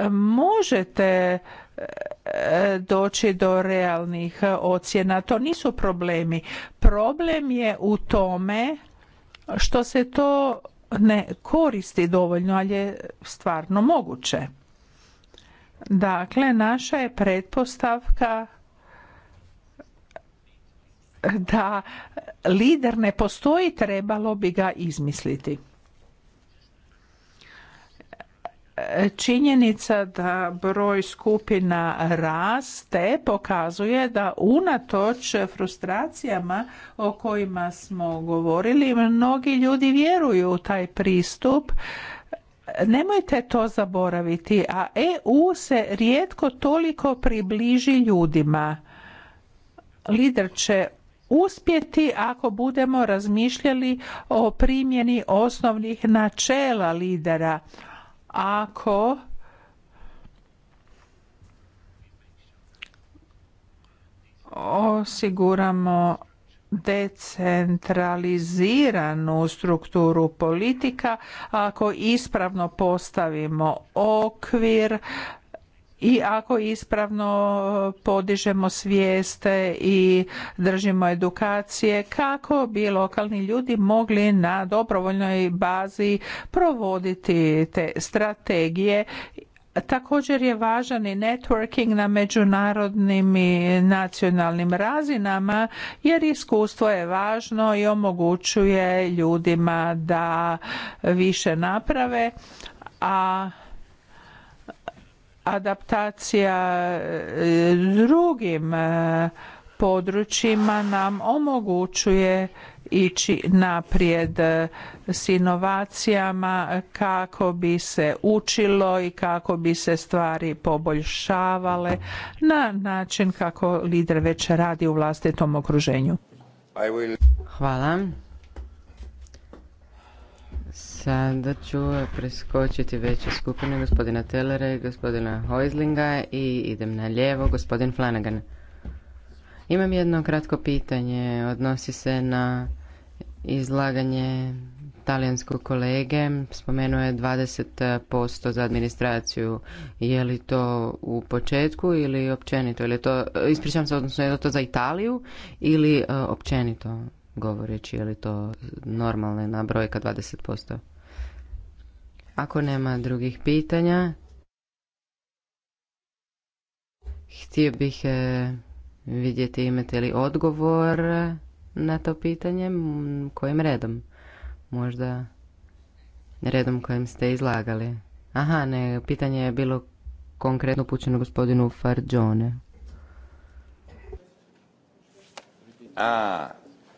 možete e, doći do realnih ocjena. To nisu problemi. Problem je u tome što se to ne koristi dovoljno, ali je stvarno moguće. Dakle, naša je pretpostavka da lider ne postoji, trebalo bi ga izmisliti činjenica da broj skupina raste pokazuje da unatoč frustracijama o kojima smo govorili mnogi ljudi vjeruju u taj pristup Nemojte to zaboraviti, a EU se rijetko toliko približi ljudima. Lider će uspjeti ako budemo razmišljali o primjeni osnovnih načela lidera ako osiguramo decentraliziranu strukturu politika ako ispravno postavimo okvir i ako ispravno e, podižemo svijeste i držimo edukacije kako bi lokalni ljudi mogli na dobrovoljnoj bazi provoditi te strategije Također je važan i networking na međunarodnim i nacionalnim razinama jer iskustvo je važno i omogućuje ljudima da više naprave, a adaptacija e, drugim e, područjima nam omogućuje ići naprijed s inovacijama kako bi se učilo i kako bi se stvari poboljšavale na način kako lider već radi u vlastitom okruženju. Hvala. Sada ću preskočiti veće skupine gospodina Telera i gospodina Hojzlinga i idem na lijevo, gospodin Flanagan. Imam jedno kratko pitanje, odnosi se na izlaganje talijanskog kolege, spomenuo je 20% za administraciju. Je li to u početku ili općenito? ili to, ispričavam se, odnosno je li to za Italiju ili e, općenito govoreći, je li to normalna brojka 20%? Ako nema drugih pitanja, htio bih e, vidjeti imate li odgovor na to pitanje, kojim redom? Možda redom kojim ste izlagali. Aha, ne, pitanje je bilo konkretno upućeno gospodinu Farđone. Ah,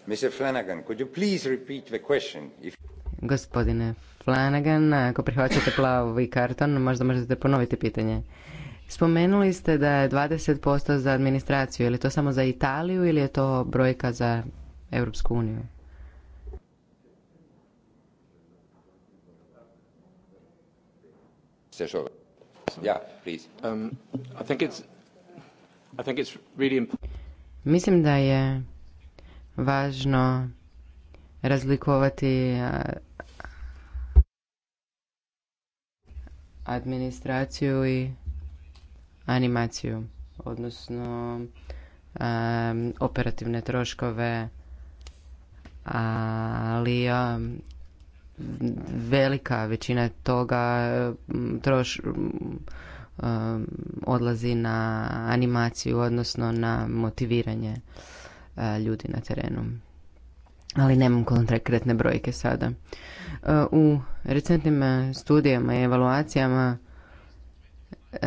Mr. Flanagan, could you please repeat the question? If... Gospodine Flanagan, ako prihvaćate plavi karton, možda možete ponoviti pitanje. Spomenuli ste da je 20% za administraciju. Je li to samo za Italiju ili je to brojka za Europsku uniju? Mislim da je važno razlikovati eh, administraciju i animaciju, odnosno eh, operativne troškove, ali eh, velika većina toga mm, mm, odlazi na animaciju, odnosno na motiviranje ljudi na terenu ali nemam konkretne brojke sada. Uh, u recentnim uh, studijama i evaluacijama uh,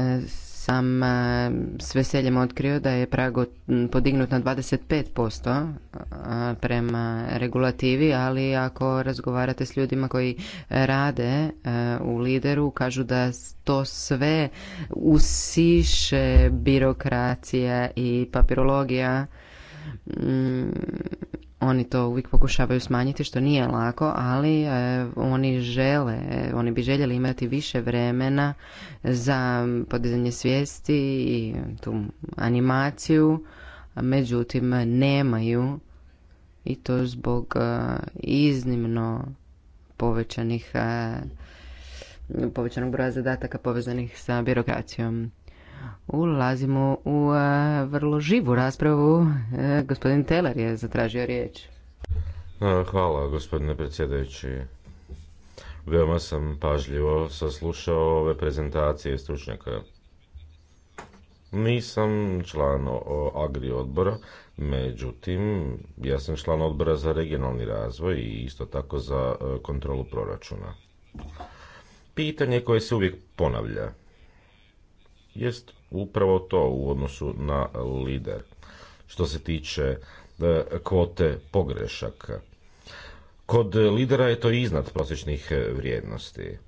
sam s veseljem otkrio da je prag podignut na 25% prema regulativi, ali ako razgovarate s ljudima koji rade u lideru, kažu da to sve usiše birokracija i papirologija oni to uvijek pokušavaju smanjiti što nije lako, ali e, oni žele, oni bi željeli imati više vremena za podizanje svijesti i tu animaciju, međutim nemaju i to zbog e, iznimno povećanih e, povećanog broja zadataka povezanih sa birokracijom. Ulazimo u e, vrlo živu raspravu. E, gospodin Teler je zatražio riječ. E, hvala, gospodine predsjedajući. Veoma sam pažljivo saslušao ove prezentacije stručnjaka. Nisam član Agri odbora, međutim, ja sam član odbora za regionalni razvoj i isto tako za kontrolu proračuna. Pitanje koje se uvijek ponavlja jest upravo to u odnosu na lider. Što se tiče e, kvote pogrešaka. Kod lidera je to iznad prosječnih e, vrijednosti.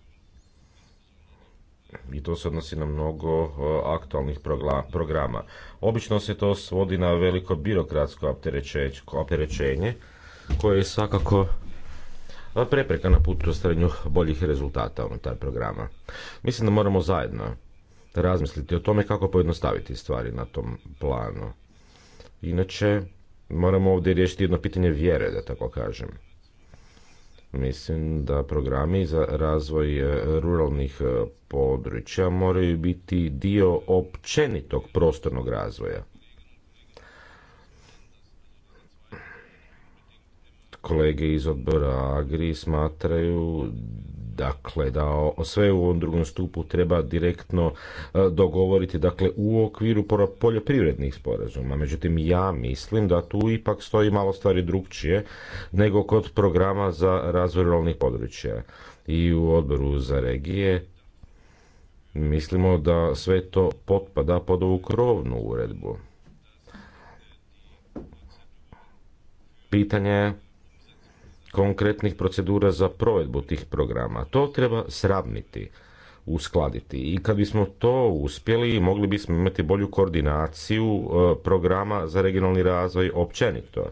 I to se odnosi na mnogo e, aktualnih programa. Obično se to svodi na veliko birokratsko opterećenje koje je svakako prepreka na putu ostvarenju boljih rezultata unutar programa. Mislim da moramo zajedno razmisliti o tome kako pojednostaviti stvari na tom planu. Inače, moramo ovdje riješiti jedno pitanje vjere, da tako kažem. Mislim da programi za razvoj e, ruralnih e, područja moraju biti dio općenitog prostornog razvoja. Kolege iz odbora Agri smatraju dakle da sve u ovom drugom stupu treba direktno e, dogovoriti dakle u okviru poljoprivrednih sporazuma. Međutim, ja mislim da tu ipak stoji malo stvari drugčije nego kod programa za razvoj ruralnih područja i u odboru za regije mislimo da sve to potpada pod ovu krovnu uredbu. Pitanje je konkretnih procedura za provedbu tih programa. To treba sravniti, uskladiti. I kad bismo to uspjeli, mogli bismo imati bolju koordinaciju e, programa za regionalni razvoj općenito.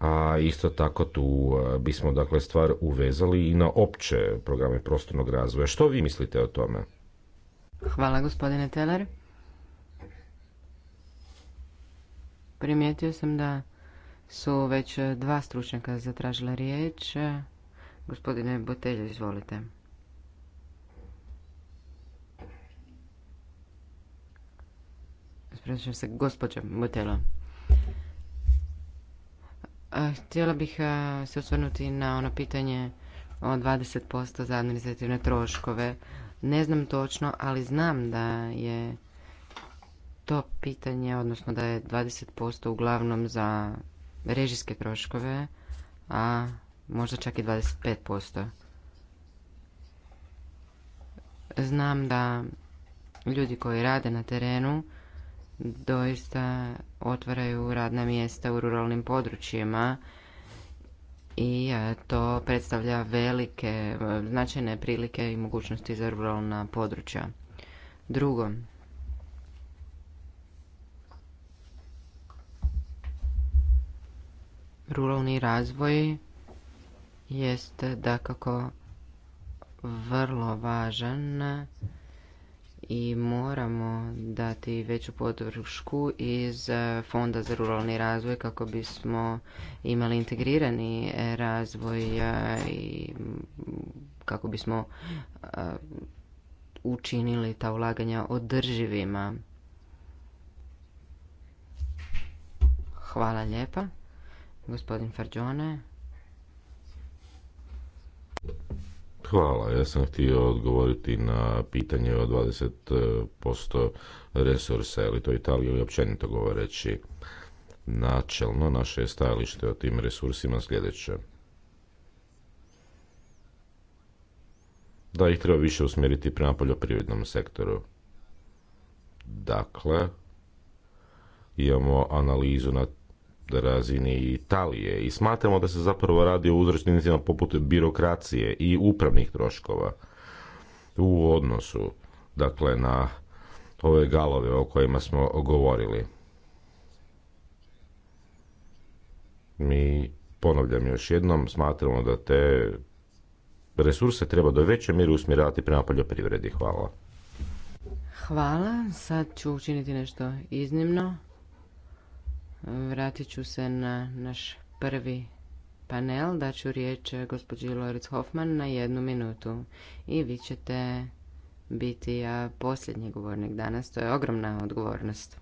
A isto tako tu e, bismo dakle stvar uvezali i na opće programe prostornog razvoja. Što vi mislite o tome? Hvala gospodine Teler. Primijetio sam da su već e, dva stručnjaka zatražila riječ. E, gospodine botelje izvolite. Sprećam se, gospođa Boteljo. E, htjela bih se osvrnuti na ono pitanje o 20% za administrativne troškove. Ne znam točno, ali znam da je to pitanje, odnosno da je 20% uglavnom za režijske troškove, a možda čak i 25%. Znam da ljudi koji rade na terenu doista otvaraju radna mjesta u ruralnim područjima i e, to predstavlja velike, e, značajne prilike i mogućnosti za ruralna područja. Drugo, ruralni razvoj jest dakako vrlo važan i moramo dati veću podršku iz Fonda za ruralni razvoj kako bismo imali integrirani razvoj e, i kako bismo e, učinili ta ulaganja održivima. Hvala lijepa. Gospodin Farđone. Hvala, ja sam htio odgovoriti na pitanje o 20% resursa, ili to Italija ili općenito govoreći. Načelno naše stajalište o tim resursima sljedeće. Da ih treba više usmjeriti prema poljoprivrednom sektoru. Dakle, imamo analizu na razini Italije i smatramo da se zapravo radi o uzročnicima poput birokracije i upravnih troškova u odnosu dakle na ove galove o kojima smo govorili. Mi ponavljam još jednom, smatramo da te resurse treba do veće mjere usmjeravati prema poljoprivredi. Hvala. Hvala. Sad ću učiniti nešto iznimno. Vratit ću se na naš prvi panel, daću riječ eh, gospođi Loric Hoffman na jednu minutu i vi ćete biti ja posljednji govornik danas, to je ogromna odgovornost.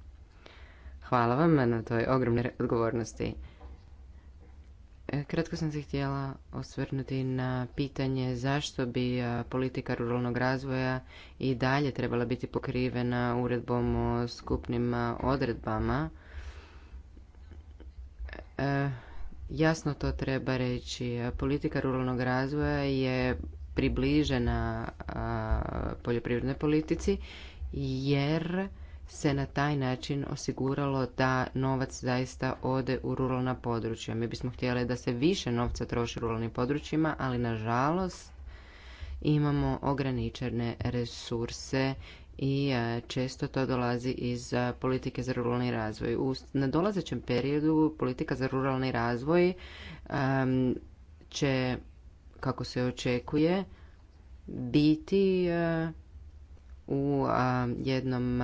Hvala vam na toj ogromnoj odgovornosti. Eh, kratko sam se htjela osvrnuti na pitanje zašto bi eh, politika ruralnog razvoja i dalje trebala biti pokrivena uredbom o skupnim odredbama E, jasno to treba reći. Politika ruralnog razvoja je približena poljoprivrednoj politici jer se na taj način osiguralo da novac zaista ode u ruralna područja. Mi bismo htjeli da se više novca troši u ruralnim područjima, ali nažalost imamo ograničene resurse i e, često to dolazi iz e, politike za ruralni razvoj. U nadolazećem periodu politika za ruralni razvoj će, kako se očekuje, biti e, u jednom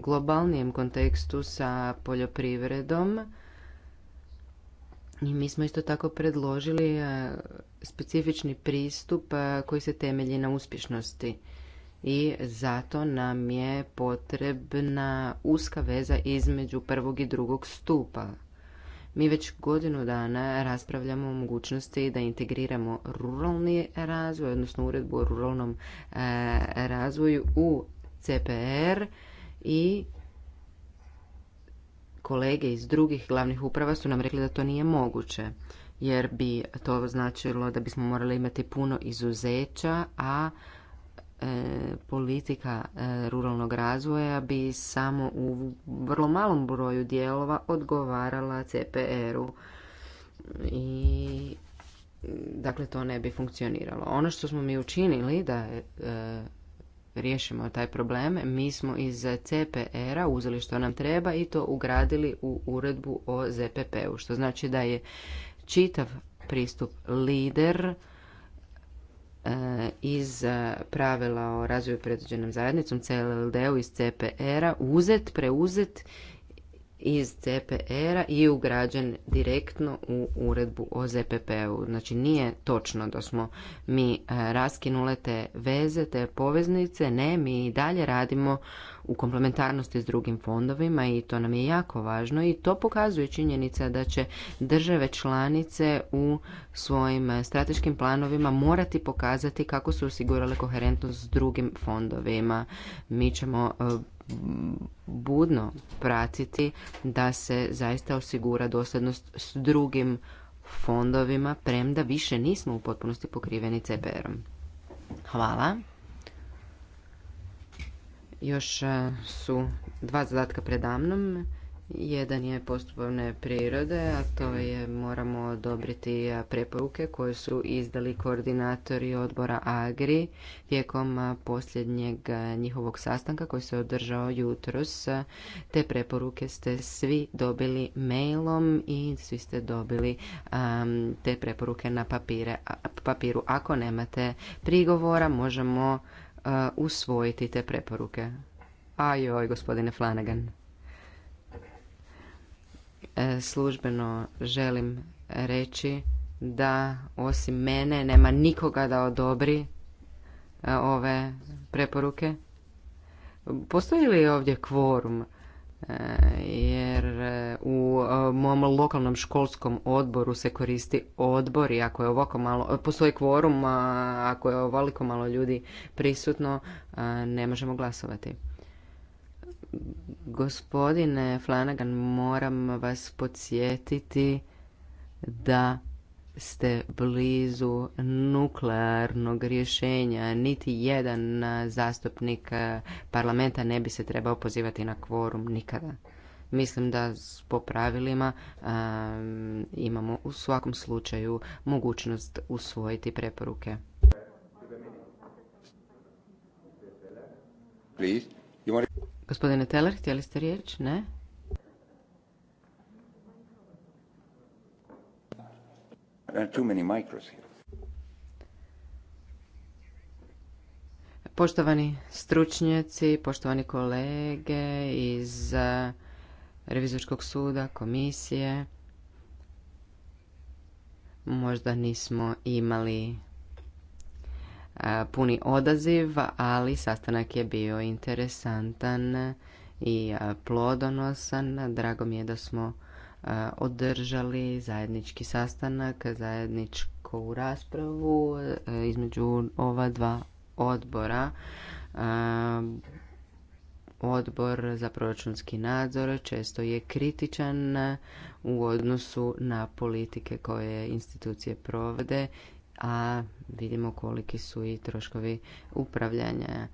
globalnijem kontekstu sa poljoprivredom mi smo isto tako predložili e, specifični pristup e, koji se temelji na uspješnosti i zato nam je potrebna uska veza između prvog i drugog stupa. Mi već godinu dana raspravljamo o mogućnosti da integriramo ruralni razvoj, odnosno uredbu o ruralnom e, razvoju u CPR i kolege iz drugih glavnih uprava su nam rekli da to nije moguće jer bi to značilo da bismo morali imati puno izuzeća, a e, politika e, ruralnog razvoja bi samo u vrlo malom broju dijelova odgovarala CPR-u i dakle to ne bi funkcioniralo. Ono što smo mi učinili da je e, riješimo taj problem, mi smo iz CPR-a uzeli što nam treba i to ugradili u uredbu o ZPP-u, što znači da je čitav pristup lider e, iz pravila o razvoju predviđenom zajednicom, CLLD-u iz CPR-a, uzet, preuzet iz CPR-a i ugrađen direktno u uredbu o ZPP-u. Znači nije točno da smo mi e, raskinule te veze, te poveznice, ne, mi i dalje radimo u komplementarnosti s drugim fondovima i to nam je jako važno i to pokazuje činjenica da će države članice u svojim e, strateškim planovima morati pokazati kako su osigurale koherentnost s drugim fondovima. Mi ćemo e, budno pratiti da se zaista osigura dosljednost s drugim fondovima, premda više nismo u potpunosti pokriveni CPR-om. Hvala. Još eh, su dva zadatka predamnom. Jedan je postupovne prirode, a to je moramo odobriti preporuke koje su izdali koordinatori odbora AGRI tijekom posljednjeg njihovog sastanka koji se održao jutros. Te preporuke ste svi dobili mailom i svi ste dobili te preporuke na papiru. Ako nemate prigovora možemo usvojiti te preporuke. Ajoj, gospodine Flanagan. E, službeno želim reći da osim mene nema nikoga da odobri e, ove preporuke. Postoji li ovdje kvorum? E, jer u mom lokalnom školskom odboru se koristi odbor i ako je ovako malo, postoji kvorum, ako je ovoliko malo ljudi prisutno, ne možemo glasovati. Gospodine Flanagan, moram vas podsjetiti da ste blizu nuklearnog rješenja. Niti jedan zastupnik parlamenta ne bi se trebao pozivati na kvorum nikada. Mislim da po pravilima imamo u svakom slučaju mogućnost usvojiti preporuke. Gospodine Teller, htjeli ste riječ? Ne. Poštovani stručnjaci, poštovani kolege iz eh, Revizorskog suda, komisije, možda nismo imali puni odaziv, ali sastanak je bio interesantan i plodonosan. Drago mi je da smo održali zajednički sastanak, zajedničku raspravu e, između ova dva odbora. Odbor za proračunski nadzor često je kritičan u odnosu na politike koje institucije provode a vidimo koliki su i troškovi upravljanja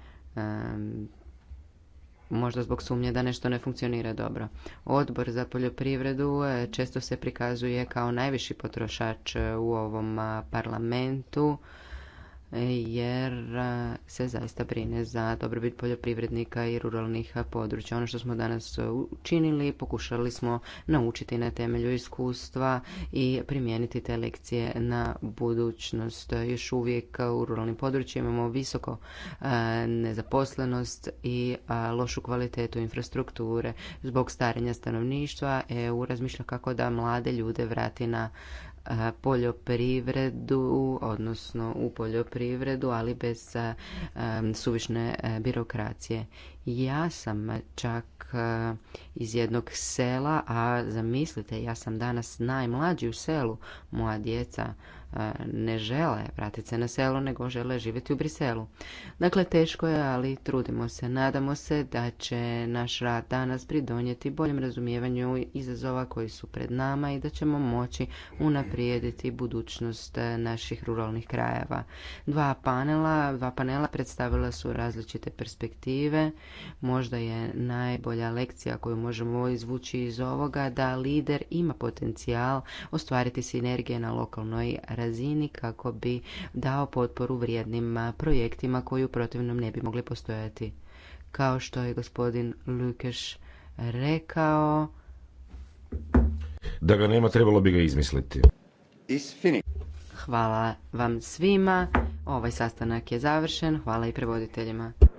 možda zbog sumnje da nešto ne funkcionira dobro. Odbor za poljoprivredu e, često se prikazuje kao najviši potrošač e, u ovom parlamentu jer e, se zaista brine za dobrobit poljoprivrednika i ruralnih područja. Ono što smo danas učinili, pokušali smo naučiti na temelju iskustva i primijeniti te lekcije na budućnost. Još uvijek u ruralnim područjima imamo visoko e, nezaposlenost i e, lošu kvalitetu infrastrukture. Zbog starenja stanovništva EU razmišlja kako da mlade ljude vrati na poljoprivredu, odnosno u poljoprivredu, ali bez suvišne birokracije. Ja sam čak iz jednog sela, a zamislite, ja sam danas najmlađi u selu, moja djeca ne žele vratiti se na selo, nego žele živjeti u Briselu. Dakle, teško je, ali trudimo se. Nadamo se da će naš rad danas pridonijeti boljem razumijevanju izazova koji su pred nama i da ćemo moći unaprijediti budućnost e, naših ruralnih krajeva. Dva panela, dva panela predstavila su različite perspektive. Možda je najbolja lekcija koju možemo izvući iz ovoga da lider ima potencijal ostvariti sinergije na lokalnoj razini kako bi dao potporu vrijednim projektima koji u protivnom ne bi mogli postojati. Kao što je gospodin Lukeš rekao... Da ga nema, trebalo bi ga izmisliti. Hvala vam svima. Ovaj sastanak je završen. Hvala i prevoditeljima.